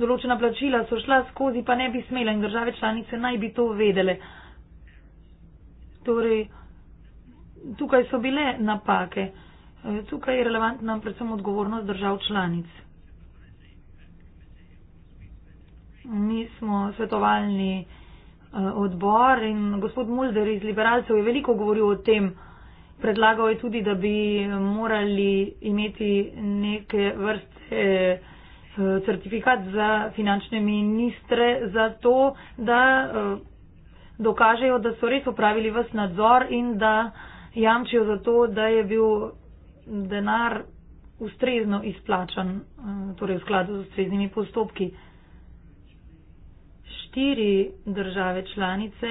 določena plačila so šla skozi, pa ne bi smela in države članice naj bi to vedele. Torej, tukaj so bile napake, e, tukaj je relevantna predvsem odgovornost držav članic. Mi smo svetovalni e, odbor in gospod Mulder iz liberalcev je veliko govoril o tem, predlagal je tudi, da bi morali imeti neke vrste. Eh, Eh, certifikat za finančne ministre za to, da eh, dokažejo, da so res upravili vas nadzor in da jamčijo za to, da je bil denar ustrezno izplačan, eh, torej v skladu z ustreznimi postopki. Štiri države članice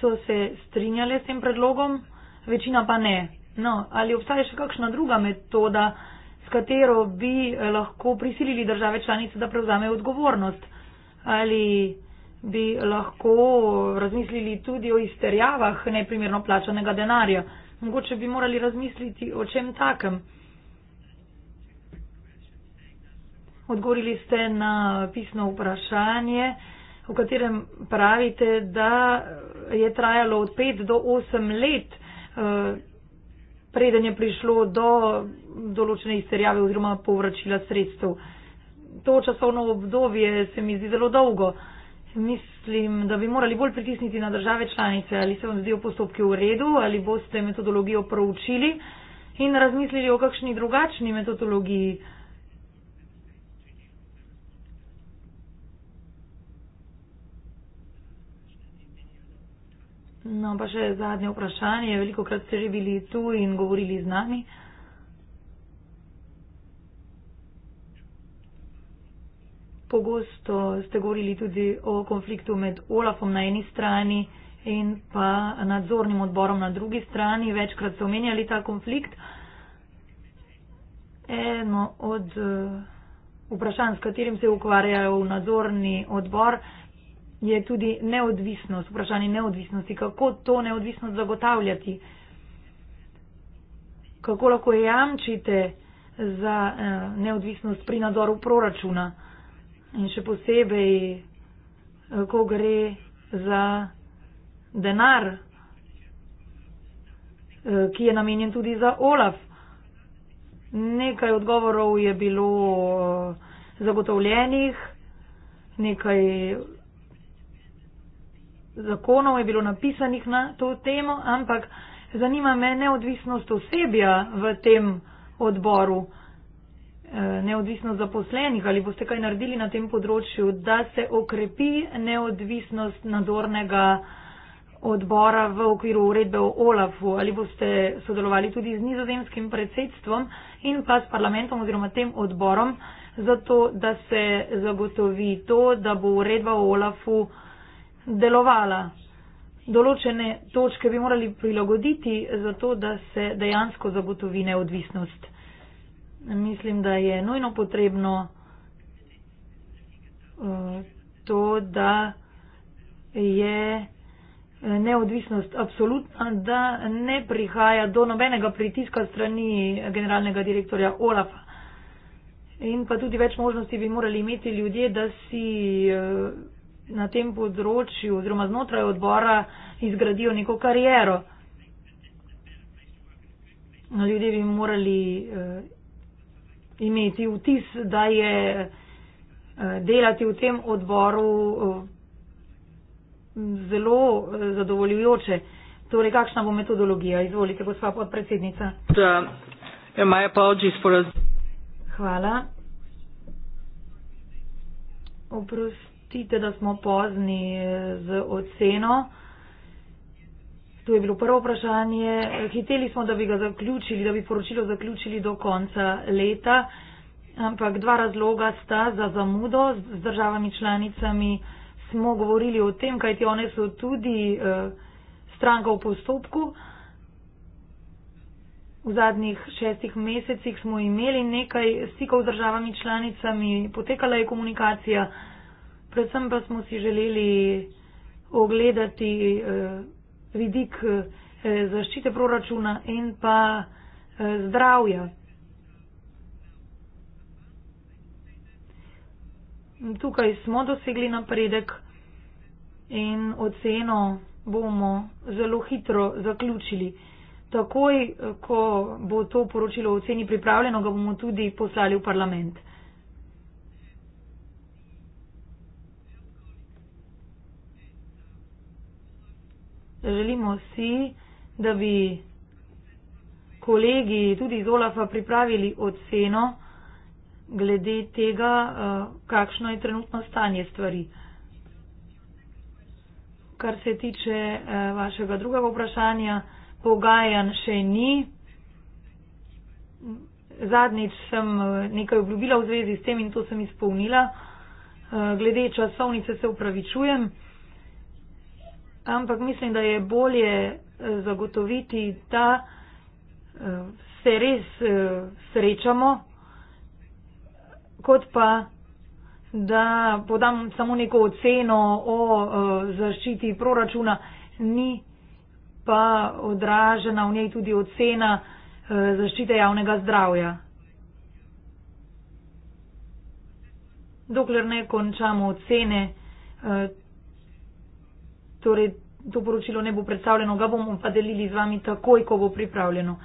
so se strinjale s tem predlogom, večina pa ne. No, ali obstaja še kakšna druga metoda, katero bi eh, lahko prisilili države članice, da prevzamejo odgovornost. Ali bi lahko razmislili tudi o izterjavah neprimerno plačanega denarja. Mogoče bi morali razmisliti o čem takem. Odgovorili ste na pisno vprašanje, v katerem pravite, da je trajalo od 5 do 8 let, eh, preden je prišlo do določene izterjave oziroma povračila sredstev. To časovno obdobje se mi zdi zelo dolgo. Mislim, da bi morali bolj pritisniti na države članice, ali se vam zdijo postopki v redu, ali boste metodologijo proučili in razmislili o kakšni drugačni metodologiji. No, pa še zadnje vprašanje. Veliko krat ste že bili tu in govorili z nami. pogosto ste govorili tudi o konfliktu med Olafom na eni strani in pa nadzornim odborom na drugi strani. Večkrat ste omenjali ta konflikt. Eno od eh, vprašanj, s katerim se ukvarjajo v nadzorni odbor, je tudi neodvisnost, vprašanje neodvisnosti. Kako to neodvisnost zagotavljati? Kako lahko jamčite za eh, neodvisnost pri nadzoru proračuna? In še posebej, eh, ko gre za denar, eh, ki je namenjen tudi za Olaf. Nekaj odgovorov je bilo eh, zagotovljenih, nekaj zakonov je bilo napisanih na to temo, ampak zanima me neodvisnost osebja v tem odboru. Eh, neodvisnost zaposlenih, ali boste kaj naredili na tem področju, da se okrepi neodvisnost nadornega odbora v okviru uredbe o OLAF-u, ali boste sodelovali tudi z nizozemskim predsedstvom in pa s parlamentom oziroma tem odborom, zato da se zagotovi to, da bo uredba o OLAF-u delovala. Določene točke bi morali prilagoditi, zato da se dejansko zagotovi neodvisnost mislim, da je nujno potrebno eh, to, da je eh, neodvisnost absolutna, da ne prihaja do nobenega pritiska strani generalnega direktorja Olafa. In pa tudi več možnosti bi morali imeti ljudje, da si eh, na tem področju oziroma znotraj odbora izgradijo neko kariero. Ljudje bi morali imeti vtis, da je eh, delati v tem odboru eh, zelo eh, zadovoljujoče. Torej, kakšna bo metodologija? Izvolite, gospa podpredsednica. Ja, Hvala. Oprostite, da smo pozni z oceno. To je bilo prvo vprašanje. Hiteli smo, da bi ga zaključili, da bi poročilo zaključili do konca leta, ampak dva razloga sta za zamudo z državami članicami. Smo govorili o tem, kajti one so tudi eh, stranka v postopku. V zadnjih šestih mesecih smo imeli nekaj stikov z državami članicami, potekala je komunikacija, predvsem pa smo si želeli ogledati. Eh, vidik eh, zaščite proračuna in pa eh, zdravja. Tukaj smo dosegli napredek in oceno bomo zelo hitro zaključili. Takoj, ko bo to poročilo v oceni pripravljeno, ga bomo tudi poslali v parlament. želimo si, da bi kolegi tudi iz OLAF-a pripravili oceno glede tega, eh, kakšno je trenutno stanje stvari. Kar se tiče eh, vašega drugega vprašanja, pogajanj še ni. Zadnjič sem eh, nekaj obljubila v zvezi s tem in to sem izpolnila. Glede časovnice se upravičujem ampak mislim, da je bolje eh, zagotoviti, da eh, se res eh, srečamo, kot pa, da podam samo neko oceno o zaščiti proračuna, ni pa odražena v njej tudi ocena zaščite javnega zdravja. Dokler ne končamo ocene, Torej, to poročilo ne bo predstavljeno, ga bomo pa delili z vami takoj, ko bo pripravljeno.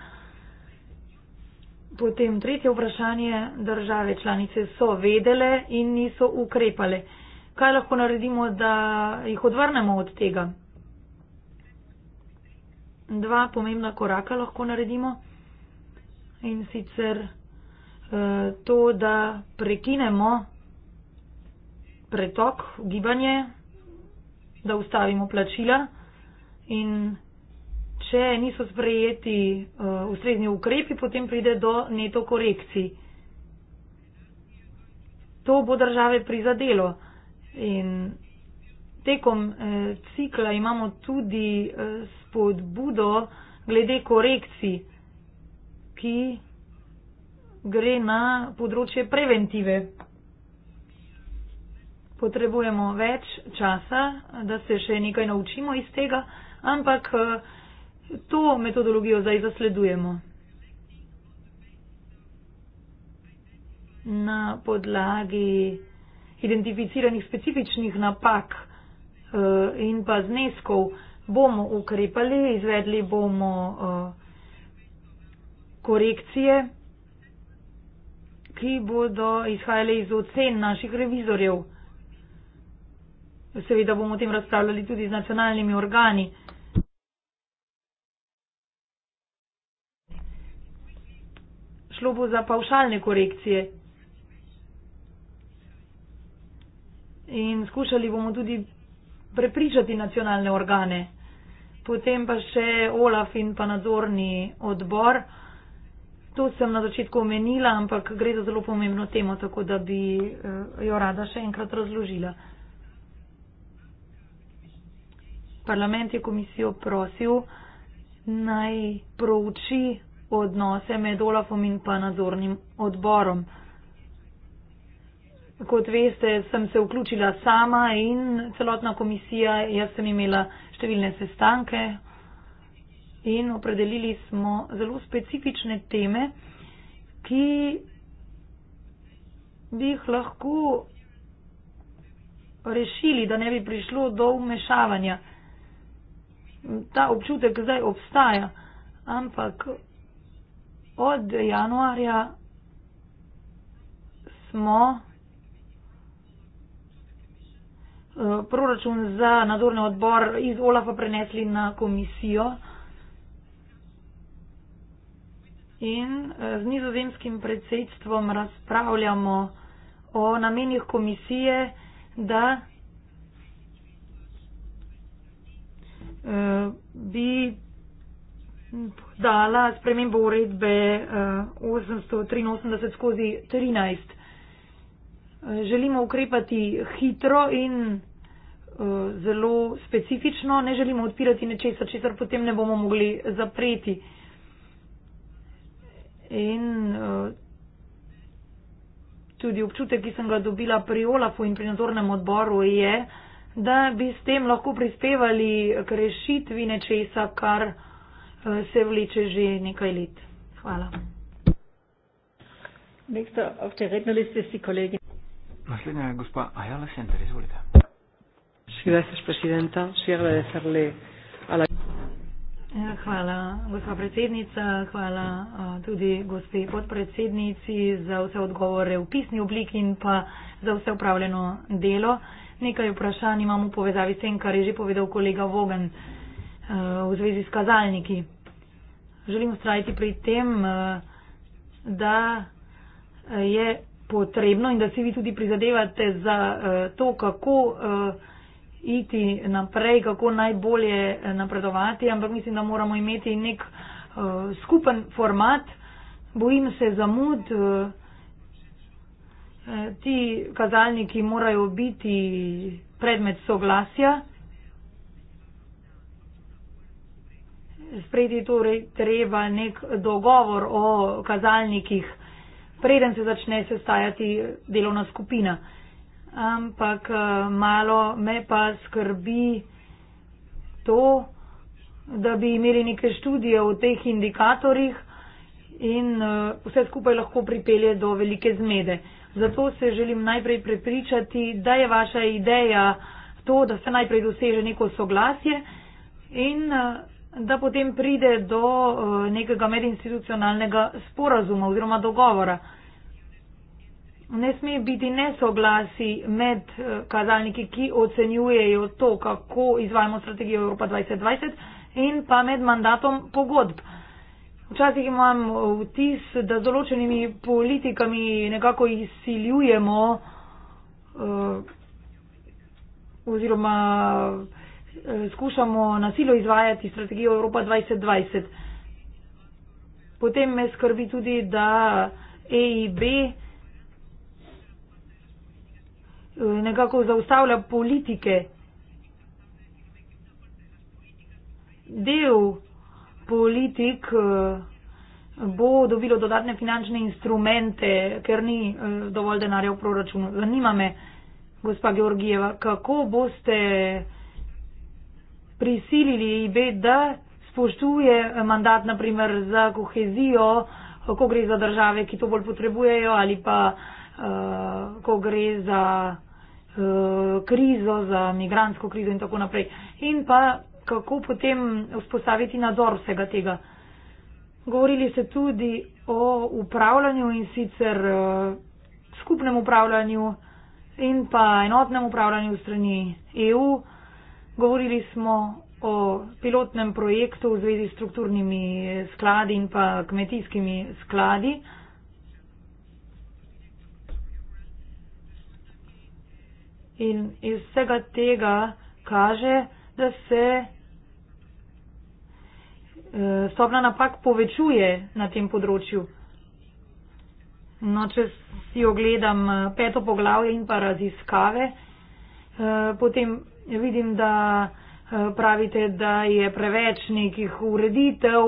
Potem tretje vprašanje. Države članice so vedele in niso ukrepale. Kaj lahko naredimo, da jih odvrnemo od tega? Dva pomembna koraka lahko naredimo in sicer eh, to, da prekinemo pretok, gibanje, da ustavimo plačila in če niso sprejeti uh, ustrezni ukrepi, potem pride do neto korekcij. To bo države prizadelo in tekom eh, cikla imamo tudi eh, spodbudo glede korekcij, ki gre na področje preventive potrebujemo več časa, da se še nekaj naučimo iz tega, ampak eh, to metodologijo zdaj zasledujemo. Na podlagi identificiranih specifičnih napak eh, in pa zneskov bomo ukrepali, izvedli bomo eh, korekcije, ki bodo izhajale iz ocen naših revizorjev seveda bomo o tem razpravljali tudi z nacionalnimi organi. Šlo bo za pavšalne korekcije. In skušali bomo tudi prepričati nacionalne organe. Potem pa še Olaf in pa nadzorni odbor. To sem na začetku omenila, ampak gre za zelo pomembno temo, tako da bi eh, jo rada še enkrat razložila. Parlament je komisijo prosil naj prouči odnose med Olafom in pa nadzornim odborom. Kot veste, sem se vključila sama in celotna komisija, jaz sem imela številne sestanke in opredelili smo zelo specifične teme, ki bi jih lahko rešili, da ne bi prišlo do umešavanja ta občutek zdaj obstaja, ampak od januarja smo eh, proračun za nadzorni odbor iz OLAFA prenesli na komisijo in eh, z nizozemskim predsedstvom razpravljamo o namenih komisije, da bi podala spremembo uredbe 883 eh, skozi 13. Eh, želimo ukrepati hitro in eh, zelo specifično, ne želimo odpirati nečesa, česar potem ne bomo mogli zapreti. In tudi občutek, ki sem ga dobila pri Olafu in pri nadzornem odboru je, da bi s tem lahko prispevali k rešitvi nečesa, kar eh, se vleče že nekaj let. Hvala. Naslednja je gospa Ajala Center, izvolite. Ja, hvala, gospa predsednica, hvala tudi gospe podpredsednici za vse odgovore v pisni obliki in pa za vse upravljeno delo. Nekaj vprašanj imamo v povezavi s tem, kar je že povedal kolega Vogan eh, v zvezi s kazalniki. Želim ustrajiti pri tem, eh, da eh, je potrebno in da si vi tudi prizadevate za to, kako iti naprej, kako najbolje napredovati, ampak mislim, da moramo imeti nek skupen format. Bojim se zamud. Eh, ti kazalniki morajo biti predmet soglasja, sprejeti torej treba nek dogovor o kazalnikih, preden se začne sestajati delovna skupina. Ampak eh, malo me pa skrbi to, da bi imeli neke študije o teh indikatorjih in eh, vse skupaj lahko pripelje do velike zmede. Zato se želim najprej prepričati, da je vaša ideja to, da se najprej doseže neko soglasje in eh, da potem pride do eh, nekega medinstitucionalnega sporazuma oziroma dogovora. Ne sme biti nesoglasi med eh, kazalniki, ki ocenjujejo to, kako izvajamo strategijo Evropa 2020 in pa med mandatom pogodb včasih imam vtis, da z določenimi politikami nekako izsiljujemo eh, oziroma eh, skušamo nasilo izvajati strategijo Evropa 2020. Potem me skrbi tudi, da EIB eh, nekako zaustavlja politike. Del politik eh, bo dobilo dodatne finančne instrumente, ker ni eh, dovolj denarja v proračunu. Zanima me, gospa Georgijeva, kako boste prisilili IB, da spoštuje mandat, naprimer, za kohezijo, ko gre za države, ki to bolj potrebujejo, ali pa eh, ko gre za krizo, za migransko krizo in tako naprej. In pa kako potem vzpostaviti nadzor vsega tega. Govorili ste tudi o upravljanju in sicer eh, skupnem upravljanju in pa enotnem upravljanju strani EU. Govorili smo o pilotnem projektu v zvezi s strukturnimi eh, skladi in pa kmetijskimi skladi. In iz vsega tega kaže, da se e, stopna napak povečuje na tem področju. No, če si ogledam e, peto poglavje in pa raziskave, e, potem vidim, da pravite, da je preveč nekih ureditev,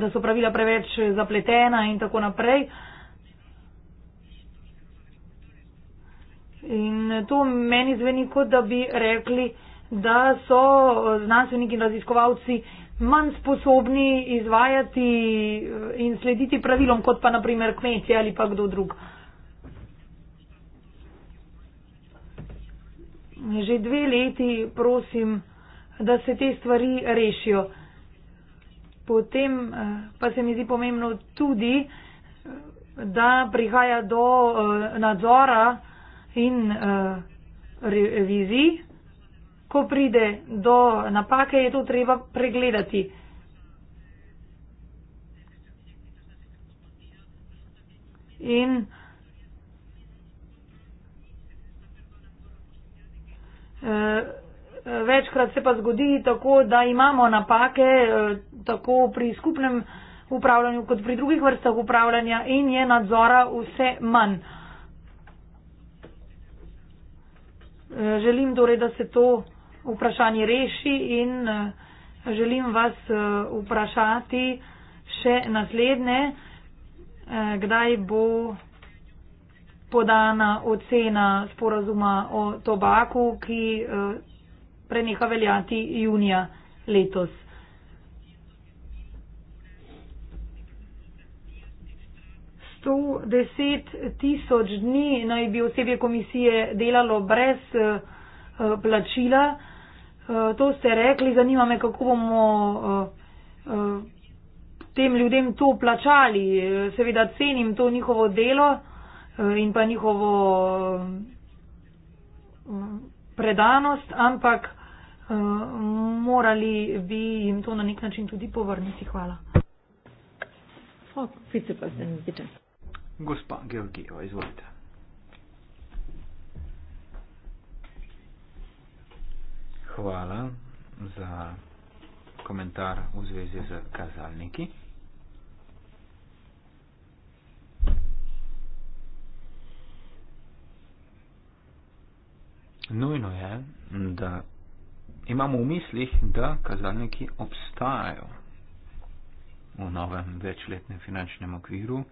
da so pravila preveč zapletena in tako naprej. In to meni zveni, kot da bi rekli, da so znanstveniki in raziskovalci manj sposobni izvajati eh, in slediti pravilom, kot pa naprimer kmetje ali pa kdo drug. Že dve leti prosim, da se te stvari rešijo. Potem eh, pa se mi zdi pomembno tudi, eh, da prihaja do nadzora in revizij ko pride do napake, je to treba pregledati. In eh, večkrat se pa zgodi tako, da imamo napake eh, tako pri skupnem upravljanju kot pri drugih vrstah upravljanja in je nadzora vse manj. Eh, želim torej, da se to vprašanje reši in eh, želim vas eh, vprašati še naslednje, eh, kdaj bo podana ocena sporazuma o tobaku, ki preneha veljati junija letos. To deset tisoč dni naj bi osebje komisije delalo brez plačila. Uh, Eh, to ste rekli, zanima me, kako bomo eh, eh, tem ljudem to plačali. Seveda cenim to njihovo delo in pa njihovo predanost, ampak morali bi jim to na nek način tudi povrniti. Hvala. Oh, Gospa Georgijeva, izvolite. hvala za komentar v zvezi z kazalniki. Nujno je, da imamo v mislih, da kazalniki obstajajo v novem večletnem finančnem okviru.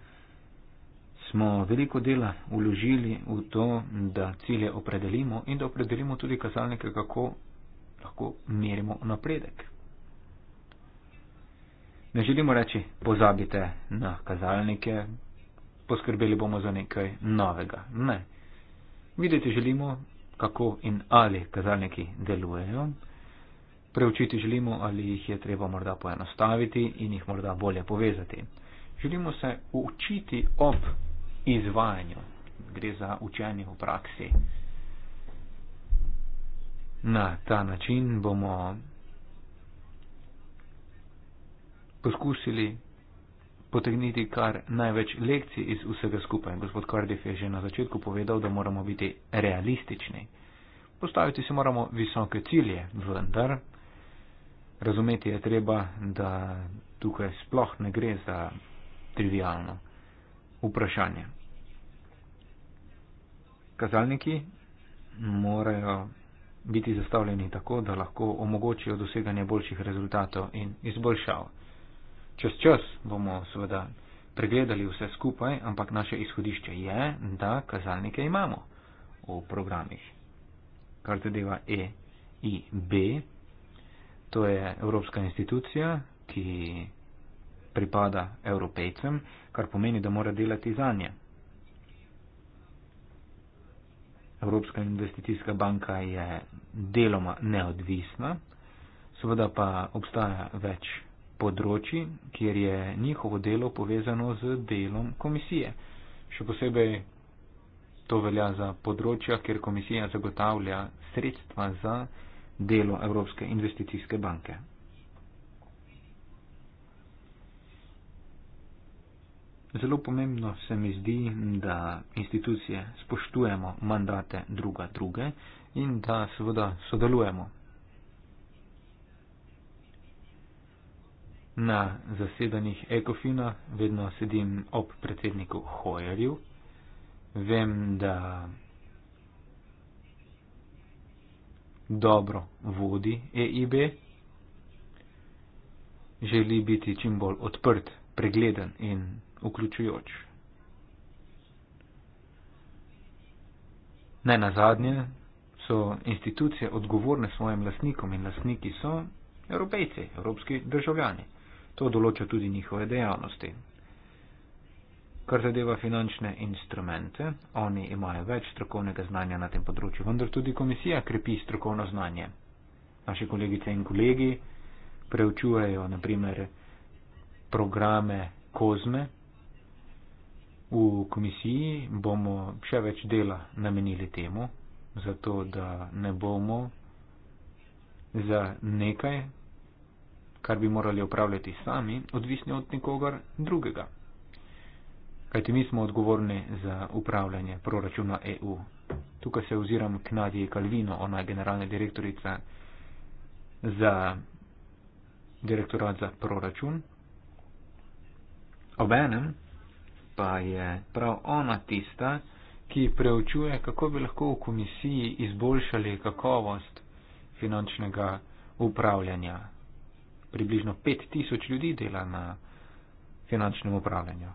Smo veliko dela vložili v to, da cilje opredelimo in da opredelimo tudi kazalnike, kako lahko merimo napredek. Ne želimo reči, pozabite na kazalnike, poskrbeli bomo za nekaj novega. Ne. Videti želimo, kako in ali kazalniki delujejo. Preučiti želimo, ali jih je treba morda poenostaviti in jih morda bolje povezati. Želimo se učiti ob izvajanju. Gre za učenje v praksi. Na ta način bomo poskusili potegniti kar največ lekcij iz vsega skupaj. Gospod Kardif je že na začetku povedal, da moramo biti realistični. Postaviti si moramo visoke cilje, vendar razumeti je treba, da tukaj sploh ne gre za trivialno vprašanje. Kazalniki morajo biti zastavljeni tako, da lahko omogočijo doseganje boljših rezultatov in izboljšav. Čez čas bomo seveda pregledali vse skupaj, ampak naše izhodišče je, da kazalnike imamo v programih. Kar zadeva EIB, to je Evropska institucija, ki pripada evropejcem, kar pomeni, da mora delati za nje. Evropska investicijska banka je deloma neodvisna, seveda pa obstaja več področji, kjer je njihovo delo povezano z delom komisije. Še posebej to velja za področja, kjer komisija zagotavlja sredstva za delo Evropske investicijske banke. Zelo pomembno se mi zdi, da institucije spoštujemo mandate druga druge in da seveda sodelujemo. Na zasedanjih ECOFIN-a vedno sedim ob predsedniku Hojerju. Vem, da dobro vodi EIB. Želi biti čim bolj odprt, pregleden in vključujoč. Ne na zadnje so institucije odgovorne svojim lasnikom in lasniki so evropejci, evropski državljani. To določa tudi njihove dejavnosti. Kar zadeva finančne instrumente, oni imajo več strokovnega znanja na tem področju, vendar tudi komisija krepi strokovno znanje. Naši kolegice in kolegi preučujejo naprimer programe Kozme, V komisiji bomo še več dela namenili temu, zato da ne bomo za nekaj, kar bi morali upravljati sami, odvisni od nikogar drugega. Kajti mi smo odgovorni za upravljanje proračuna EU. Tukaj se oziram k Nadiji Kalvino, ona je generalna direktorica za direktorat za proračun. Obenem pa je prav ona tista, ki preučuje, kako bi lahko v komisiji izboljšali kakovost finančnega upravljanja. Približno 5000 ljudi dela na finančnem upravljanju.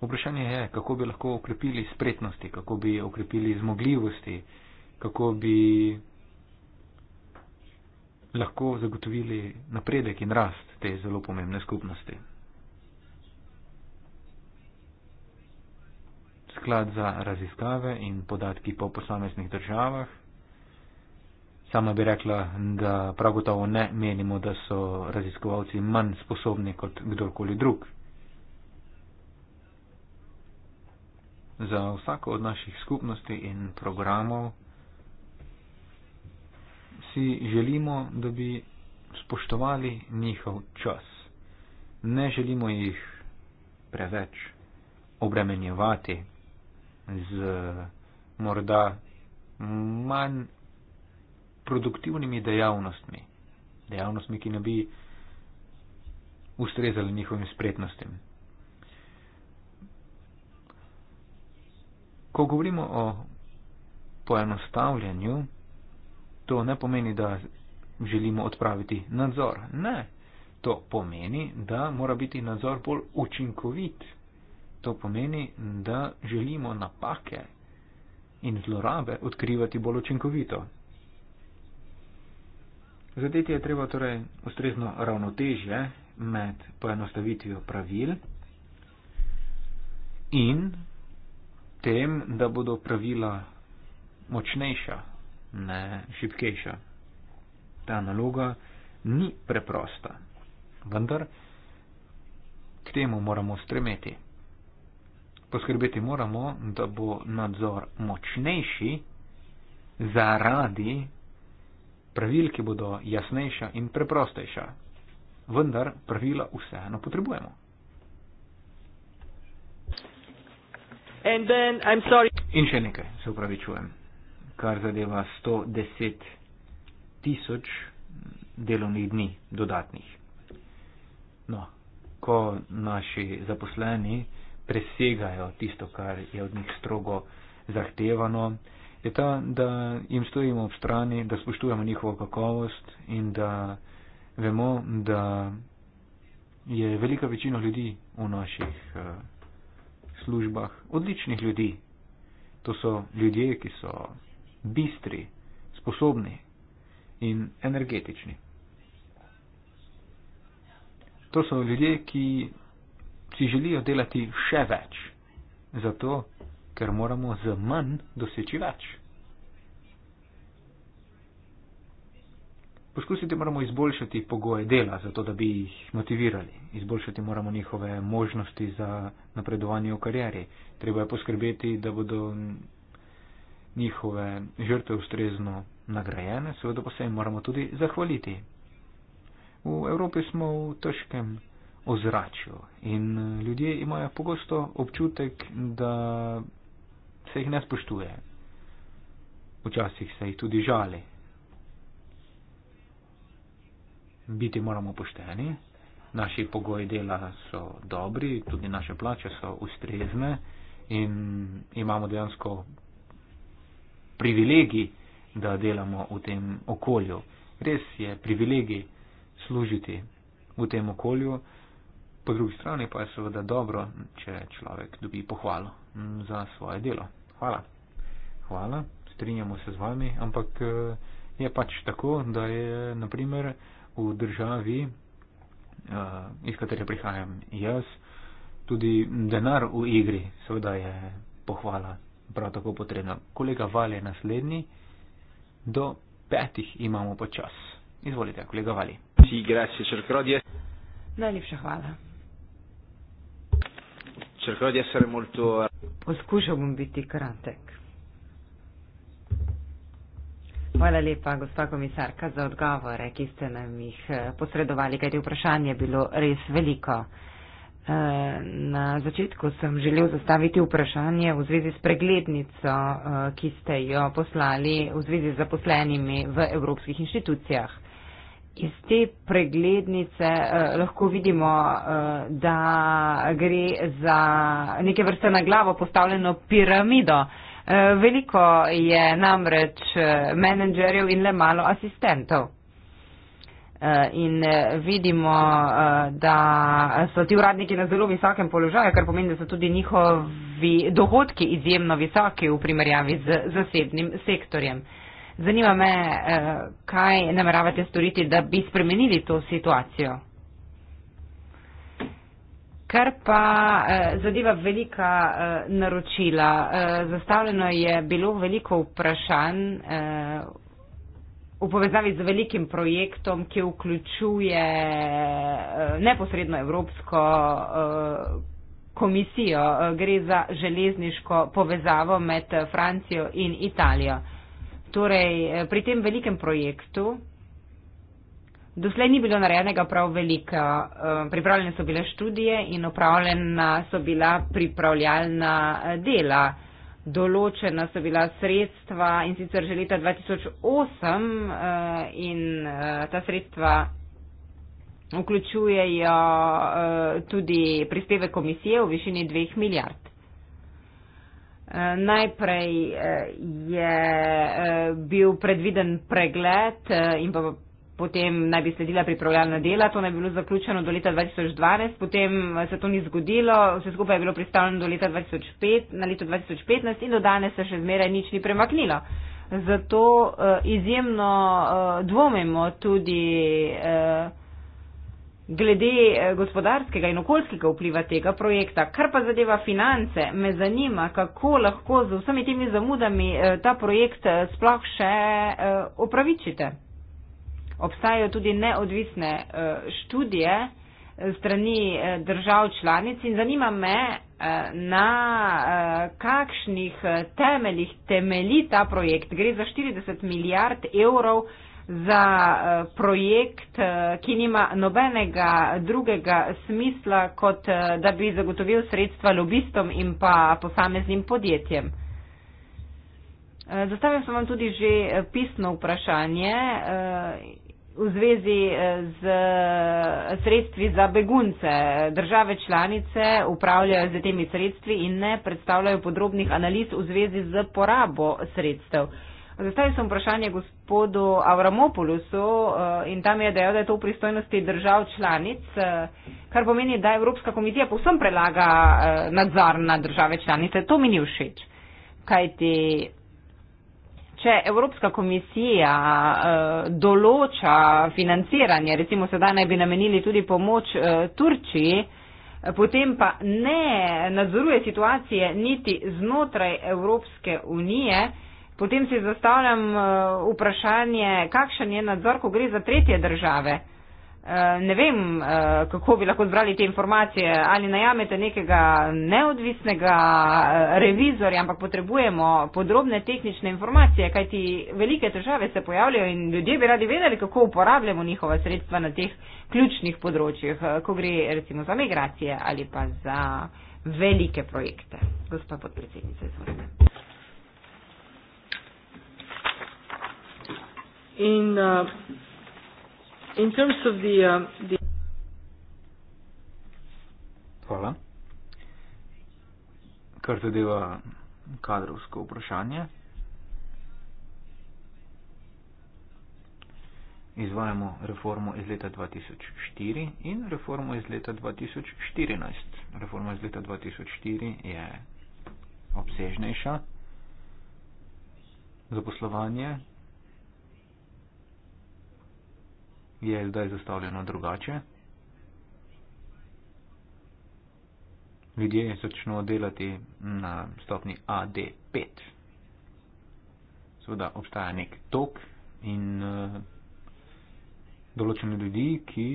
Vprašanje je, kako bi lahko okrepili spretnosti, kako bi okrepili zmogljivosti, kako bi lahko zagotovili napredek in rast te zelo pomembne skupnosti. sklad za raziskave in podatki po posameznih državah. Sama bi rekla, da prav gotovo ne menimo, da so raziskovalci manj sposobni kot kdorkoli drug. Za vsako od naših skupnosti in programov si želimo, da bi spoštovali njihov čas. Ne želimo jih preveč obremenjevati z morda manj produktivnimi dejavnostmi, dejavnostmi, ki ne bi ustrezali njihovim spretnostim. Ko govorimo o poenostavljanju, to ne pomeni, da želimo odpraviti nadzor. Ne, to pomeni, da mora biti nadzor bolj učinkovit. To pomeni, da želimo napake in zlorabe odkrivati bolj učinkovito. Zadeti je treba torej ustrezno ravnotežje med poenostavitvijo pravil in tem, da bodo pravila močnejša, ne šipkejša. Ta naloga ni preprosta, vendar k temu moramo stremeti. Poskrbeti moramo, da bo nadzor močnejši zaradi pravil, ki bodo jasnejša in preprostejša. Vendar pravila vseeno potrebujemo. Then, in še nekaj, se upravičujem, kar zadeva 110 tisoč delovnih dni dodatnih. No, ko naši zaposleni presegajo tisto, kar je od njih strogo zahtevano, je ta, da jim stojimo ob strani, da spoštujemo njihovo kakovost in da vemo, da je velika večina ljudi v naših eh, službah odličnih ljudi. To so ljudje, ki so bistri, sposobni in energetični. To so ljudje, ki ki želijo delati še več, zato ker moramo z manj doseči več. Poskusiti moramo izboljšati pogoje dela, zato da bi jih motivirali. Izboljšati moramo njihove možnosti za napredovanje v karjeri. Treba je poskrbeti, da bodo njihove žrtve ustrezno nagrajene, seveda pa se jim moramo tudi zahvaliti. V Evropi smo v težkem ozračju. In eh, ljudje imajo pogosto občutek, da se jih ne spoštuje. Včasih se jih tudi žali. Biti moramo pošteni, naši pogoji dela so dobri, tudi naše plače so ustrezne in imamo dejansko privilegij, da delamo v tem okolju. Res je privilegij služiti v tem okolju. Po drugi strani pa je seveda dobro, če človek dobi pohvalo mm, za svoje delo. Hvala. Hvala, strinjamo se z vami, ampak eh, je pač tako, da je naprimer v državi, eh, iz katere prihajam jaz, tudi denar v igri, seveda je pohvala prav tako potrebna. Kolega Val je naslednji, do petih imamo počas. Izvolite, kolega Vali. Najlepša hvala cercherò di essere molto. Eh, Poscuso un bit kratek. Hvala lepa, gospa komisarka, za odgovore, ki ste nam jih eh, posredovali, kajti vprašanje je bilo res veliko. Eh, na začetku sem želel zastaviti vprašanje v zvezi s preglednico, ki ste jo poslali v zvezi z zaposlenimi v evropskih inštitucijah iz te preglednice eh, lahko vidimo, eh, da gre za neke vrste na glavo postavljeno piramido. Eh, veliko je namreč eh, menedžerjev in le malo asistentov. Eh, in eh, vidimo, da so ti uradniki na zelo visokem položaju, kar pomeni, da so tudi njihovi dohodki izjemno visoki v primerjavi z zasebnim sektorjem. Zanima me, eh, kaj nameravate storiti, da bi spremenili to situacijo. Kar pa eh, zadeva velika eh, naročila. Zastavljeno je bilo veliko vprašanj v povezavi z velikim projektom, ki vključuje neposredno Evropsko komisijo. Gre za železniško povezavo med Francijo in Italijo. Torej, eh, pri tem velikem projektu doslej ni bilo narejenega prav veliko. Eh, pripravljene so bile študije in upravljena so bila pripravljalna eh, dela. Določena so bila sredstva in sicer že leta 2008 in ta sredstva vključujejo tudi prispeve komisije v višini 2 milijard. Eh, najprej eh, je eh, bil predviden pregled in pa potem naj bi sledila pripravljalna dela, to naj bi bilo zaključeno do leta 2012, potem se to ni zgodilo, vse skupaj je bilo pristavljeno do leta 2005, na leto 2015 in do danes se še zmeraj nič ni premaknilo. Zato izjemno dvomimo tudi glede eh, gospodarskega in okoljskega vpliva tega projekta. Kar pa zadeva finance, me zanima, kako lahko z vsemi temi zamudami eh, ta projekt eh, sploh še opravičite. Obstajajo tudi neodvisne študije strani držav članic in zanima me, na kakšnih temeljih temeli ta projekt. Gre za 40 milijard evrov za eh, projekt, eh, ki nima nobenega drugega smisla, kot eh, da bi zagotovil sredstva lobistom in pa posameznim podjetjem. Zastavil sem vam tudi že pisno vprašanje v zvezi z sredstvi za begunce. Države članice upravljajo z temi sredstvi in ne predstavljajo podrobnih analiz v zvezi z porabo sredstev. Zastavil sem vprašanje gospodu Avramopolusu eh, in tam je dejal, da je to v pristojnosti držav članic, eh, kar pomeni, da Evropska komisija povsem prelaga eh, nadzor na države članice. To mi ni všeč. Kaj ti, če Evropska komisija določa financiranje, recimo sedaj naj bi namenili tudi pomoč Turčiji, potem pa ne nadzoruje situacije niti znotraj Evropske unije, potem si zastavljam eh, vprašanje, kakšen je nadzor, ko gre za tretje države. Eh, ne vem, eh, kako bi lahko zbrali te informacije, ali najamete nekega neodvisnega revizorja, ampak potrebujemo podrobne tehnične informacije, kajti velike težave se pojavljajo in ljudje bi radi vedeli, kako uporabljamo njihova sredstva na teh ključnih področjih, ko gre recimo za migracije ali pa za velike projekte. Gospa podpredsednica, izvolite. in uh, in terms of the, um, the Hvala. Kar zadeva kadrovsko vprašanje. Izvajamo reformo iz leta 2004 in reformo iz leta 2014. Reforma iz leta 2004 je obsežnejša. Zaposlovanje je zdaj zastavljeno drugače. Ljudje začnejo delati na stopni AD5. Seveda obstaja nek tok in uh, določene ljudi, ki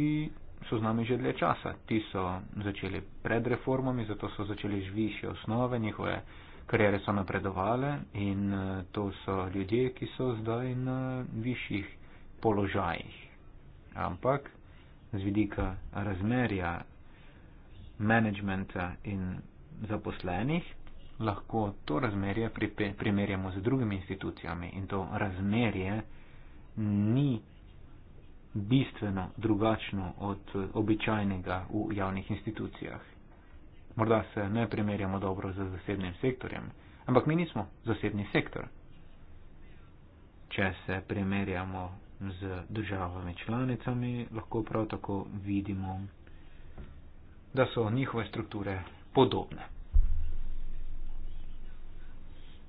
so z nami že dlje časa. Ti so začeli pred reformami, zato so začeli že više osnove, njihove kariere so napredovale in uh, to so ljudje, ki so zdaj na višjih položajih ampak z vidika razmerja menedžmenta in zaposlenih lahko to razmerje primerjamo z drugimi institucijami in to razmerje ni bistveno drugačno od običajnega v javnih institucijah. Morda se ne primerjamo dobro z zasebnim sektorjem, ampak mi nismo zasebni sektor. Če se primerjamo z državami članicami, lahko prav tako vidimo, da so njihove strukture podobne.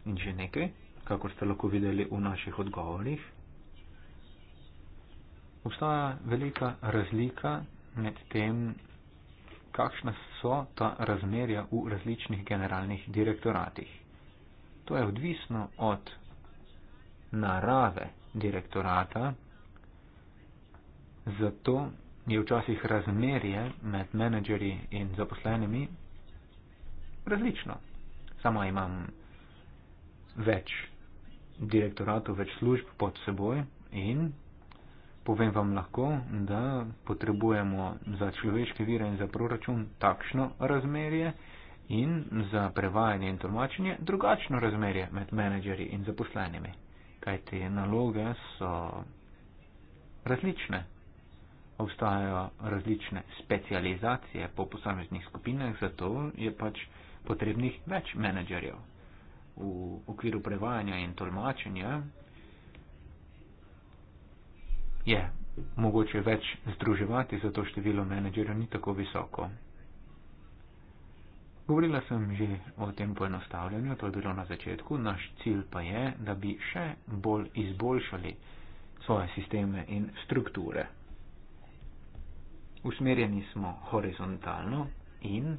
In že nekaj, kakor ste lahko videli v naših odgovorih, obstaja velika razlika med tem, kakšna so ta razmerja v različnih generalnih direktoratih. To je odvisno od narave direktorata, Zato je včasih razmerje med menedžeri in zaposlenimi različno. Samo imam več direktoratov, več služb pod seboj in povem vam lahko, da potrebujemo za človeške vire in za proračun takšno razmerje in za prevajanje in tolmačenje drugačno razmerje med menedžeri in zaposlenimi. Kajti naloge so različne obstajajo različne specializacije po posameznih skupinah, zato je pač potrebnih več menedžerjev v okviru prevajanja in tolmačenja. Je mogoče več združevati, zato število menedžerjev ni tako visoko. Govorila sem že o tem poenostavljanju, to je bilo na začetku, naš cilj pa je, da bi še bolj izboljšali svoje sisteme in strukture usmerjeni smo horizontalno in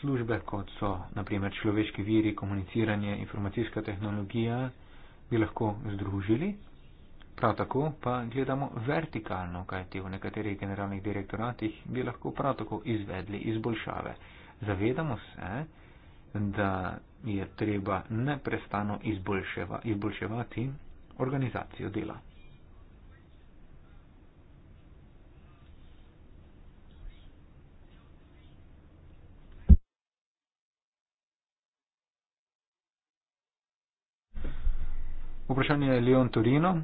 službe, kot so naprimer človeški viri, komuniciranje, informacijska tehnologija, bi lahko združili. Prav tako pa gledamo vertikalno, kajti v nekaterih generalnih direktoratih bi lahko prav tako izvedli izboljšave. Zavedamo se, da je treba neprestano izboljševa, izboljševati organizacijo dela. Vprašanje je Leon Torino.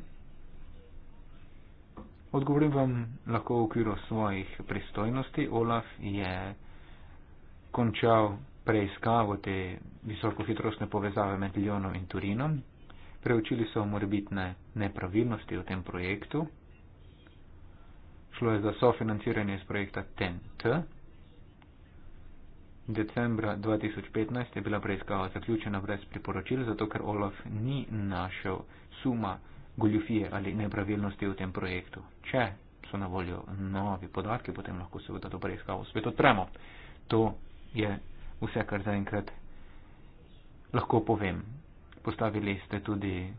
Odgovorim vam lahko v okviru svojih pristojnosti. Olaf je končal preiskavo te visokohitrostne povezave med Leonom in Torinom. Preučili so morebitne nepravilnosti v tem projektu. Šlo je za sofinanciranje iz projekta TEN-T, Decembra 2015 je bila preiskava zaključena brez priporočil, zato ker Olaf ni našel suma goljufije ali nepravilnosti v tem projektu. Če so na voljo novi podatki, potem lahko seveda to preiskavo spet odpremo. To je vse, kar zaenkrat lahko povem. Postavili ste tudi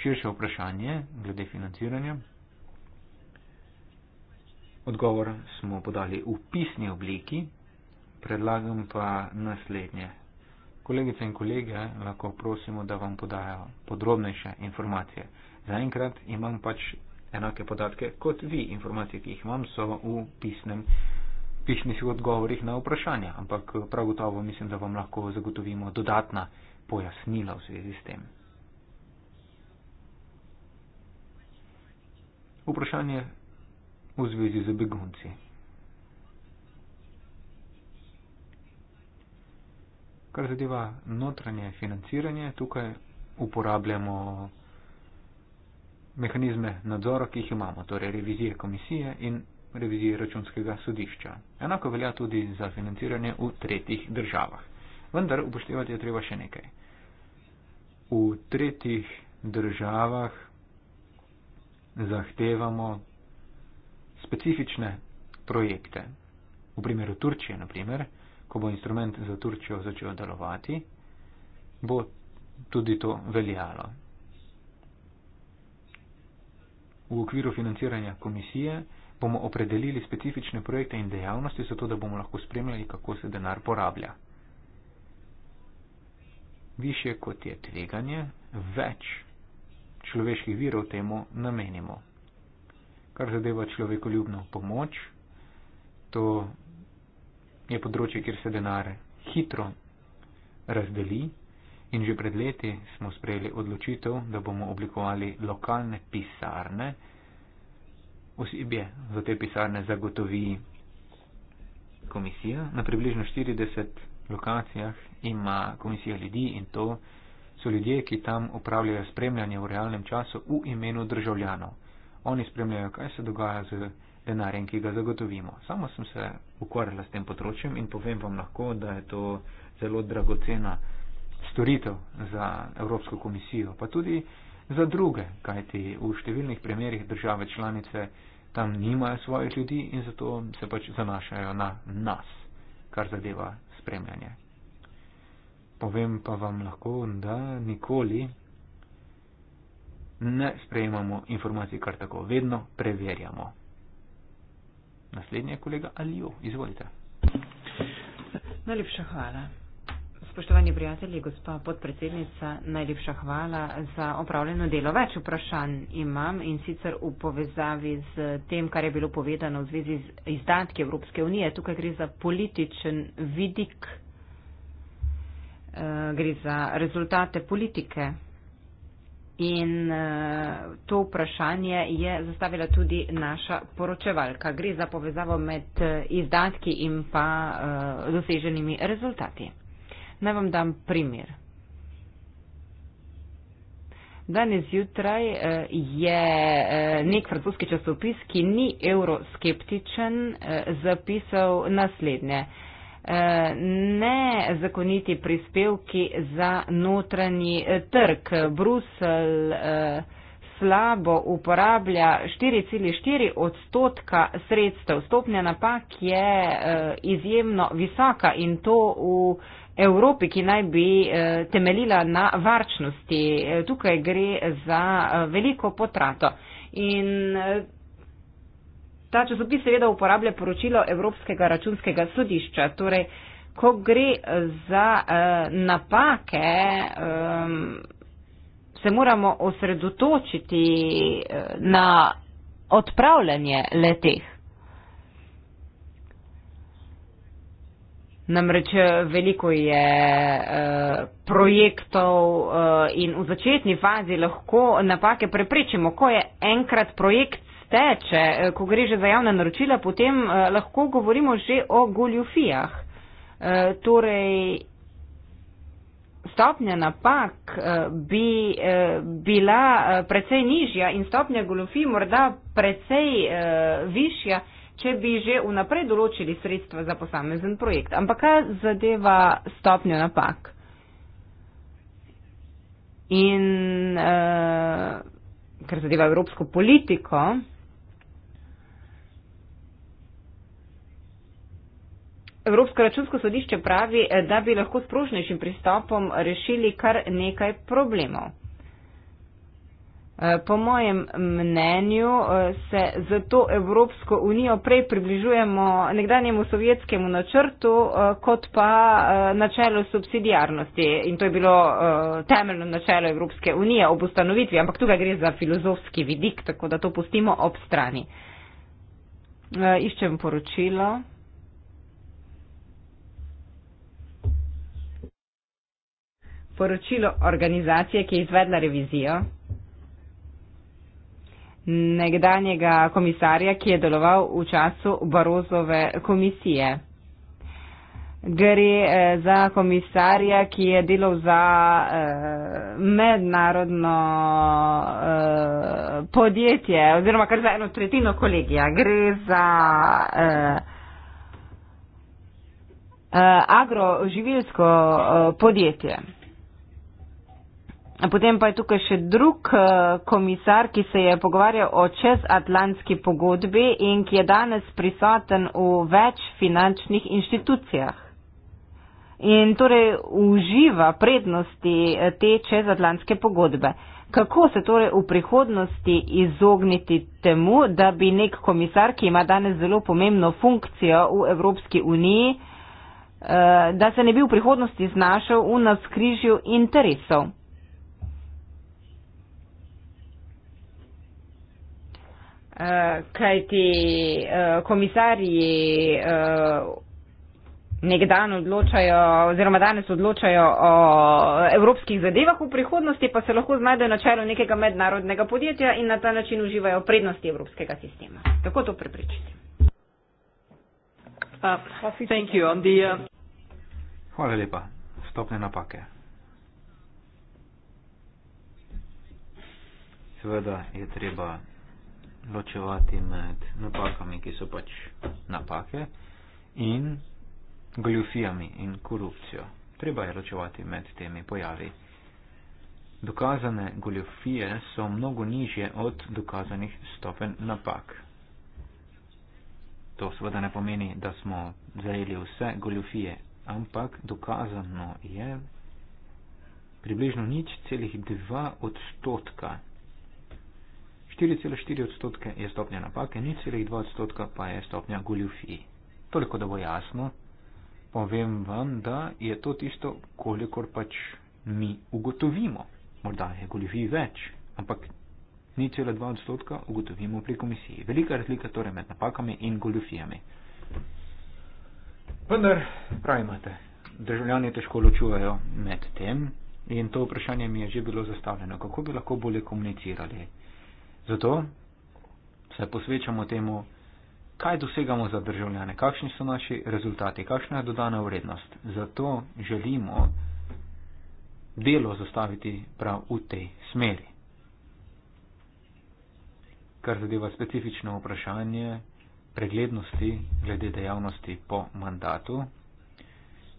širše vprašanje glede financiranja. Odgovor smo podali v pisni obliki predlagam pa naslednje. Kolegice in kolege lahko prosimo, da vam podajo podrobnejše informacije. Zaenkrat imam pač enake podatke kot vi. Informacije, ki jih imam, so v pisnem, pisnih odgovorih na vprašanja, ampak prav gotovo mislim, da vam lahko zagotovimo dodatna pojasnila v zvezi s tem. Vprašanje v zvezi z begunci. Kar zadeva notranje financiranje, tukaj uporabljamo mehanizme nadzora, ki jih imamo, torej revizije komisije in revizije računskega sodišča. Enako velja tudi za financiranje v tretjih državah. Vendar upoštevati je treba še nekaj. V tretjih državah zahtevamo specifične projekte. V primeru Turčije, na primer, ko bo instrument za Turčijo začel delovati, bo tudi to veljalo. V okviru financiranja komisije bomo opredelili specifične projekte in dejavnosti, zato da bomo lahko spremljali, kako se denar porablja. Više kot je tveganje, več človeških virov temu namenimo. Kar zadeva človekoljubno pomoč, to je področje, kjer se denar hitro razdeli in že pred leti smo sprejeli odločitev, da bomo oblikovali lokalne pisarne. Osebje za te pisarne zagotovi komisija. Na približno 40 lokacijah ima komisija ljudi in to so ljudje, ki tam upravljajo spremljanje v realnem času v imenu državljanov. Oni spremljajo, kaj se dogaja z denarjem, ki ga zagotovimo. Samo sem se ukvarjala s tem področjem in povem vam lahko, da je to zelo dragocena storitev za Evropsko komisijo, pa tudi za druge, kajti v številnih primerjih države članice tam nimajo svojih ljudi in zato se pač zanašajo na nas, kar zadeva spremljanje. Povem pa vam lahko, da nikoli ne sprejemamo informacij kar tako, vedno preverjamo. Naslednji je kolega Alijo. Izvolite. Najlepša hvala. Spoštovani prijatelji, gospa podpredsednica, najlepša hvala za opravljeno delo. Več vprašanj imam in sicer v povezavi z tem, kar je bilo povedano v zvezi z izdatki Evropske unije. Tukaj gre za političen vidik, eh, gre za rezultate politike In uh, to vprašanje je zastavila tudi naša poročevalka. Gre za povezavo med eh, izdatki in pa uh, doseženimi rezultati. Naj vam dam primer. Danes jutraj je nek francoski časopis, ki ni euroskeptičen, zapisal naslednje. Eh, nezakoniti prispevki za notranji eh, trg. Brusel eh, slabo uporablja 4,4 odstotka sredstev. Stopnja napak je izjemno visoka in to v Evropi, ki naj bi temeljila na varčnosti. Tukaj gre za veliko potrato. In Ta časopis seveda uporablja poročilo Evropskega računskega sodišča. Torej, ko gre za uh, napake, um, se moramo osredotočiti eh, na odpravljanje leteh. Namreč eh, veliko je uh, projektov uh, in v začetni fazi lahko napake preprečimo, ko je enkrat projekt teče, eh, ko gre že za javna naročila, potem eh, lahko govorimo že o goljufijah. Eh, torej, stopnja napak bi bila precej nižja in stopnja goljufij morda precej višja, če bi že vnaprej določili sredstva za posamezen projekt. Ampak kaj zadeva stopnjo napak? In uh, kar zadeva evropsko politiko, Evropsko računsko sodišče pravi, eh, da bi lahko s prožnejšim pristopom rešili kar nekaj problemov. Eh, po mojem mnenju eh, se zato Evropsko unijo prej približujemo nekdanjemu sovjetskemu načrtu kot pa načelu subsidijarnosti. In to je bilo temeljno načelo Evropske unije ob ustanovitvi, ampak tukaj gre za filozofski vidik, tako da to pustimo ob strani. Iščem poročilo. poročilo organizacije, ki je izvedla revizijo, nekdanjega komisarja, ki je deloval v času Barozove komisije. Gre eh, za komisarja, ki je delal za eh, mednarodno eh, podjetje oziroma kar za eno tretjino kolegija. Gre za eh, eh, agroživilsko eh, podjetje. Potem pa je tukaj še drug eh, komisar, ki se je pogovarjal o čezatlantski pogodbi in ki je danes prisoten v več finančnih inštitucijah. In torej uživa prednosti eh, te čezatlantske pogodbe. Kako se torej v prihodnosti izogniti temu, da bi nek komisar, ki ima danes zelo pomembno funkcijo v Evropski uniji, eh, da se ne bi v prihodnosti znašel v naskrižju interesov? Eh, kajti eh, komisarji eh, nekdan odločajo oziroma danes odločajo o evropskih zadevah, v prihodnosti pa se lahko znajdejo na čelu nekega mednarodnega podjetja in na ta način uživajo prednosti evropskega sistema. Tako to prepričati. Ah, uh, Hvala lepa. Stopne napake. Seveda je treba ločevati med napakami, ki so pač napake, in goljufijami in korupcijo. Treba je ločevati med temi pojavi. Dokazane goljufije so mnogo nižje od dokazanih stopen napak. To seveda ne pomeni, da smo zajeli vse goljufije, ampak dokazano je približno nič celih dva odstotka 4,4 odstotke je stopnja napake, 0,2 odstotka pa je stopnja goljufij. Toliko, da bo jasno, povem vam, da je to tisto, kolikor pač mi ugotovimo. Morda je goljufij več, ampak 0,2 odstotka ugotovimo pri komisiji. Velika razlika torej med napakami in goljufijami. Vendar, pravimate, državljani težko ločujejo med tem. In to vprašanje mi je že bilo zastavljeno, kako bi lahko bolje komunicirali. Zato se posvečamo temu, kaj dosegamo za državljane, kakšni so naši rezultati, kakšna je dodana vrednost. Zato želimo delo zastaviti prav v tej smeri. Kar zadeva specifično vprašanje preglednosti glede dejavnosti po mandatu,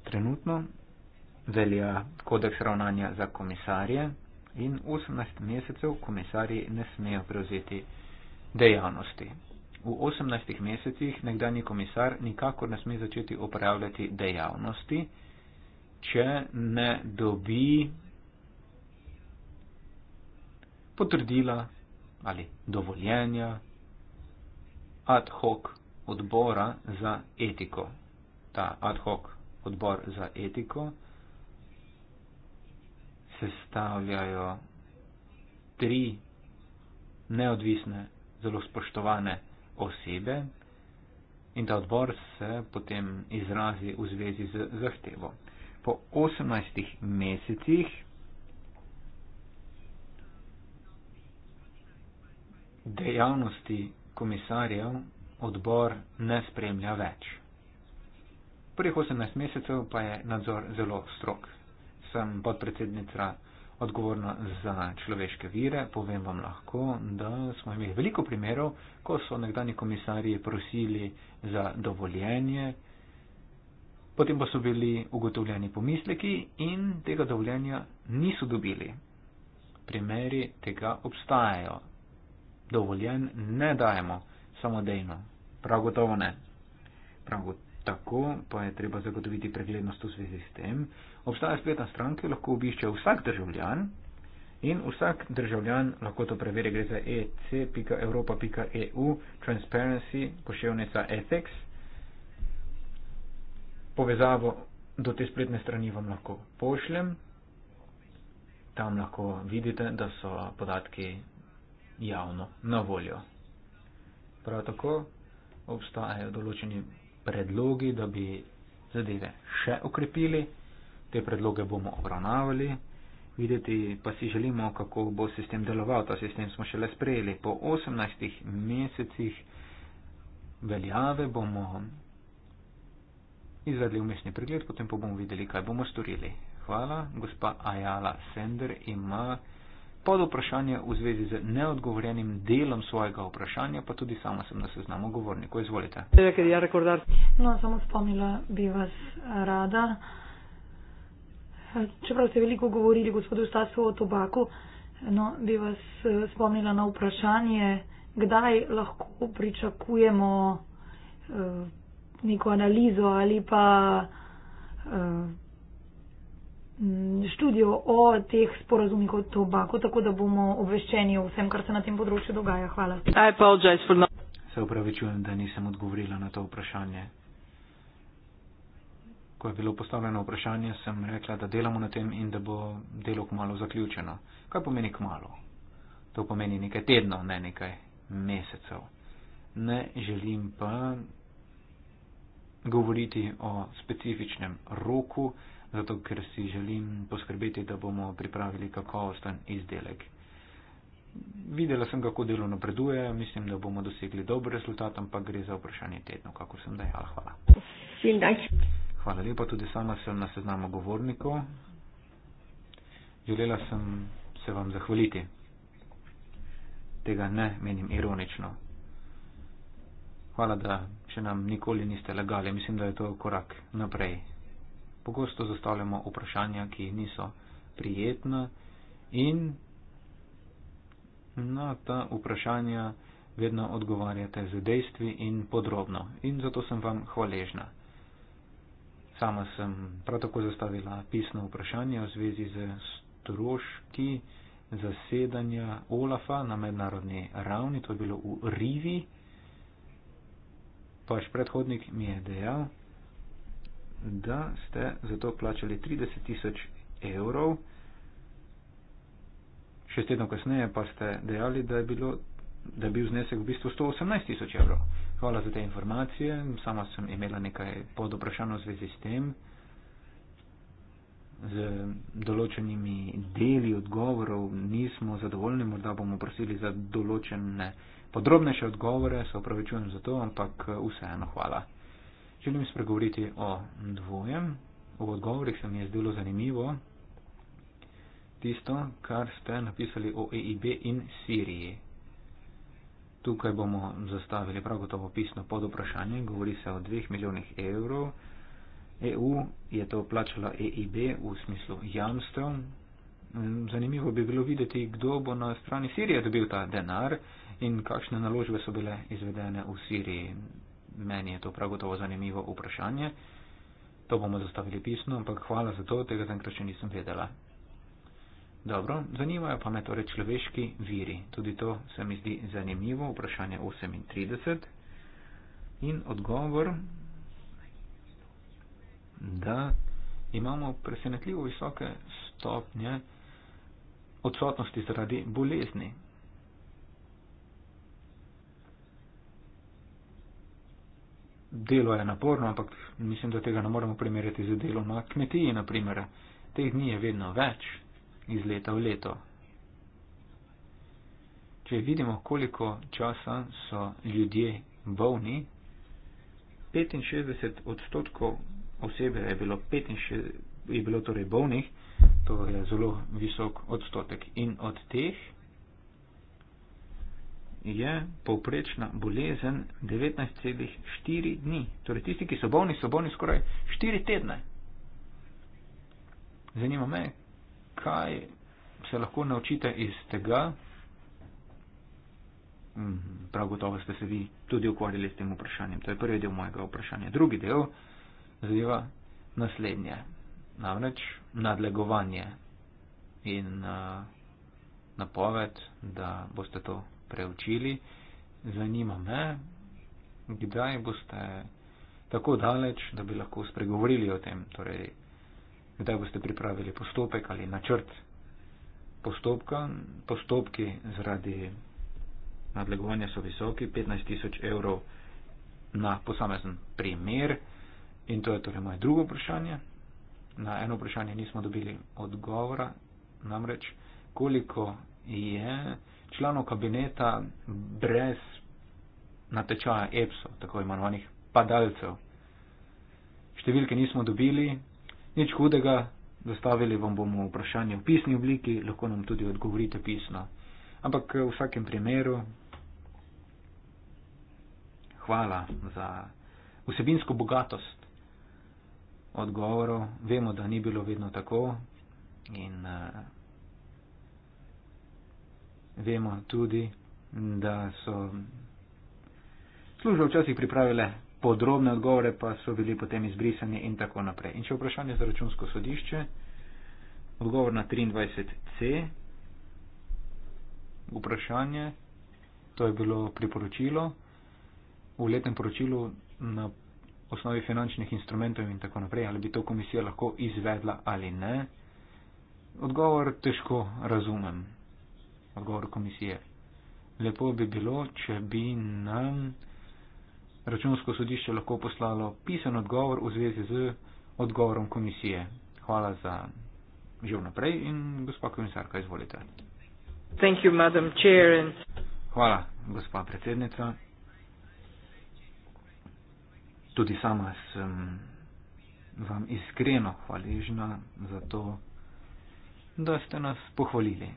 trenutno velja kodeks ravnanja za komisarje in 18 mesecev komisari ne smejo prevzeti dejavnosti. V 18 mesecih nekdani komisar nikakor ne sme začeti upravljati dejavnosti, če ne dobi potrdila ali dovoljenja ad hoc odbora za etiko. Ta ad hoc odbor za etiko sestavljajo tri neodvisne, zelo spoštovane osebe in ta odbor se potem izrazi v zvezi z zahtevo. Po 18 mesecih dejavnosti komisarjev odbor ne spremlja več. Prvih 18 mesecev pa je nadzor zelo strok, sem podpredsednica odgovorna za človeške vire, povem vam lahko, da smo imeli veliko primerov, ko so nekdani komisarji prosili za dovoljenje, potem pa so bili ugotovljeni pomisleki in tega dovoljenja niso dobili. Primeri tega obstajajo. Dovoljen ne dajemo samodejno. Prav gotovo ne. Prav gotovo. Tako pa je treba zagotoviti preglednost v zvezi s tem. Obstaja spletna stran, ki jo lahko obišče vsak državljan in vsak državljan lahko to preveri. Gre za ec.europa.eu, transparency, poševnica ethics. Povezavo do te spletne strani vam lahko pošljem. Tam lahko vidite, da so podatki javno na voljo. Prav tako obstajajo določeni predlogi, da bi zadeve še okrepili. Te predloge bomo obravnavali, videti pa si želimo, kako bo sistem deloval. Ta sistem smo šele sprejeli. Po 18 mesecih veljave bomo izvedli umestni pregled, potem pa bomo videli, kaj bomo storili. Hvala, gospa Ajala Sender ima pod vprašanje v zvezi z neodgovorjenim delom svojega vprašanja, pa tudi sama sem na seznamu govornikov. Izvolite. No, samo spomnila bi vas rada. Čeprav ste veliko govorili, gospodu Stasu, o tobaku, no, bi vas eh, spomnila na vprašanje, kdaj lahko pričakujemo eh, neko analizo ali pa eh, Mm, študijo o teh sporazumih o tobaku, tako da bomo obveščeni o vsem, kar se na tem področju dogaja. Hvala. Se upravičujem, da nisem odgovorila na to vprašanje. Ko je bilo postavljeno vprašanje, sem rekla, da delamo na tem in da bo delo kmalo zaključeno. Kaj pomeni kmalo? To pomeni nekaj tednov, ne nekaj mesecev. Ne želim pa govoriti o specifičnem roku, zato ker si želim poskrbeti, da bomo pripravili kakovosten izdelek. Videla sem, kako delo napreduje, mislim, da bomo dosegli dober rezultat, ampak gre za vprašanje tedna, kako sem dejala. Hvala. Hvala lepa, tudi sama sem na seznamu govornikov. Želela sem se vam zahvaliti. Tega ne menim ironično. Hvala, da še nam nikoli niste lagali. Mislim, da je to korak naprej pogosto zastavljamo vprašanja, ki niso prijetna in na ta vprašanja vedno odgovarjate z dejstvi in podrobno. In zato sem vam hvaležna. Sama sem prav tako zastavila pisno vprašanje v zvezi z stroški zasedanja Olafa na mednarodni ravni, to je bilo v Rivi. Vaš predhodnik mi je dejal, da ste za to plačali 30 tisoč evrov, šest tednov kasneje pa ste dejali, da je, bilo, da je bil znesek v bistvu 118 tisoč evrov. Hvala za te informacije, sama sem imela nekaj podoprašanj v zvezi s tem, z določenimi deli odgovorov nismo zadovoljni, morda bomo prosili za določene podrobnejše odgovore, se opravičujem za to, ampak vseeno hvala. Želim spregovoriti o dvojem. V odgovorih se mi je zdelo zanimivo tisto, kar ste napisali o EIB in Siriji. Tukaj bomo zastavili prav gotovo pisno pod vprašanje. Govori se o 2 milijonih evrov. EU je to plačala EIB v smislu jamstev. Mm, zanimivo bi bilo videti, kdo bo na strani Sirije dobil ta denar in kakšne naložbe so bile izvedene v Siriji. Meni je to prav gotovo zanimivo vprašanje. To bomo zastavili pisno, ampak hvala za to, tega zaenkrat še nisem vedela. Dobro, zanimajo pa me torej človeški viri. Tudi to se mi zdi zanimivo, vprašanje 38. In odgovor, da imamo presenetljivo visoke stopnje odsotnosti zaradi bolezni. delo je naporno, ampak mislim, da tega ne moremo primerjati z delom na kmetiji, naprimer. Teh dni je vedno več, iz leta v leto. Če vidimo, koliko časa so ljudje bolni, 65 odstotkov osebe je bilo, 65, je bilo torej bolnih, to je zelo visok odstotek. In od teh je povprečna bolezen 19,4 dni. Torej, tisti, ki so bolni, so bolni skoraj 4 tedne. Zanima me, kaj se lahko naučite iz tega. Mhm, prav gotovo ste se vi tudi ukvarjali s tem vprašanjem. To je prvi del mojega vprašanja. Drugi del zadeva naslednje, namreč nadlegovanje in uh, napoved, da boste to preučili, zanima me, kdaj boste tako daleč, da bi lahko spregovorili o tem, torej kdaj boste pripravili postopek ali načrt postopka. Postopki zaradi nadlegovanja so visoki, 15 tisoč evrov na posamezen primer in to je torej moje drugo vprašanje. Na eno vprašanje nismo dobili odgovora, namreč koliko je članov kabineta brez natečaja EPSO, tako imenovanih padalcev. Številke nismo dobili, nič hudega, dostavili vam bomo vprašanje v pisni obliki, lahko nam tudi odgovorite pisno. Ampak eh, v vsakem primeru, hvala za vsebinsko bogatost odgovorov. Vemo, da ni bilo vedno tako in uh, Vemo tudi, da so službe včasih pripravile podrobne odgovore, pa so bili potem izbrisani in tako naprej. In če vprašanje za računsko sodišče, odgovor na 23c, vprašanje, to je bilo priporočilo, v letnem poročilu na osnovi finančnih instrumentov in tako naprej, ali bi to komisija lahko izvedla ali ne, odgovor težko razumem odgovor komisije. Lepo bi bilo, če bi nam računsko sodišče lahko poslalo pisen odgovor v zvezi z odgovorom komisije. Hvala za že vnaprej in gospa komisarka, izvolite. Thank you, madam chair. And... Hvala, gospa predsednica. Tudi sama sem vam iskreno hvaležna za to, da ste nas pohvalili,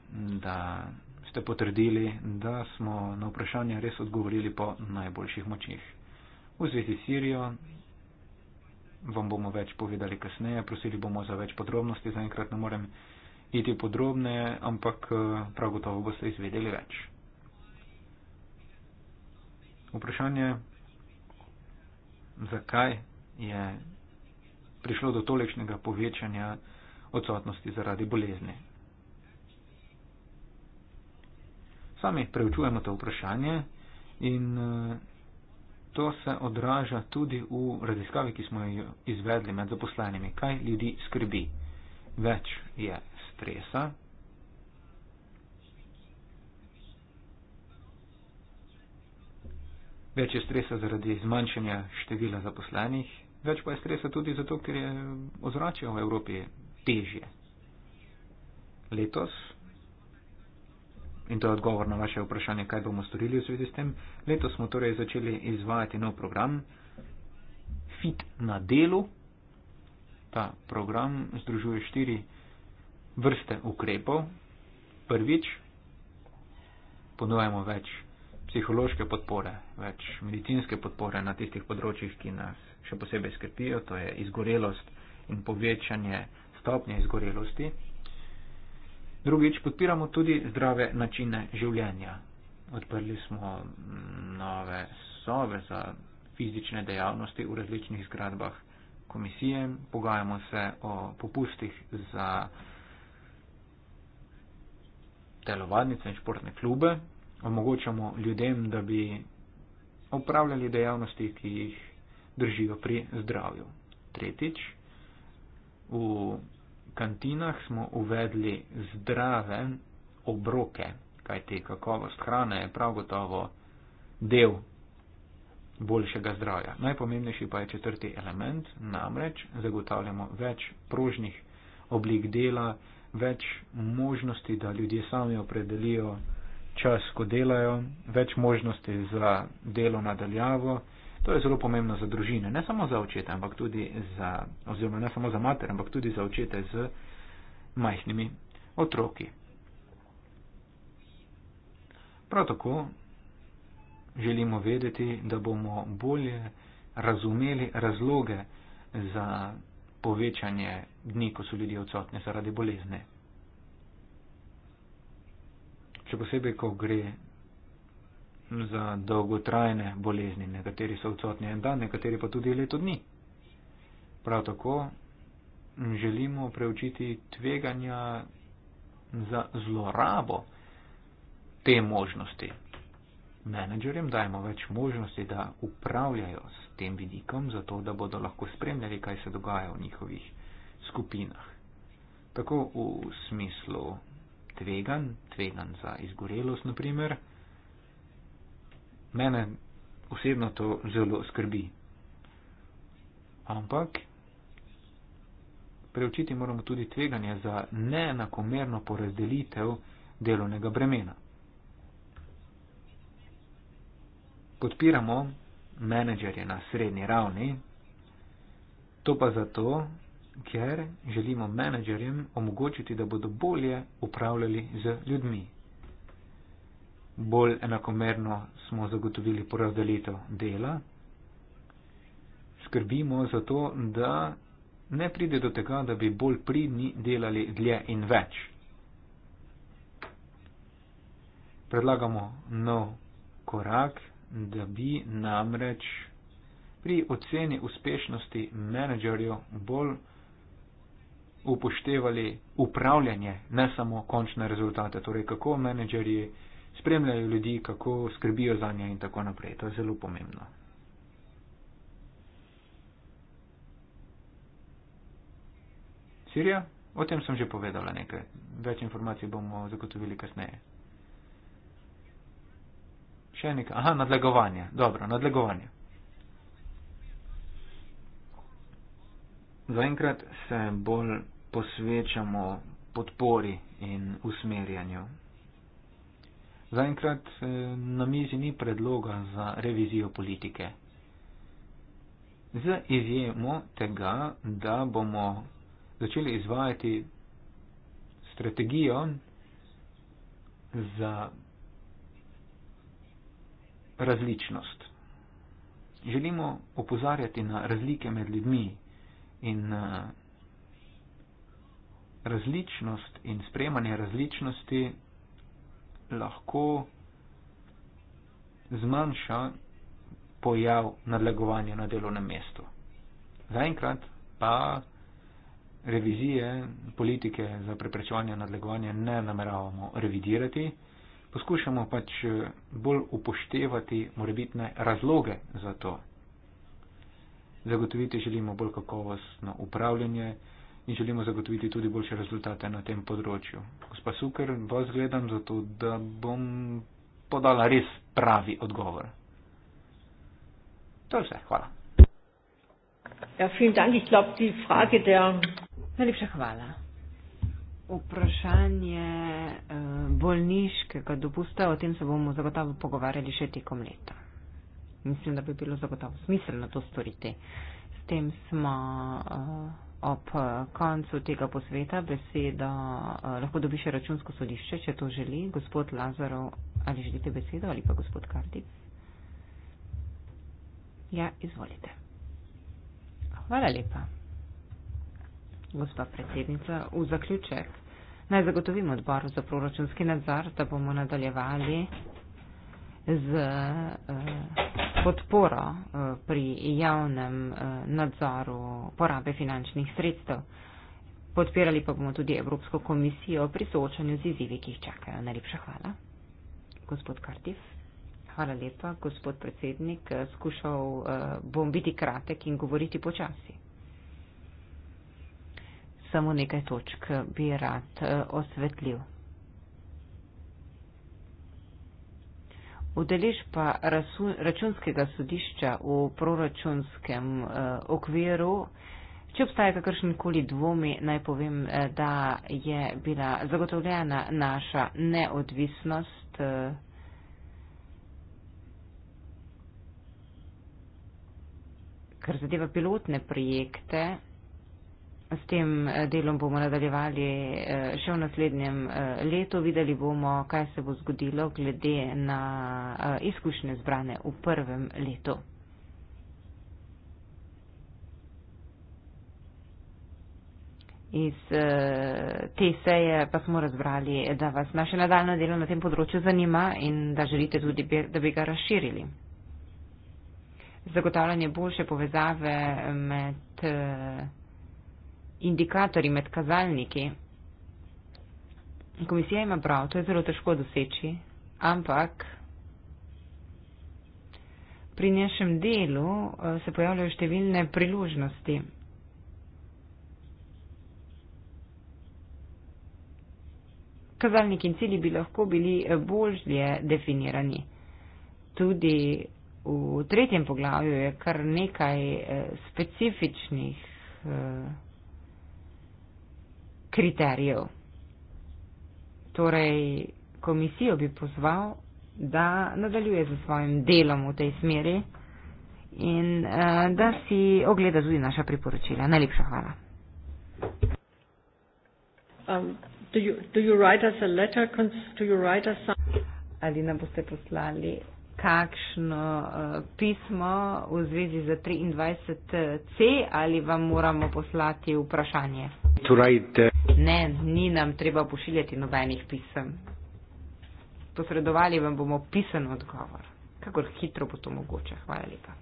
da ste potrdili, da smo na vprašanje res odgovorili po najboljših močih. V zvezi s Sirijo vam bomo več povedali kasneje, prosili bomo za več podrobnosti, zaenkrat ne morem iti podrobneje, ampak eh, prav gotovo boste izvedeli več. Vprašanje, zakaj je prišlo do tolikšnega povečanja odsotnosti zaradi bolezni. sami preučujemo to vprašanje in eh, to se odraža tudi v raziskavi, ki smo jo izvedli med zaposlenimi. Kaj ljudi skrbi? Več je stresa. Več je stresa zaradi zmanjšanja števila zaposlenih, več pa je stresa tudi zato, ker je ozračje v Evropi težje. Letos in to je odgovor na vaše vprašanje, kaj bomo storili v zvezi s tem. Letos smo torej začeli izvajati nov program Fit na delu. Ta program združuje štiri vrste ukrepov. Prvič, ponujemo več psihološke podpore, več medicinske podpore na tistih področjih, ki nas še posebej skrbijo, to je izgorelost in povečanje stopnje izgorelosti, Drugič, podpiramo tudi zdrave načine življenja. Odprli smo mm, nove sobe za fizične dejavnosti v različnih zgradbah komisije, pogajamo se o popustih za telovadnice in športne klube, omogočamo ljudem, da bi opravljali dejavnosti, ki jih držijo pri zdravju. Tretjič, v kantinah smo uvedli zdrave obroke, kajti kakovost hrane je prav gotovo del boljšega zdravja. Najpomembnejši pa je četrti element, namreč zagotavljamo več prožnih oblik dela, več možnosti, da ljudje sami opredelijo čas, ko delajo, več možnosti za delo nadaljavo. To je zelo pomembno za družine, ne samo za očeta, ampak tudi za, oziroma ne samo za mater, ampak tudi za očete z majhnimi otroki. Prav tako želimo vedeti, da bomo bolje razumeli razloge za povečanje dni, ko so ljudje odsotni zaradi bolezni. Še posebej, ko gre za dolgotrajne bolezni. Nekateri so odsotni en dan, nekateri pa tudi leto dni. Prav tako želimo preučiti tveganja za zlorabo te možnosti. Menedžerjem dajemo več možnosti, da upravljajo s tem vidikom, zato da bodo lahko spremljali, kaj se dogaja v njihovih skupinah. Tako v smislu tvegan, tvegan za izgorelost, naprimer, mene osebno to zelo skrbi. Ampak preučiti moramo tudi tveganje za neenakomerno porazdelitev delovnega bremena. Podpiramo menedžerje na srednji ravni, to pa zato, ker želimo menedžerjem omogočiti, da bodo bolje upravljali z ljudmi bolj enakomerno smo zagotovili porazdelitev dela. Skrbimo za to, da ne pride do tega, da bi bolj pridni delali dlje in več. Predlagamo nov korak, da bi namreč pri oceni uspešnosti menedžerjev bolj upoštevali upravljanje, ne samo končne rezultate, torej kako menedžerji spremljajo ljudi, kako skrbijo za njo in tako naprej. To je zelo pomembno. Sirija? O tem sem že povedala nekaj. Več informacij bomo zagotovili kasneje. Še nekaj. Aha, nadlegovanje. Dobro, nadlegovanje. Zaenkrat se bolj posvečamo podpori in usmerjanju Zaenkrat eh, na mizi ni predloga za revizijo politike. Z izjemo tega, da bomo začeli izvajati strategijo za različnost. Želimo opozarjati na razlike med ljudmi in eh, različnost in sprejemanje različnosti lahko zmanjša pojav nadlegovanja na delovnem mestu. Zaenkrat pa revizije politike za preprečevanje nadlegovanja ne nameravamo revidirati, poskušamo pač eh, bolj upoštevati morebitne razloge za to. Zagotoviti želimo bolj kakovostno upravljanje, in želimo zagotoviti tudi boljše rezultate na tem področju. Gospa Suker, vas gledam zato, da bom podala res pravi odgovor. To je vse. Hvala. Ja, dank, glaub, frage, der... Najlepša hvala. Vprašanje eh, bolniškega dopusta, o tem se bomo zagotovo pogovarjali še tekom leta. Mislim, da bi bilo zagotovo smiselno to storiti. S tem smo. Uh, ob eh, koncu tega posveta besedo eh, lahko dobi še računsko sodišče, če to želi. Gospod Lazarov, ali želite besedo ali pa gospod Kardic? Ja, izvolite. Hvala lepa. Gospa predsednica, v zaključek naj zagotovim odboru za proračunski nadzor, da bomo nadaljevali z eh, podporo eh, pri javnem eh, nadzoru porabe finančnih sredstev. Podpirali pa bomo tudi Evropsko komisijo pri soočanju z izzivi, ki jih čakajo. Najlepša hvala. Gospod Kartif. Hvala lepa, gospod predsednik. Skušal eh, bom biti kratek in govoriti počasi. Samo nekaj točk bi rad eh, osvetlil. Udeležba računskega sodišča v proračunskem eh, okviru, če obstaja kakršen koli dvomi, naj povem, eh, da je bila zagotovljena naša neodvisnost. Eh, Kar zadeva pilotne projekte, S tem eh, delom bomo nadaljevali eh, še v naslednjem eh, letu. Videli bomo, kaj se bo zgodilo glede na izkušnje zbrane v prvem letu. Iz te seje pa smo razbrali, da vas naše nadaljno delo na tem področju zanima in da želite tudi, da bi ga razširili. Zagotavljanje boljše povezave med indikatorji med kazalniki. Komisija ima prav, to je zelo težko doseči, ampak pri našem delu eh, se pojavljajo številne priložnosti. Kazalniki in cilji bi lahko bili eh, božje definirani. Tudi v tretjem poglavju je kar nekaj eh, specifičnih kriterijev. Torej, komisijo bi pozval, da nadaljuje z svojim delom v tej smeri in uh, da si ogleda tudi naša priporočila. Najlepša hvala. Um, Ali nam boste poslali kakšno uh, pismo v zvezi z 23C ali vam moramo poslati vprašanje? ne, ni nam treba pošiljati nobenih pisem. Posredovali vam bomo pisen odgovor, kakor hitro bo to mogoče. Hvala lepa.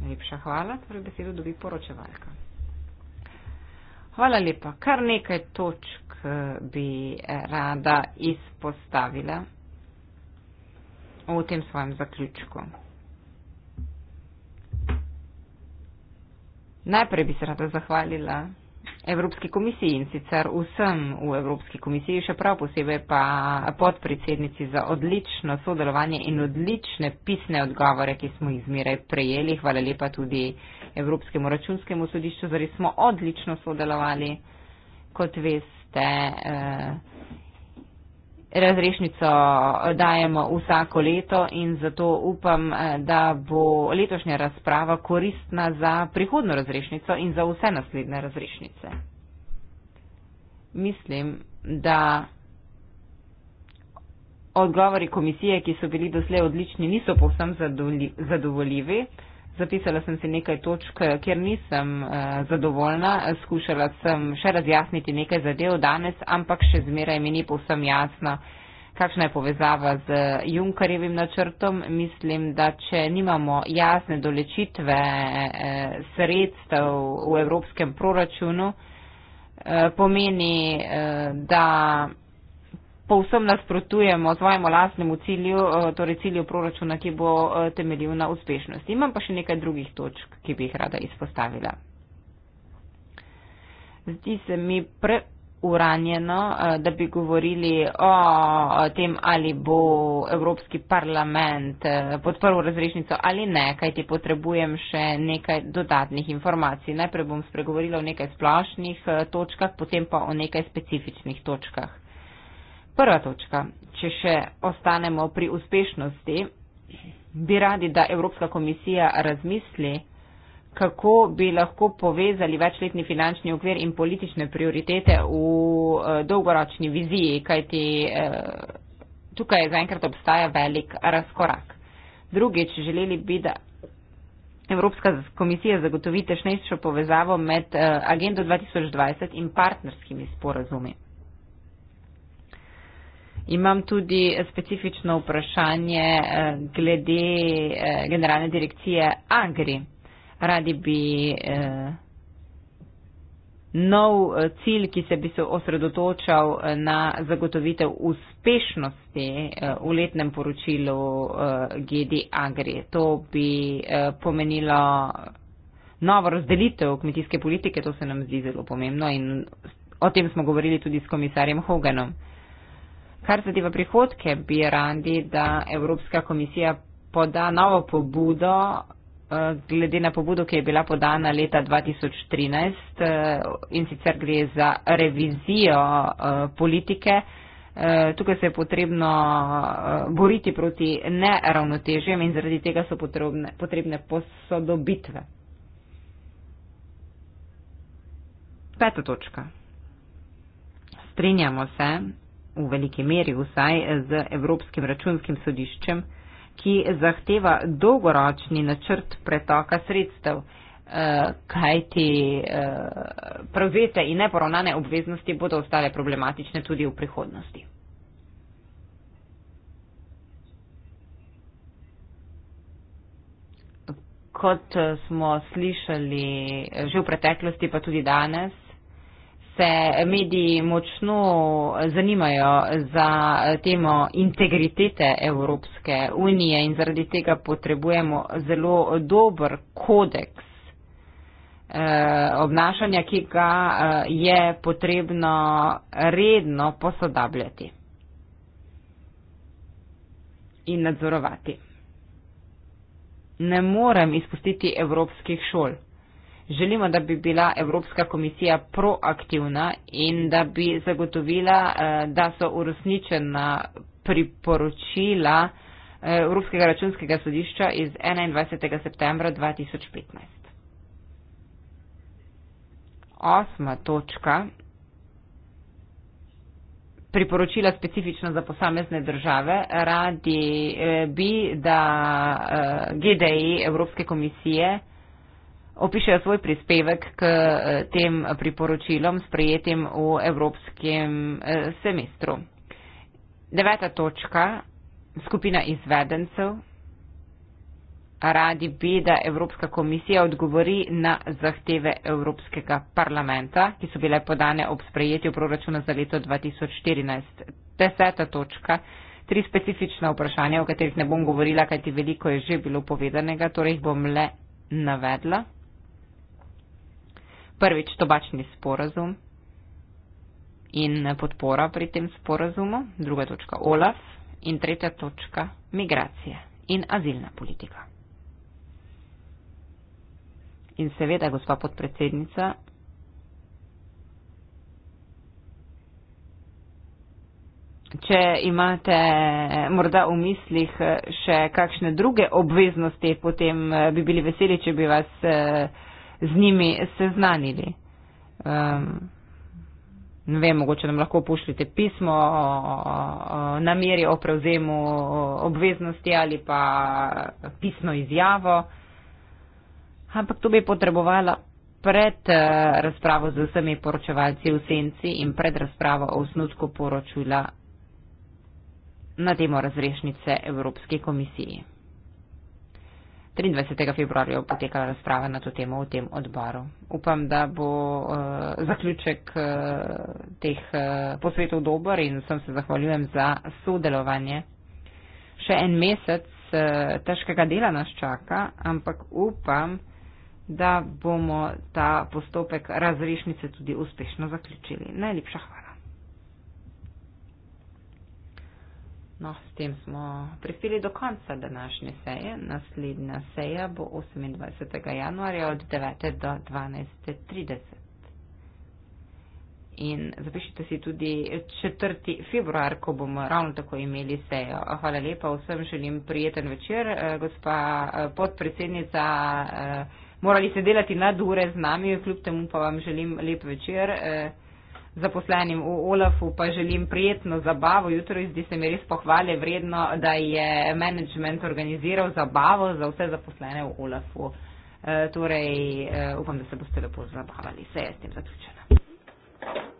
Najlepša hvala, torej besedo dobi poročevalka. Hvala lepa. Kar nekaj točk eh, bi eh, rada izpostavila o tem svojem zaključku. Najprej bi se rada zahvalila Evropski komisiji in sicer vsem v Evropski komisiji, še prav posebej pa podpredsednici za odlično sodelovanje in odlične pisne odgovore, ki smo jih zmeraj prejeli. Hvala lepa tudi Evropskemu računskemu sodišču, zari smo odlično sodelovali, kot veste. Eh, razrešnico eh, dajemo vsako leto in zato upam, eh, da bo letošnja razprava koristna za prihodno razrešnico in za vse naslednje razrešnice. Mislim, da odgovori komisije, ki so bili doslej odlični, niso povsem zadovoljivi zapisala sem si nekaj točk, kjer nisem uh, zadovoljna. Skušala sem še razjasniti nekaj zadev danes, ampak še zmeraj mi ni povsem jasno, kakšna je povezava z eh, Junkarjevim načrtom. Mislim, da če nimamo jasne dolečitve uh, eh, sredstev v evropskem proračunu, uh, pomeni, uh, da povsem nasprotujemo svojemu lastnemu cilju, eh, torej cilju proračuna, ki bo eh, temeljil na uspešnosti. Imam pa še nekaj drugih točk, ki bi jih rada izpostavila. Zdi se mi preuranjeno, eh, da bi govorili o tem, ali bo Evropski parlament podprl razrešnico ali ne, kajti potrebujem še nekaj dodatnih informacij. Najprej bom spregovorila o nekaj splošnih točkah, potem pa o nekaj specifičnih točkah prva točka. Če še ostanemo pri uspešnosti, bi radi, da Evropska komisija razmisli, kako bi lahko povezali večletni finančni okvir in politične prioritete v eh, dolgoročni viziji, kajti eh, tukaj zaenkrat obstaja velik razkorak. Drugič, želeli bi, da Evropska komisija zagotovi tešnejšo povezavo med eh, agendo 2020 in partnerskimi sporazumi. Imam tudi specifično vprašanje eh, glede eh, generalne direkcije Agri. Radi bi eh, nov cilj, ki se bi se osredotočal na zagotovitev uspešnosti v letnem poročilu GD Agri. To bi pomenilo novo razdelitev kmetijske politike, to se nam zdi zelo pomembno in o tem smo govorili tudi s komisarjem Hoganom. Kar zadeva prihodke, bi radi, da Evropska komisija poda novo pobudo, eh, glede na pobudo, ki je bila podana leta 2013 eh, in sicer gre za revizijo eh, politike. Tukaj se je potrebno boriti proti neravnotežjem in zaradi tega so potrebne, potrebne posodobitve. Peta točka. Strinjamo se, v veliki meri vsaj z Evropskim računskim sodiščem, ki zahteva dolgoročni načrt pretoka sredstev, eh, kaj ti eh, prevzete in neporovnane obveznosti bodo ostale problematične tudi v prihodnosti. Kot eh, smo slišali že v preteklosti, pa tudi danes, se mediji močno zanimajo za temo integritete Evropske unije in zaradi tega potrebujemo zelo dober kodeks eh, obnašanja, ki ga eh, je potrebno redno posodabljati in nadzorovati. Ne morem izpustiti evropskih šol želimo, da bi bila Evropska komisija proaktivna in da bi zagotovila, eh, da so uresničena priporočila eh, Evropskega računskega sodišča iz 21. septembra 2015. Osma točka. Priporočila specifično za posamezne države. Radi eh, bi, da GDI Evropske komisije opišejo svoj prispevek k eh, tem priporočilom sprejetim v evropskem eh, semestru. Deveta točka, skupina izvedencev. Radi bi, da Evropska komisija odgovori na zahteve Evropskega parlamenta, ki so bile podane ob sprejetju proračuna za leto 2014. Deseta točka, tri specifična vprašanja, o katerih ne bom govorila, kajti veliko je že bilo povedanega, torej jih bom le navedla prvič tobačni sporazum in podpora pri tem sporazumu, druga točka OLAF in tretja točka migracije in azilna politika. In seveda, gospa podpredsednica, če imate morda v mislih še kakšne druge obveznosti, potem eh, bi bili veseli, če bi vas. Eh, z njimi seznanili. Um, ne vem, mogoče nam lahko pošljete pismo o, o, o nameri o prevzemu obveznosti ali pa pisno izjavo. Ampak to bi potrebovala pred eh, razpravo z vsemi poročevalci v senci in pred razpravo o osnutku poročila na temo razrešnice Evropske komisije. 23. februarja potekala razprava na to temo v tem odboru. Upam, da bo uh, zaključek uh, teh uh, posvetov dober in sem se zahvaljujem za sodelovanje. Še en mesec uh, težkega dela nas čaka, ampak upam, da bomo ta postopek razrešnice tudi uspešno zaključili. Najlepša hvala. No, s tem smo prispeli do konca današnje seje. Naslednja seja bo 28. januarja od 9. do 12.30. In zapišite si tudi 4. februar, ko bomo ravno tako imeli sejo. Hvala lepa, vsem želim prijeten večer. Eh, gospa eh, podpredsednica, eh, morali ste delati nad ure z nami, kljub temu pa vam želim lep večer zaposlenim v OLAF-u pa želim prijetno zabavo. Jutro zdi se mi res pohvale vredno, da je management organiziral zabavo za vse zaposlene v OLAF-u. E, torej, e, upam, da se boste lepo zabavali. Se je s tem zaključena.